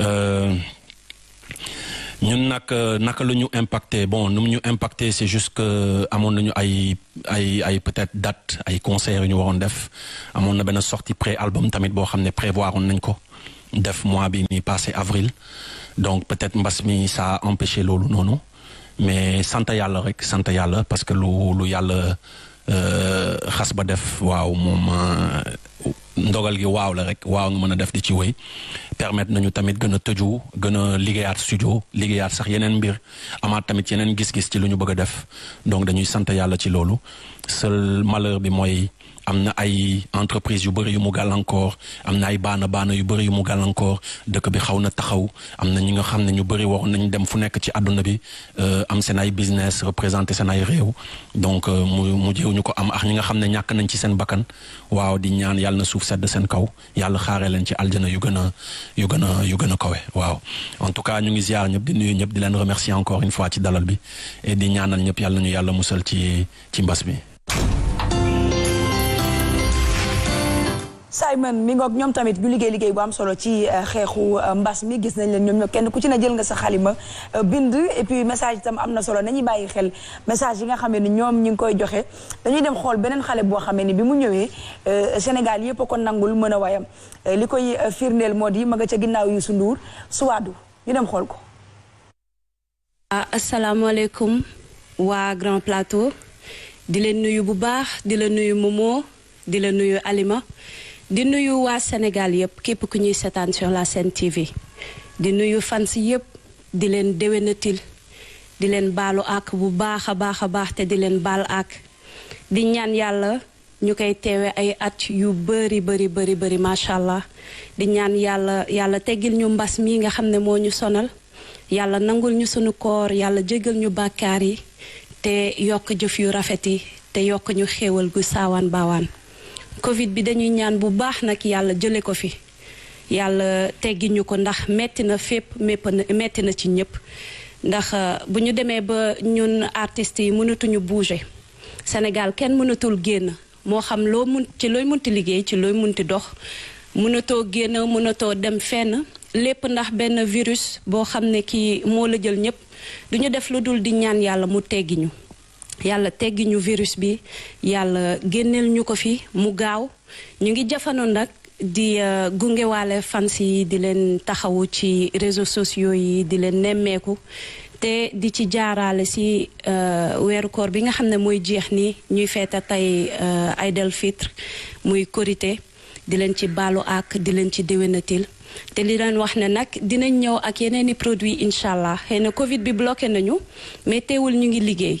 euh, ñun nak naka ñu impacté bon num ñu impacté c'est juste que amon nañu ay ay ay peut-être date ay concert ñu waron def amon na ben sortie pré album tamit bo xamné ne prévoir nañ ko def mois bi ni passé avril donc peut-être mbass mi ça a empêché loolu nono mais santa yalla rek santa yalla parce que lu lu yalla Euh, xas ba def waaw moom euh, ndogal gi waaw la rek waaw nga mën a def di ci wéy permettre nañu tamit gën a tëju gën a liggéeyaat studio liggéeyaat sax yeneen mbir amaat tamit yeneen gis-gis ci lu ñu bëgg a def donc dañuy sant yàlla ci loolu seul malheur bi mooy amna ay entreprise yu bëri yu mu gal encore amna ay bana bana yu bëri yu mu gàllankoor dëkk bi xawna na taxaw amna ñi nga xamne ñu bëri wax nañ dem fu nekk ci aduna bi euh, am seen ay business représenté seen ay réew donc euh, mu mu jew ñuko am ak ñi nga xamne ñak nañ ci sen bakan waaw di ñaan yalla na suuf sedd sen kaw yalla xaare leen ci aljana yu gëna yu gëna yu gëna a kawe waaw en tout cas ñu ngi ziar ñep di nuyu ñep di len remercier encore une fois ci dalal bi et di ñaanal ñep yalla ñu yalla musal ci ci mbass bi Simon mi ngoog ñoom tamit ñu liggéey liggéey bu am solo ci eh, xeexu eh, mbas mi gis nañ leen ñoom ñoo kenn ku ci na jël nga sa xalima eh, bind et message itam am na solo nañuy bàyyi xel message yi nga xamee ni ñoom ñi ngi koy joxe dañuy dem xool beneen xale boo xamee ni bi mu ñëwee Sénégal yëpp a ko nangul mën a wayam li koy firndeel moo di ma nga ca ginnaaw Youssou Ndour suwaadu ñu dem xool ko waa ah, asalaamaaleykum waa Grand Plateau di leen nuyu bu baax di la nuyu Momo di la nuyu Alima di nuyu wa senegal yep kep ku ñuy sur la Sen TV di nuyu fans yep di len déwénatil di len balu ak bu baha baha baax te di len bal ak di ñaan yalla ñu koy ay at yu bëri bëri bëri bëri sha allah di ñaan yalla yalla téggil ñu mbass mi nga xamné mo ñu sonal yalla nangul ñu sunu koor yalla ñu bakkar yi te yok jëf yu rafeti té te ñu xéewal gu sawan bawan Covid bi dañuy ñaan bu baax nag yàlla jële ko fi yàlla teggi ñu ko ndax metti na fépp mépp na metti na ci ñëpp ndax euh, bu ñu demee ba ñun artistes yi mënatuñu bouger Sénégal kenn mënatul génn moo xam loo mun ci looy munti liggéey ci looy munti dox mënatoo génn mënatoo dem fenn lépp ndax benn virus boo xam ne kii moo la jël ñëpp du ñu def lu dul di ñaan yàlla mu teggi ñu yàlla teggi virus bi yàlla génneel ñu ko fi mu gaaw ñu ngi jafanoon nag di euh, gungewaale fans yi di leen taxawu ci réseaux sociaux yi di leen nemmeeku te di ci jaaraale si euh, weeru koor bi nga xam ne mooy jeex ni ñuy feeta tey euh, Aïd el Fitr muy korité di leen ci balu ak di leen ci déwénatil te li leen wax ne nag dinañ ñëw ak yeneen i produits incha allah xëy na Covid bi bloqué nañu mais teewul ñu ngi liggéey.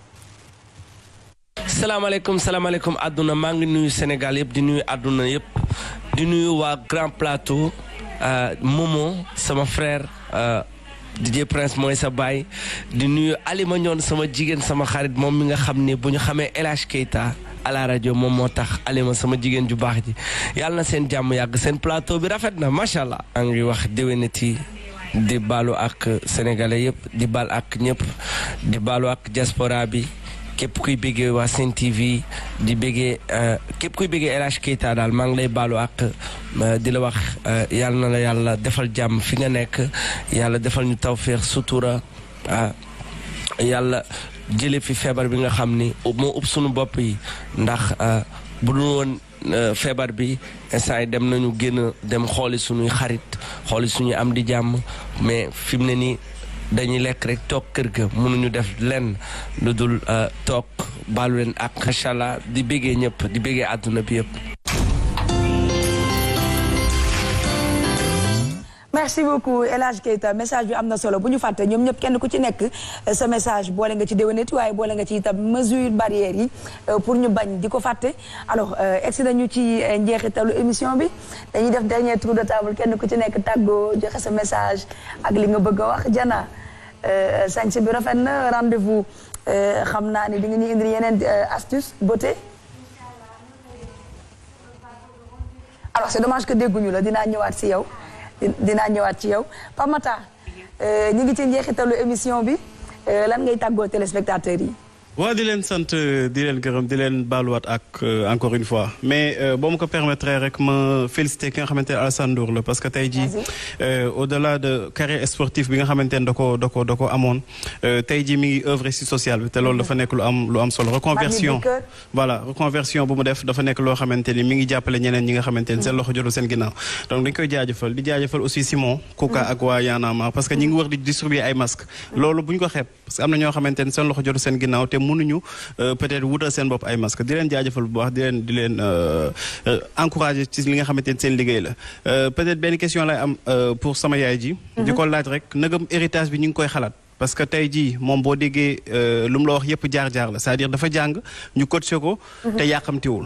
salaamaaleykum salaamaaleykum àdduna maa ngi nuyu Sénégal yëpp di nuyu àdduna yëpp di nuyu waa Grand Plateau euh, Momo sama euh, di DJ Prince mooy sa baay di nuyu Alima ñoon sama jigéen sama xarit moom mi nga xam ne bu ñu xamee El Hadj Keita à rajo moom moo tax Alima sama jigéen ju baax ji yàlla na seen jàmm yàgg seen plateau bi rafet na macha allah. maa ngi wax déwénati di baalu ak sénégalais yëpp di baal ak ñëpp di baalu ak diaspora bi. képp kuy béggee waa Sen TV di béggee euh, képp kuy béggee El Hadj daal maa ngi lay baalu ak euh, di la wax euh, yàlla na la yàlla defal jàmm fi nga nekk yàlla defal ñu tawféex sutura ah, yàlla jële fi feebar bi nga xam ni moo ub sunu bopp yi ndax bu dul woon feebar bi instant yi dem nañu génn dem xooli suñuy xarit xooli suñuy am di jàmm mais fi ne nii dañuy lek rek tok kër ga mënuñu def lenn lu dul euh, toog baalu leen ak xala di bégé ñëpp di bégé aduna bi yëpp merci beaucoup elage Keita message bi amna solo buñu faté ñom ñoom ñëpp kenn ku ci nekk ce euh, message bo boole nga ci waye bo boole nga ci itam mesure barrière yi euh, pour ñu bañ diko faté fàtte alors egsi nañu ci njeexitalu émission bi dañuy def dernier tour de table kenn ku ci nekk taggo joxe ce message ak li nga bëgg wax Jana Euh, sanc bi rafet na rendez-vous euh, xam naa ni di nga ñu indi yeneen euh, astuce beauté alors c'est dommage que dégguñu la dinaa ñëwaat si yow dinaa ñëwaat ci yow Pamata ñu ngi ci njeexitalu émission bi lan ngay tàggoo téléspectateurs yi waa di Sante, sant di leen gërëm ak euh, encore une fois mais euh, boo ma ko permettre rek ma félicité ki nga xamante ne Alassane parce que tey euh, au delà de carrière sportive bi nga xamante ne da ko da ko mi ngi œuvre sociale bi te loolu dafa nekk lu am lu am reconversion voilà reconversion Bon, mu def dafa nekk loo xamante ni mi ngi jàppale ñeneen ñi nga xamante ni loxo jotul seen ginnaaw donc dañ koy jaajëfal di aussi Simon Kouka mm-hmm. ak waa parce que ñi ngi mm-hmm. wax di distribuer ay masques loolu bu ko parce que am na ñoo xamante un seen loxo jotul seen sengina. mënuñu euh, peut-être wutal seen bopp ay masque di leen jaajëfal bu baax di leen di leen euh, euh, encourager ci li nga xamante ni seen liggéey la peut-être benn question lay am pour sama yaay ji mhm. di ko laaj rek nagam héritage bi ñu ngi koy xalaat parce que tey jii moom boo déggee lu mu la wax yëpp jaar-jaar la cest à dafa jàng ñu coaché ko mhm. te yàqamtiwul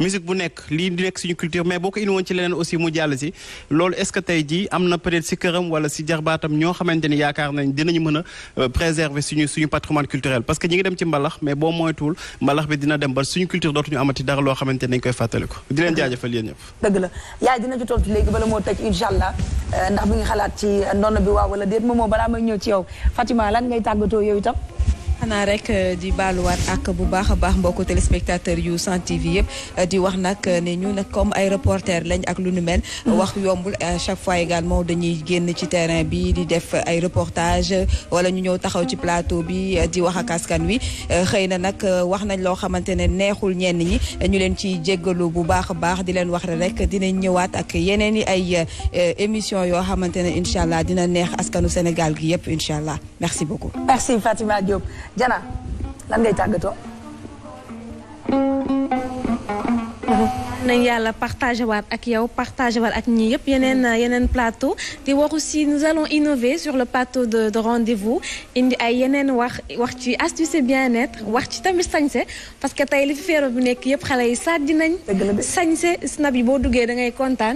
musique bu nekk lii di nekk suñu culture mais boo ko indi woon ci leneen aussi mu jàll si loolu est-ce que tey jii am na peut-être si këram wala si jarbaatam ñoo xamante ni yaakaar nañ dinañu mën a euh, préserver suñu suñu culturel parce que ñi ngi dem ci mbalax mais boo moytuwul mbalax bi dina dem ba suñu culture dootuñu amati dara loo xamante ni dañ koy fàttaliku di leen jaajëfal yéen ñëpp dëgg la yaay dina ci tontu léegi bala moo tëj incha allah euh, ndax bi nga xalaat ci ndono bi waaw wala déet xanaa rek euh, di baaluwaat ak bu baax a baax mbokku téléspectateur yu Sen TV yëpp euh, di wax nag euh, ne ñu nag comme ay reporter lañ ak lu nu mel. Mm. wax yombul à chaque fois également dañuy génn ci terrain bi di def ay reportage wala ñu ñëw taxaw ci plateau bi di wax ak askan wi xëy na nag wax nañ loo xamante ne neexul ñenn ñi ñu leen ci jéggalu bu baax a baax di leen wax rek dinañ ñëwaat ak yeneen yi ay émission yoo xamante ne incha allah dina neex askanu Sénégal gi yëpp incha allah merci beaucoup. Jana lan ngay tàggatoo nañ yàlla partagé waat ak yow partagé ak yëpp mm-hmm. plateau aussi nous allons innover sur le plateau de rendez-vous indi ay yeneen wax wax ci astuce bien-être wax ci parce que li fi nekk yëpp yi nañ snap yi da ngay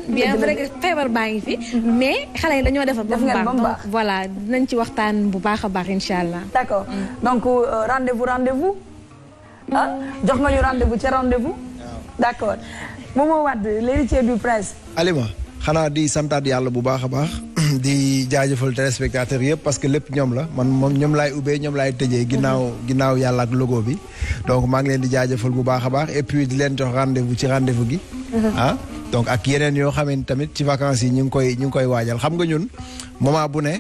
bien vrai que faire mm-hmm. mais yi voilà ci waxtaan bu baax d'accord mm. donc euh, rendez-vous rendez-vous ah mm. jox rendez-vous rendez-vous d'accord Momo Wade l'héritier du prince. Alima xanaa di santaat yàlla bu baax a baax di jaajëfal téléspectateurs yëpp parce que lépp ñoom la man moom ñoom laay ubbee ñoom laay tëjee ginnaaw mhm. ginnaaw yàlla ak logo bi donc maa ngi leen di jaajëfal bu baax a baax et puis di leen jox rendez-vous ci rendez-vous gi mhm. ah donc ak yeneen yoo xamante tamit ci vacance yi ñu ngi koy ñu ngi koy waajal xam nga ñun moment bu ne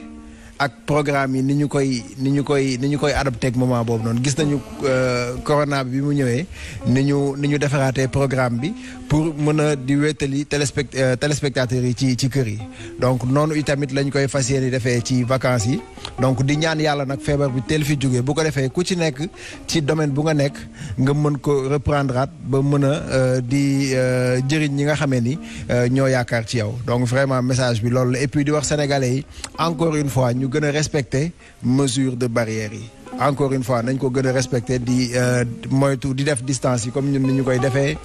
ak programme yi ni ñu koy ni ñu koy ni ñu koy adopté moment boobu noonu gis nañu euh, corona bi mu ñëwee ni ñu ni ñu defaraatee programme bi pour mën a di wétali téléspect euh, téléspectateurs yi ci ci kër yi donc noonu itamit lañ koy fas yéene defee ci vacances yi donc di ñaan yàlla nag feebar bi teel fi jógee bu ko defee ku ci nekk ci domaine bu nga nekk nga mën ko reprendre at ba mën a euh, di jëriñ ñi nga xamee ni ñoo yaakaar ci yow donc vraiment message bi loolu et puis di wax sénégalais yi encore nous devons respecter mesures de barrière encore une fois nous devons respecter les euh, moytu di def distance comme nous l'avons ñu koy avec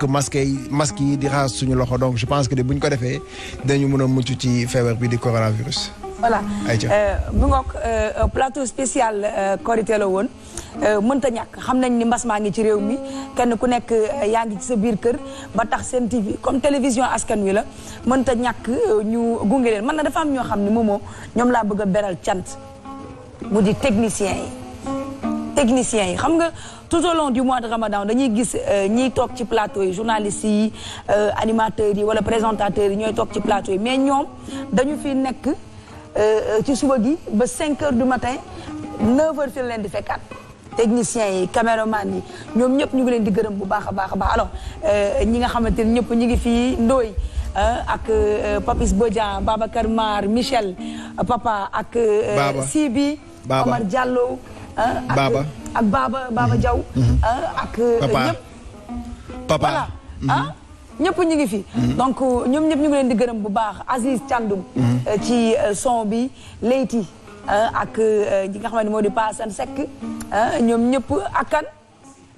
les masque masque di donc je pense que si nous ñu ko defee dañu mën a coronavirus voilà euh, mu euh, plateau spécial euh, Korité won euh mënta ñak xam nañ ni mbass ma ngi ci réew mi kenn ku nekk yaangi ci sa biir kër ba tax sen TV comme télévision askan wi la mënta ñak ñu gunge leen man na dafa am ño xamni momo ñom la bëgg a tiant mu di technicien technicien yi xam nga tout au long du mois de Ramadan dañuy gis ñi tok ci plateau yi journalistes yi animateurs yi wala présentateurs yi ñooy ci plateau yi mais ñom dañu fi nekk Euh, euh, ci suba gi ba 5 heures du matin 9 heures fi leen di fekkaat techniciens yi caméraman yi ñoom ñëpp ñu ngi leen di gërëm bu baax a baax a baax alors euh, ñi nga xamante ne ñëpp ñu ngi fii ndooy ak Papis Bodian Babacar Mar Michel Papa ak. Sibi Omar Diallo. ak Baba Baba mhm. ak ñëpp. Papa mhm. ah, ñëpp ñu ngi fi. Mhm. donc euh, ñoom ñëpp ñu ngi leen di gërëm bu baax Aziz Thiandoum. Mhm. Euh, ci euh, son bi Leyti ak ñi nga xamante ne moo di Pa Assane Seck ñoom ñëpp akkan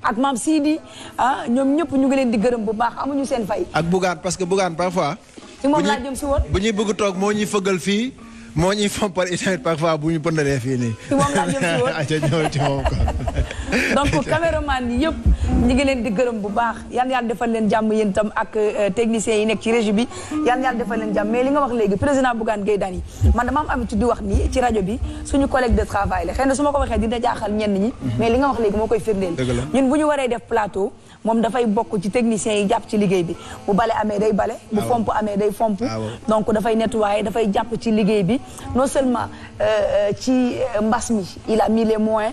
ak maam Sidi ah ñoom ñëpp ñu ngi leen di gërëm bu baax amuñu seen fay. ak Bougane parce que Bougane parfois. ci moom laa jëm si woon bu ñuy bëgg toog moo ñuy fëggal fii. moo ñuy fompal itamit parfois bu ñu pëndalee fii nii. ci moom laa jëm si woon ca ñëw ci moom quoi. donc caméraman yëpp ñu ngi leen di gërëm bu baax yan yàlla defal leen jàmm yéen itam ak euh, techniciens yi nekk ci régie bi yan yàlla defal leen jàmm mais li nga wax léegi président Bougane Gueye Dany man dama am habitude wax ni ci rajo bi suñu collègue de travail la na su ma ko waxee dina jaaxal ñenn ñi mhm. mais li nga wax léegi moo koy firndeel ñun bu ñu waree def moom dafay bokk ci technicien yi jàpp ci liggéey bi bu bale amee day bale bu ah fomp amee day fomp ah donc dafay nettoyer dafay jàpp ci liggéey bi non seulement euh, euh, ci euh, mbas mi il a mis les moyens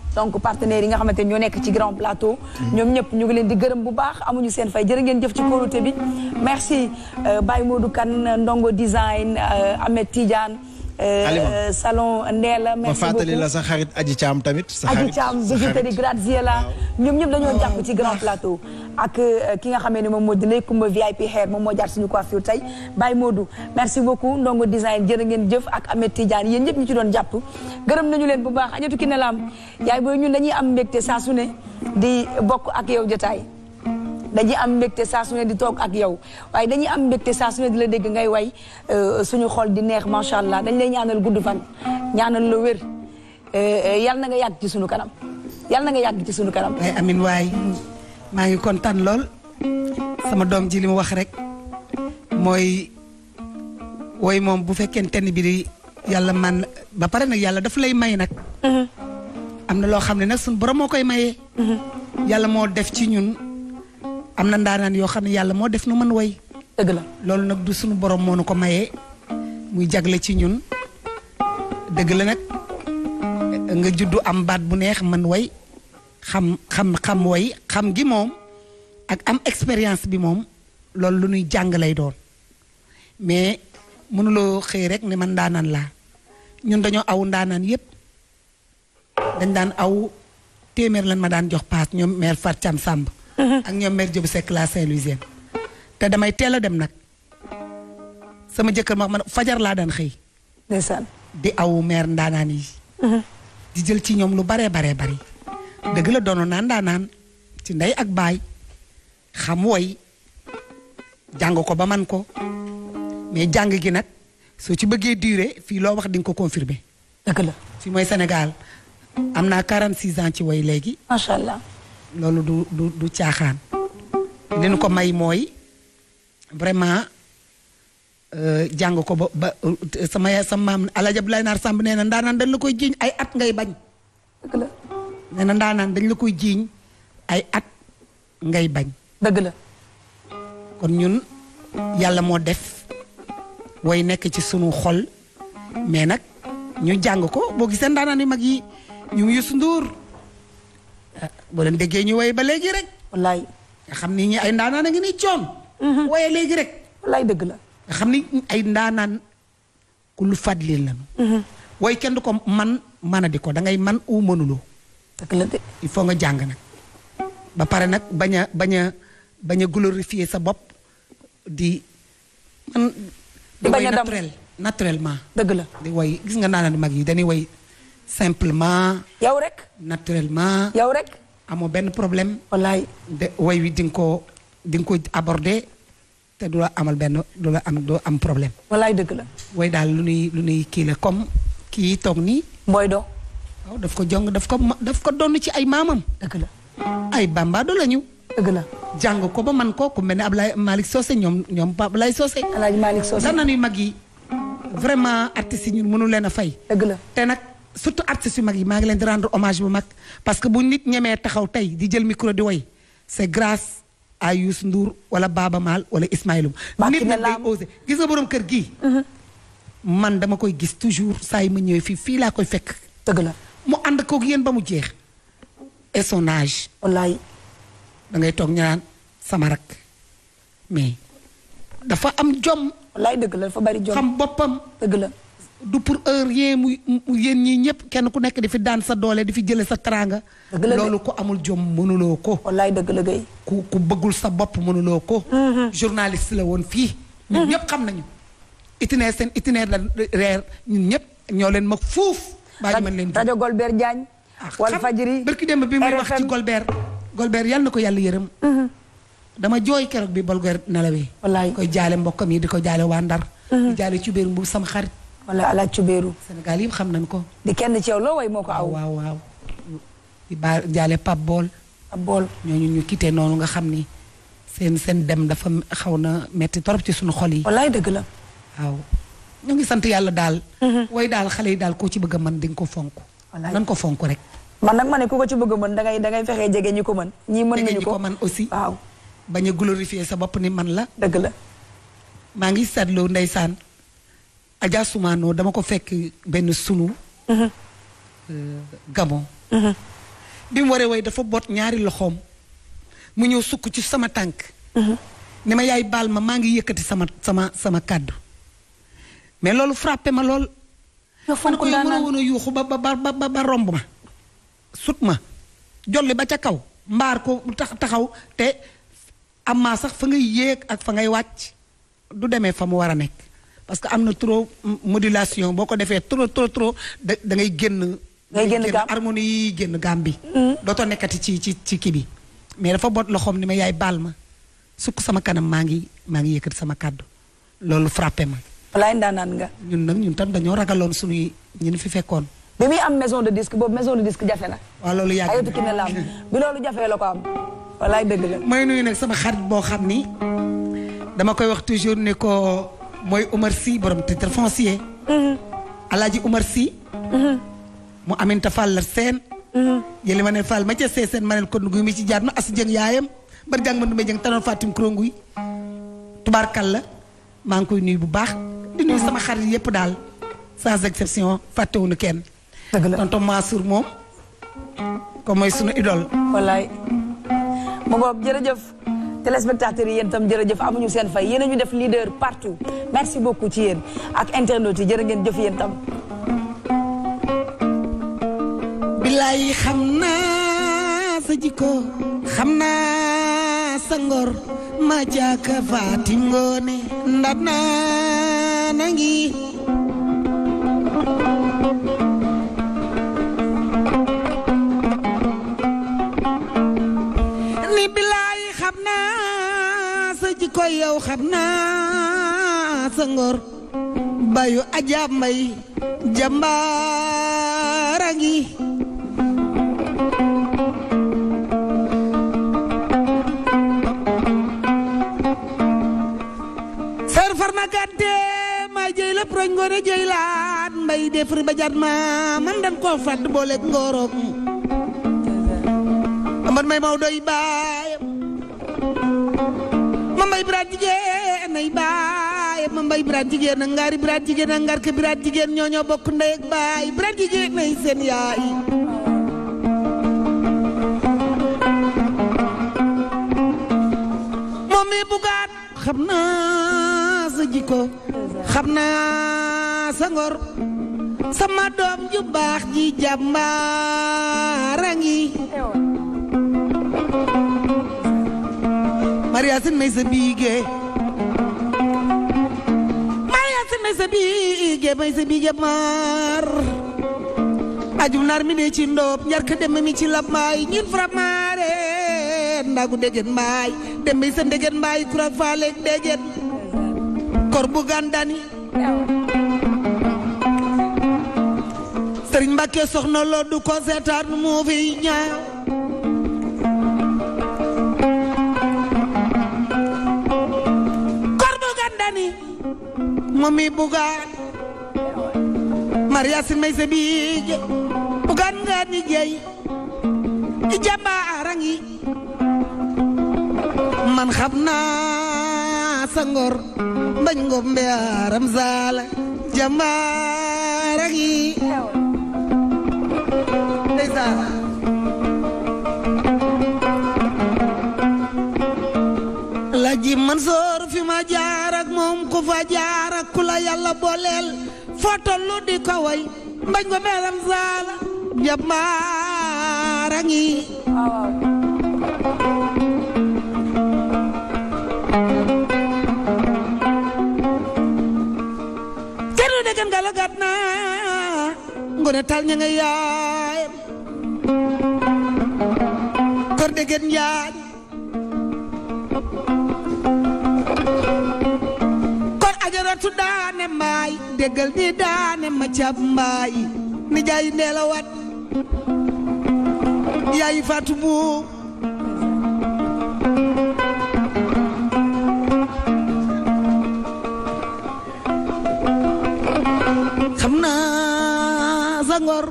donc partenaires yi nga xamante ñoo grand plateau. Nous ñëpp ñu ngi leen di gërëm bu baax amuñu seen fay merci euh, Baye Modou Ndongo design euh, Ahmed Euh, euh, salon Ndeela. merci beaucoup ma fàttali la sa xarit Aji Thiam tamit. sa xarit Aji Thiam bijouterie la ñoom ñëpp dañoo jàpp ci grand plateau. ak euh, ki nga xamee ne moom moo di Ndeye Coumba VIP hair moom moo jaar suñu coiffure tey moo Modou merci beaucoup ndongo design jërë ngeen jëf ak Ahmed Tidiane yéen ñëp ñu ci doon jàpp. gërëm nañu leen bu baax añatu ki ne laam yaay booy ñun dañuy am mbégte saa su ne di bokk ak yow jataay dañuy am mbégte saa su ne di toog ak yow waaye dañuy am mbégte saa su ne di la dégg ngay way euh, suñu xol di neex macha allah dañ lay ñaanal gudd fan ñaanal la wér euh, yal na nga yàgg ci suñu kanam yal na nga yàgg ci suñu kanam. waaye amin waay maa ngi kontaan lool sama doom ji li mu wax rek mooy woy moom bu fekkente ni bi di yàlla man ba pare nag yàlla daf lay may nag. Mhm. am na loo xam ne nag suñ borom moo koy maye. Mhm. yàlla moo def ci ñun. am na ndaanaan yoo xam ne yàlla moo def nu mën woy dëgg la loolu nag du suñu borom moo nu ko mayee muy jagle ci ñun dëgg la nag nga juddu am baat bu neex mën woy xam xam xam xam gi moom ak am expérience bi moom loolu lu ñuy jàng lay doon mais mënuloo xëy rek ne man ndaanaan laa ñun dañoo aw ndaanaan yépp dañ daan aw téeméer lan ma daan jox paas ñoom mère Fatou Thiam Samb ak ñoom mère Diop Seck la Saint-Louisienne te damay teel a dem nag sama jëkkër ma man fajar laa daan xëy. di aw mère ndaanaan yi. Mhm. di jël ci ñoom lu baree baree bari. dëgg la doonoon naan ndaanaan ci ndey ak baay xam woy jàng ko ba man ko mais jàng gi nag soo ci bëggee dure fii loo wax di nga ko confirmer. dëgg la fii mooy Sénégal am naa 46 ans ci woy léegi. loolu du du caaxaan li nu ko may mooy vraiment euh, jàng ko ba ba euh, sama sa maam Alaaji lay Naar Samb nee na ndaanaan dañ la koy jiiñ ay at ngay bañ dëgg la na ndaanaan dañ la koy jiiñ ay at ngay bañ dëgg la kon ñun yàlla moo def woy nekk ci sunu xol mais nag ñu jàng ko boo gisee ndaanaan yu mag yi ñu Youssou Ndour boo len déggee ñu way ba léegi rek. wallahi nga ya, xamni ñi ay ndaanaan mhm. a ngi nii coon. woye rek. wallahi dëgg la. nga ya, xamni ay ku lu fadli lan mhm. kenn ko man mana diko da ngay man u mënuloo. dëgg la de. il faut nga jang nak ba pare nak baña baña baña glorifier sa bop di man. di baña a naturel naturellement. dëgg la di way gis nga mag yi dañi way simplement. yow rek. naturellement. yow rek. amoo benn problème. wallaay de way wi di nga koo di nga ko aborder te du la amal benn du la am doo am problème. wallaay dëgg la. way daal lu nuy lu nuy kii la comme kii toog nii. mbooy doo waaw daf ko jong daf ko daf ko donn ci ay maamam. dëgg la. ay bambado la ñu. dëgg la jàng ko ba man ko ku mel ne Ablaye Malick Socé ñoom ñoom Pape Ablaye Socé. Alaaji Malick Socé danañu mag yi vraiment artistes ñu ñun mënu leen a fay. dëgg la surtout artistes yu mag yi maa ngi leen di rendre hommage bu mag parce que bu nit ñemee taxaw tey di jël micro di woy c'est grâce à Youssou wala Baaba Maal wala Ismaïlou nit nag day osé gis nga borom kër gii mhm. man dama koy gis toujours saa yi ma ñëwee fii fii laa koy fekk dëgg la mu ànd koog yéen ba mu jeex et son ngay toog ñaan sama rak mais dafa am jom wallaay dëgg la dafa bari jom xam boppam dëgg la du pour heure rien mu yéen ñii ñëpp kenn ku nekk di fi daan sa doole di fi jële sa teraanga. loolu ku amul jom mënuloo ko. wallaay dëgg la gay ku bëggul sa bopp mënuloo ko. Mm-hmm. journaliste la woon fii. ñun mm-hmm. ñëpp xam nañu. itinéraire seen itinéraire reer ñun ñëpp ñoo leen mag fuuf. baa ñu mën leen rajo Golbert Diagne. Ah, wal fajiri barki démb bi muy wax ci Golbert. Golbert yal na ko yàlla yërëm. Mm-hmm. dama jooy keroog bi Golbert nelawee. wallaay koy jaale mbokkam yi di ko jaale waa Ndar. di jaale ci biir mbubb sama xarit. wala alaaj cubeeru Sénégal yëpp xam nañ ko. di kenn ci loo way moo ko aw. waaw waaw di ba jaale Pape Bool. Pape Bool ñooñu ñu quitté noonu nga xam ni seen seen dem dafa xaw na metti torop ci suñu xol yi. wallaay dëgg la. waaw ñu ngi sant yàlla daal. Mm-hmm. way daal xale yi daal koo ci bëgg man mën ko fonk. wallaay nan ko fonk rek. man nag ma ne ku ko ci bëgg man mën dangay dangay fexee jege ñi ko man ñii mën nañu ko man aussi. waaw bañ a glorifier sa bopp ni man la. dëgg la. maa ngi seetloo ndeysaan Adja Soumaano dama ko fekk benn sunu. Uh-huh. Euh, Gabon. Uh-huh. bi waree way dafa boot ñaari loxoom mu ñëw sukk ci sama tànk. Uh-huh. ne ma yaay baal ma maa ngi yëkkati sama sama sama kàddu mais loolu frappé ma lool. nga fonk daan naan mën a yuuxu ba ba ba ba romb ma. sut ma jolli ba ca kaw mbaar ko tax taxaw te am maa sax fa ngay yéeg ak fa ngay wàcc du demee fa mu war a nekk. parce que am trop modulation boko ko trop trop trop da ngay guen ngay guen gam harmonie yi génn gam bi. Mm. dootoo nekkati ci ci ci ki bi. mais dafa bot loxom ni ma yay baal ma sama kanam mangi mangi maa sama kaddu lolou frappé ma. da nan nga. ñun nak ñun tam dañu ragalon suñu ñin fi fekkon bi mi am maison de disque bob maison de disque jafé na. wa lolou yàgg ayatu ki ne la bi lolou jafé lako am. wallay deug la. may nuyu nak sama xarit bo xamni dama koy wax toujours ni ko. mooy Umar Sy borom titre foncier. Mhm. Alaaji Umar Sy. Mhm. mu Aminta Fall la seen. Mhm. yéen ma ne Fall ma ca seen ma ne kon guy mi ci jaar na as jëng yaayam bar jàng ma dumee jëng tanoon Fatim Kronguy tubaarkal la maa ngi koy nuy bu baax. di nuyu sama xarit yëpp daal sans exception fàttewuñu kenn. dëgg la tonton Mansour moom. ko mooy sunu idole. wallaay mu ngoog jërëjëf. téléspectateurs yi yéen itam jërëjëf amuñu seen fay yéen a ñu def leader partout merci beaucoup ci yéen ak internautes yi jërë ngeen jëf yéen itam. bilaay xam naa sa jikko xam naa sa ngor ma jaaka faati ngoone ndat naa nangi ko yow xam naa sa ngor bayu ajaab may jambaara ngi sër farma gàtte ma jëy la proñ ngoone jëy laat mbay defri ba jat ma man dan koo fàdd booleeg ngooroog man may maw doy baa mambay biraat jigéen ay bay mambay mbay biraat jigéen a ngaari biraat ngar ke biraat jigéen ñoo bok ndey ak bay biraat jigéen ay sen yaay momi mi bugaat sa jiko xamna sa ngor sama dom ju bax ji jàmbaara ngi Mariasin may sa biige Mariasin may sa biige may sa biige mar ajum nar mi ne ci ndop ñar ka dem mi ci lab may ñin fra mare ndagu degen may dem mi degen may kura faale degen kor bu gandani Serigne Mbacké soxna lo du ko seetaan mu fi ñaaw Mami bugaan Maria may sa biige bugaan nga ni jey jamba arangi man xam sangor bañ go mbañ ngom mbeyaaram zaala jambaarangi ndeysaan Haji fi ma jaar moom ku fa jaar ak ku la yàlla booleel foo tollu di ko way mbañ ko meeram saala jàmbaar a ngi kër lu dëggan gala gat naa ngone tal ña nga yaayam kër dëggan yaay suratu daane maay déggal ni daane ma cab mbaay ni jaay ndeela wat yaay fatu bu xam zangor, sa ngor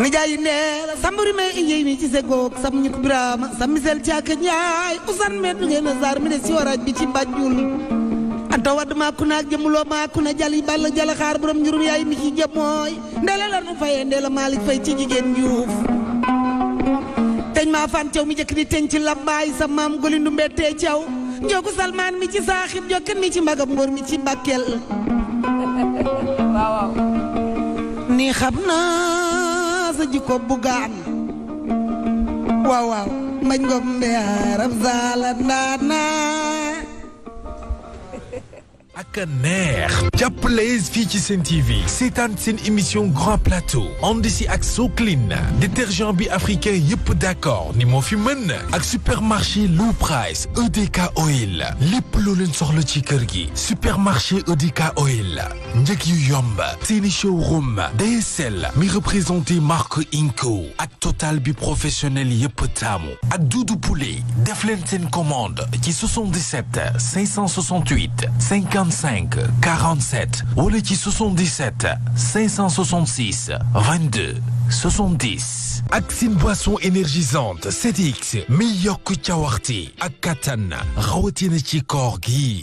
ni jaay ndee rime i yeeyni ci segook sam ñuk biraama sam misel caaka ñaay usan me duge na saar mi ne si waraaj bi ci bàjjul anta wadd maaku naak jëmuloo maaku na jali balla jala xaar borom njurum yaay mi ci jëmooy ndela la nu fayee ndela maalik fay ci jigéen njuuf teñ maa caw mi jëkk di teñ ci labbaay sa maam golindu mbettee caw njoogu salmaan mi ci saaxib jokkan mi ci mbagam ngóor mi ci bàkkel ni xam naa sa jikko bugaan waaw waaw mbañ ngom mbeyaar ab saala ndaanaan ak neex Fichi fii ci seen TV émission grand plateau ànd si clean Clean, détergent bi africain yëpp d'accord ni moo fi ak supermarché low price EDK oil lépp Lolensor leen soxla supermarché EDK oil njëg yu yomb seeni showroom DSL mi représenté marque Inco ak total bi professionnel yépp taamu ak Doudou Poulet def leen seen commande ci 77 568 50 55 47 Oleti 77 566 22 70. Axine boisson énergisante CDX meilleur Koutiawarti, ak Rotine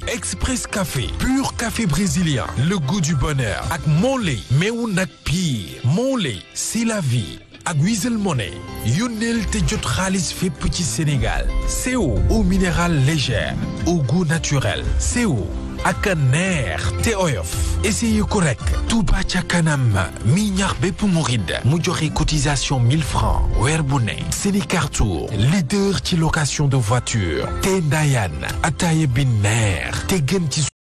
Express Café pur café brésilien le goût du bonheur ak Monlé meewu nag pire Monlé c'est la vie. ak Money Yunil te jot Petit Sénégal CO eau minérale légère au goût naturel CO ak a neex te oyof essaye ko rek Touba ca kanam mi ñax bépp murid mu joxe cotisation 1000 francs weer bu ne Sénicartour leader ci location de voiture te ndayaan ataaye bi neex te gën ci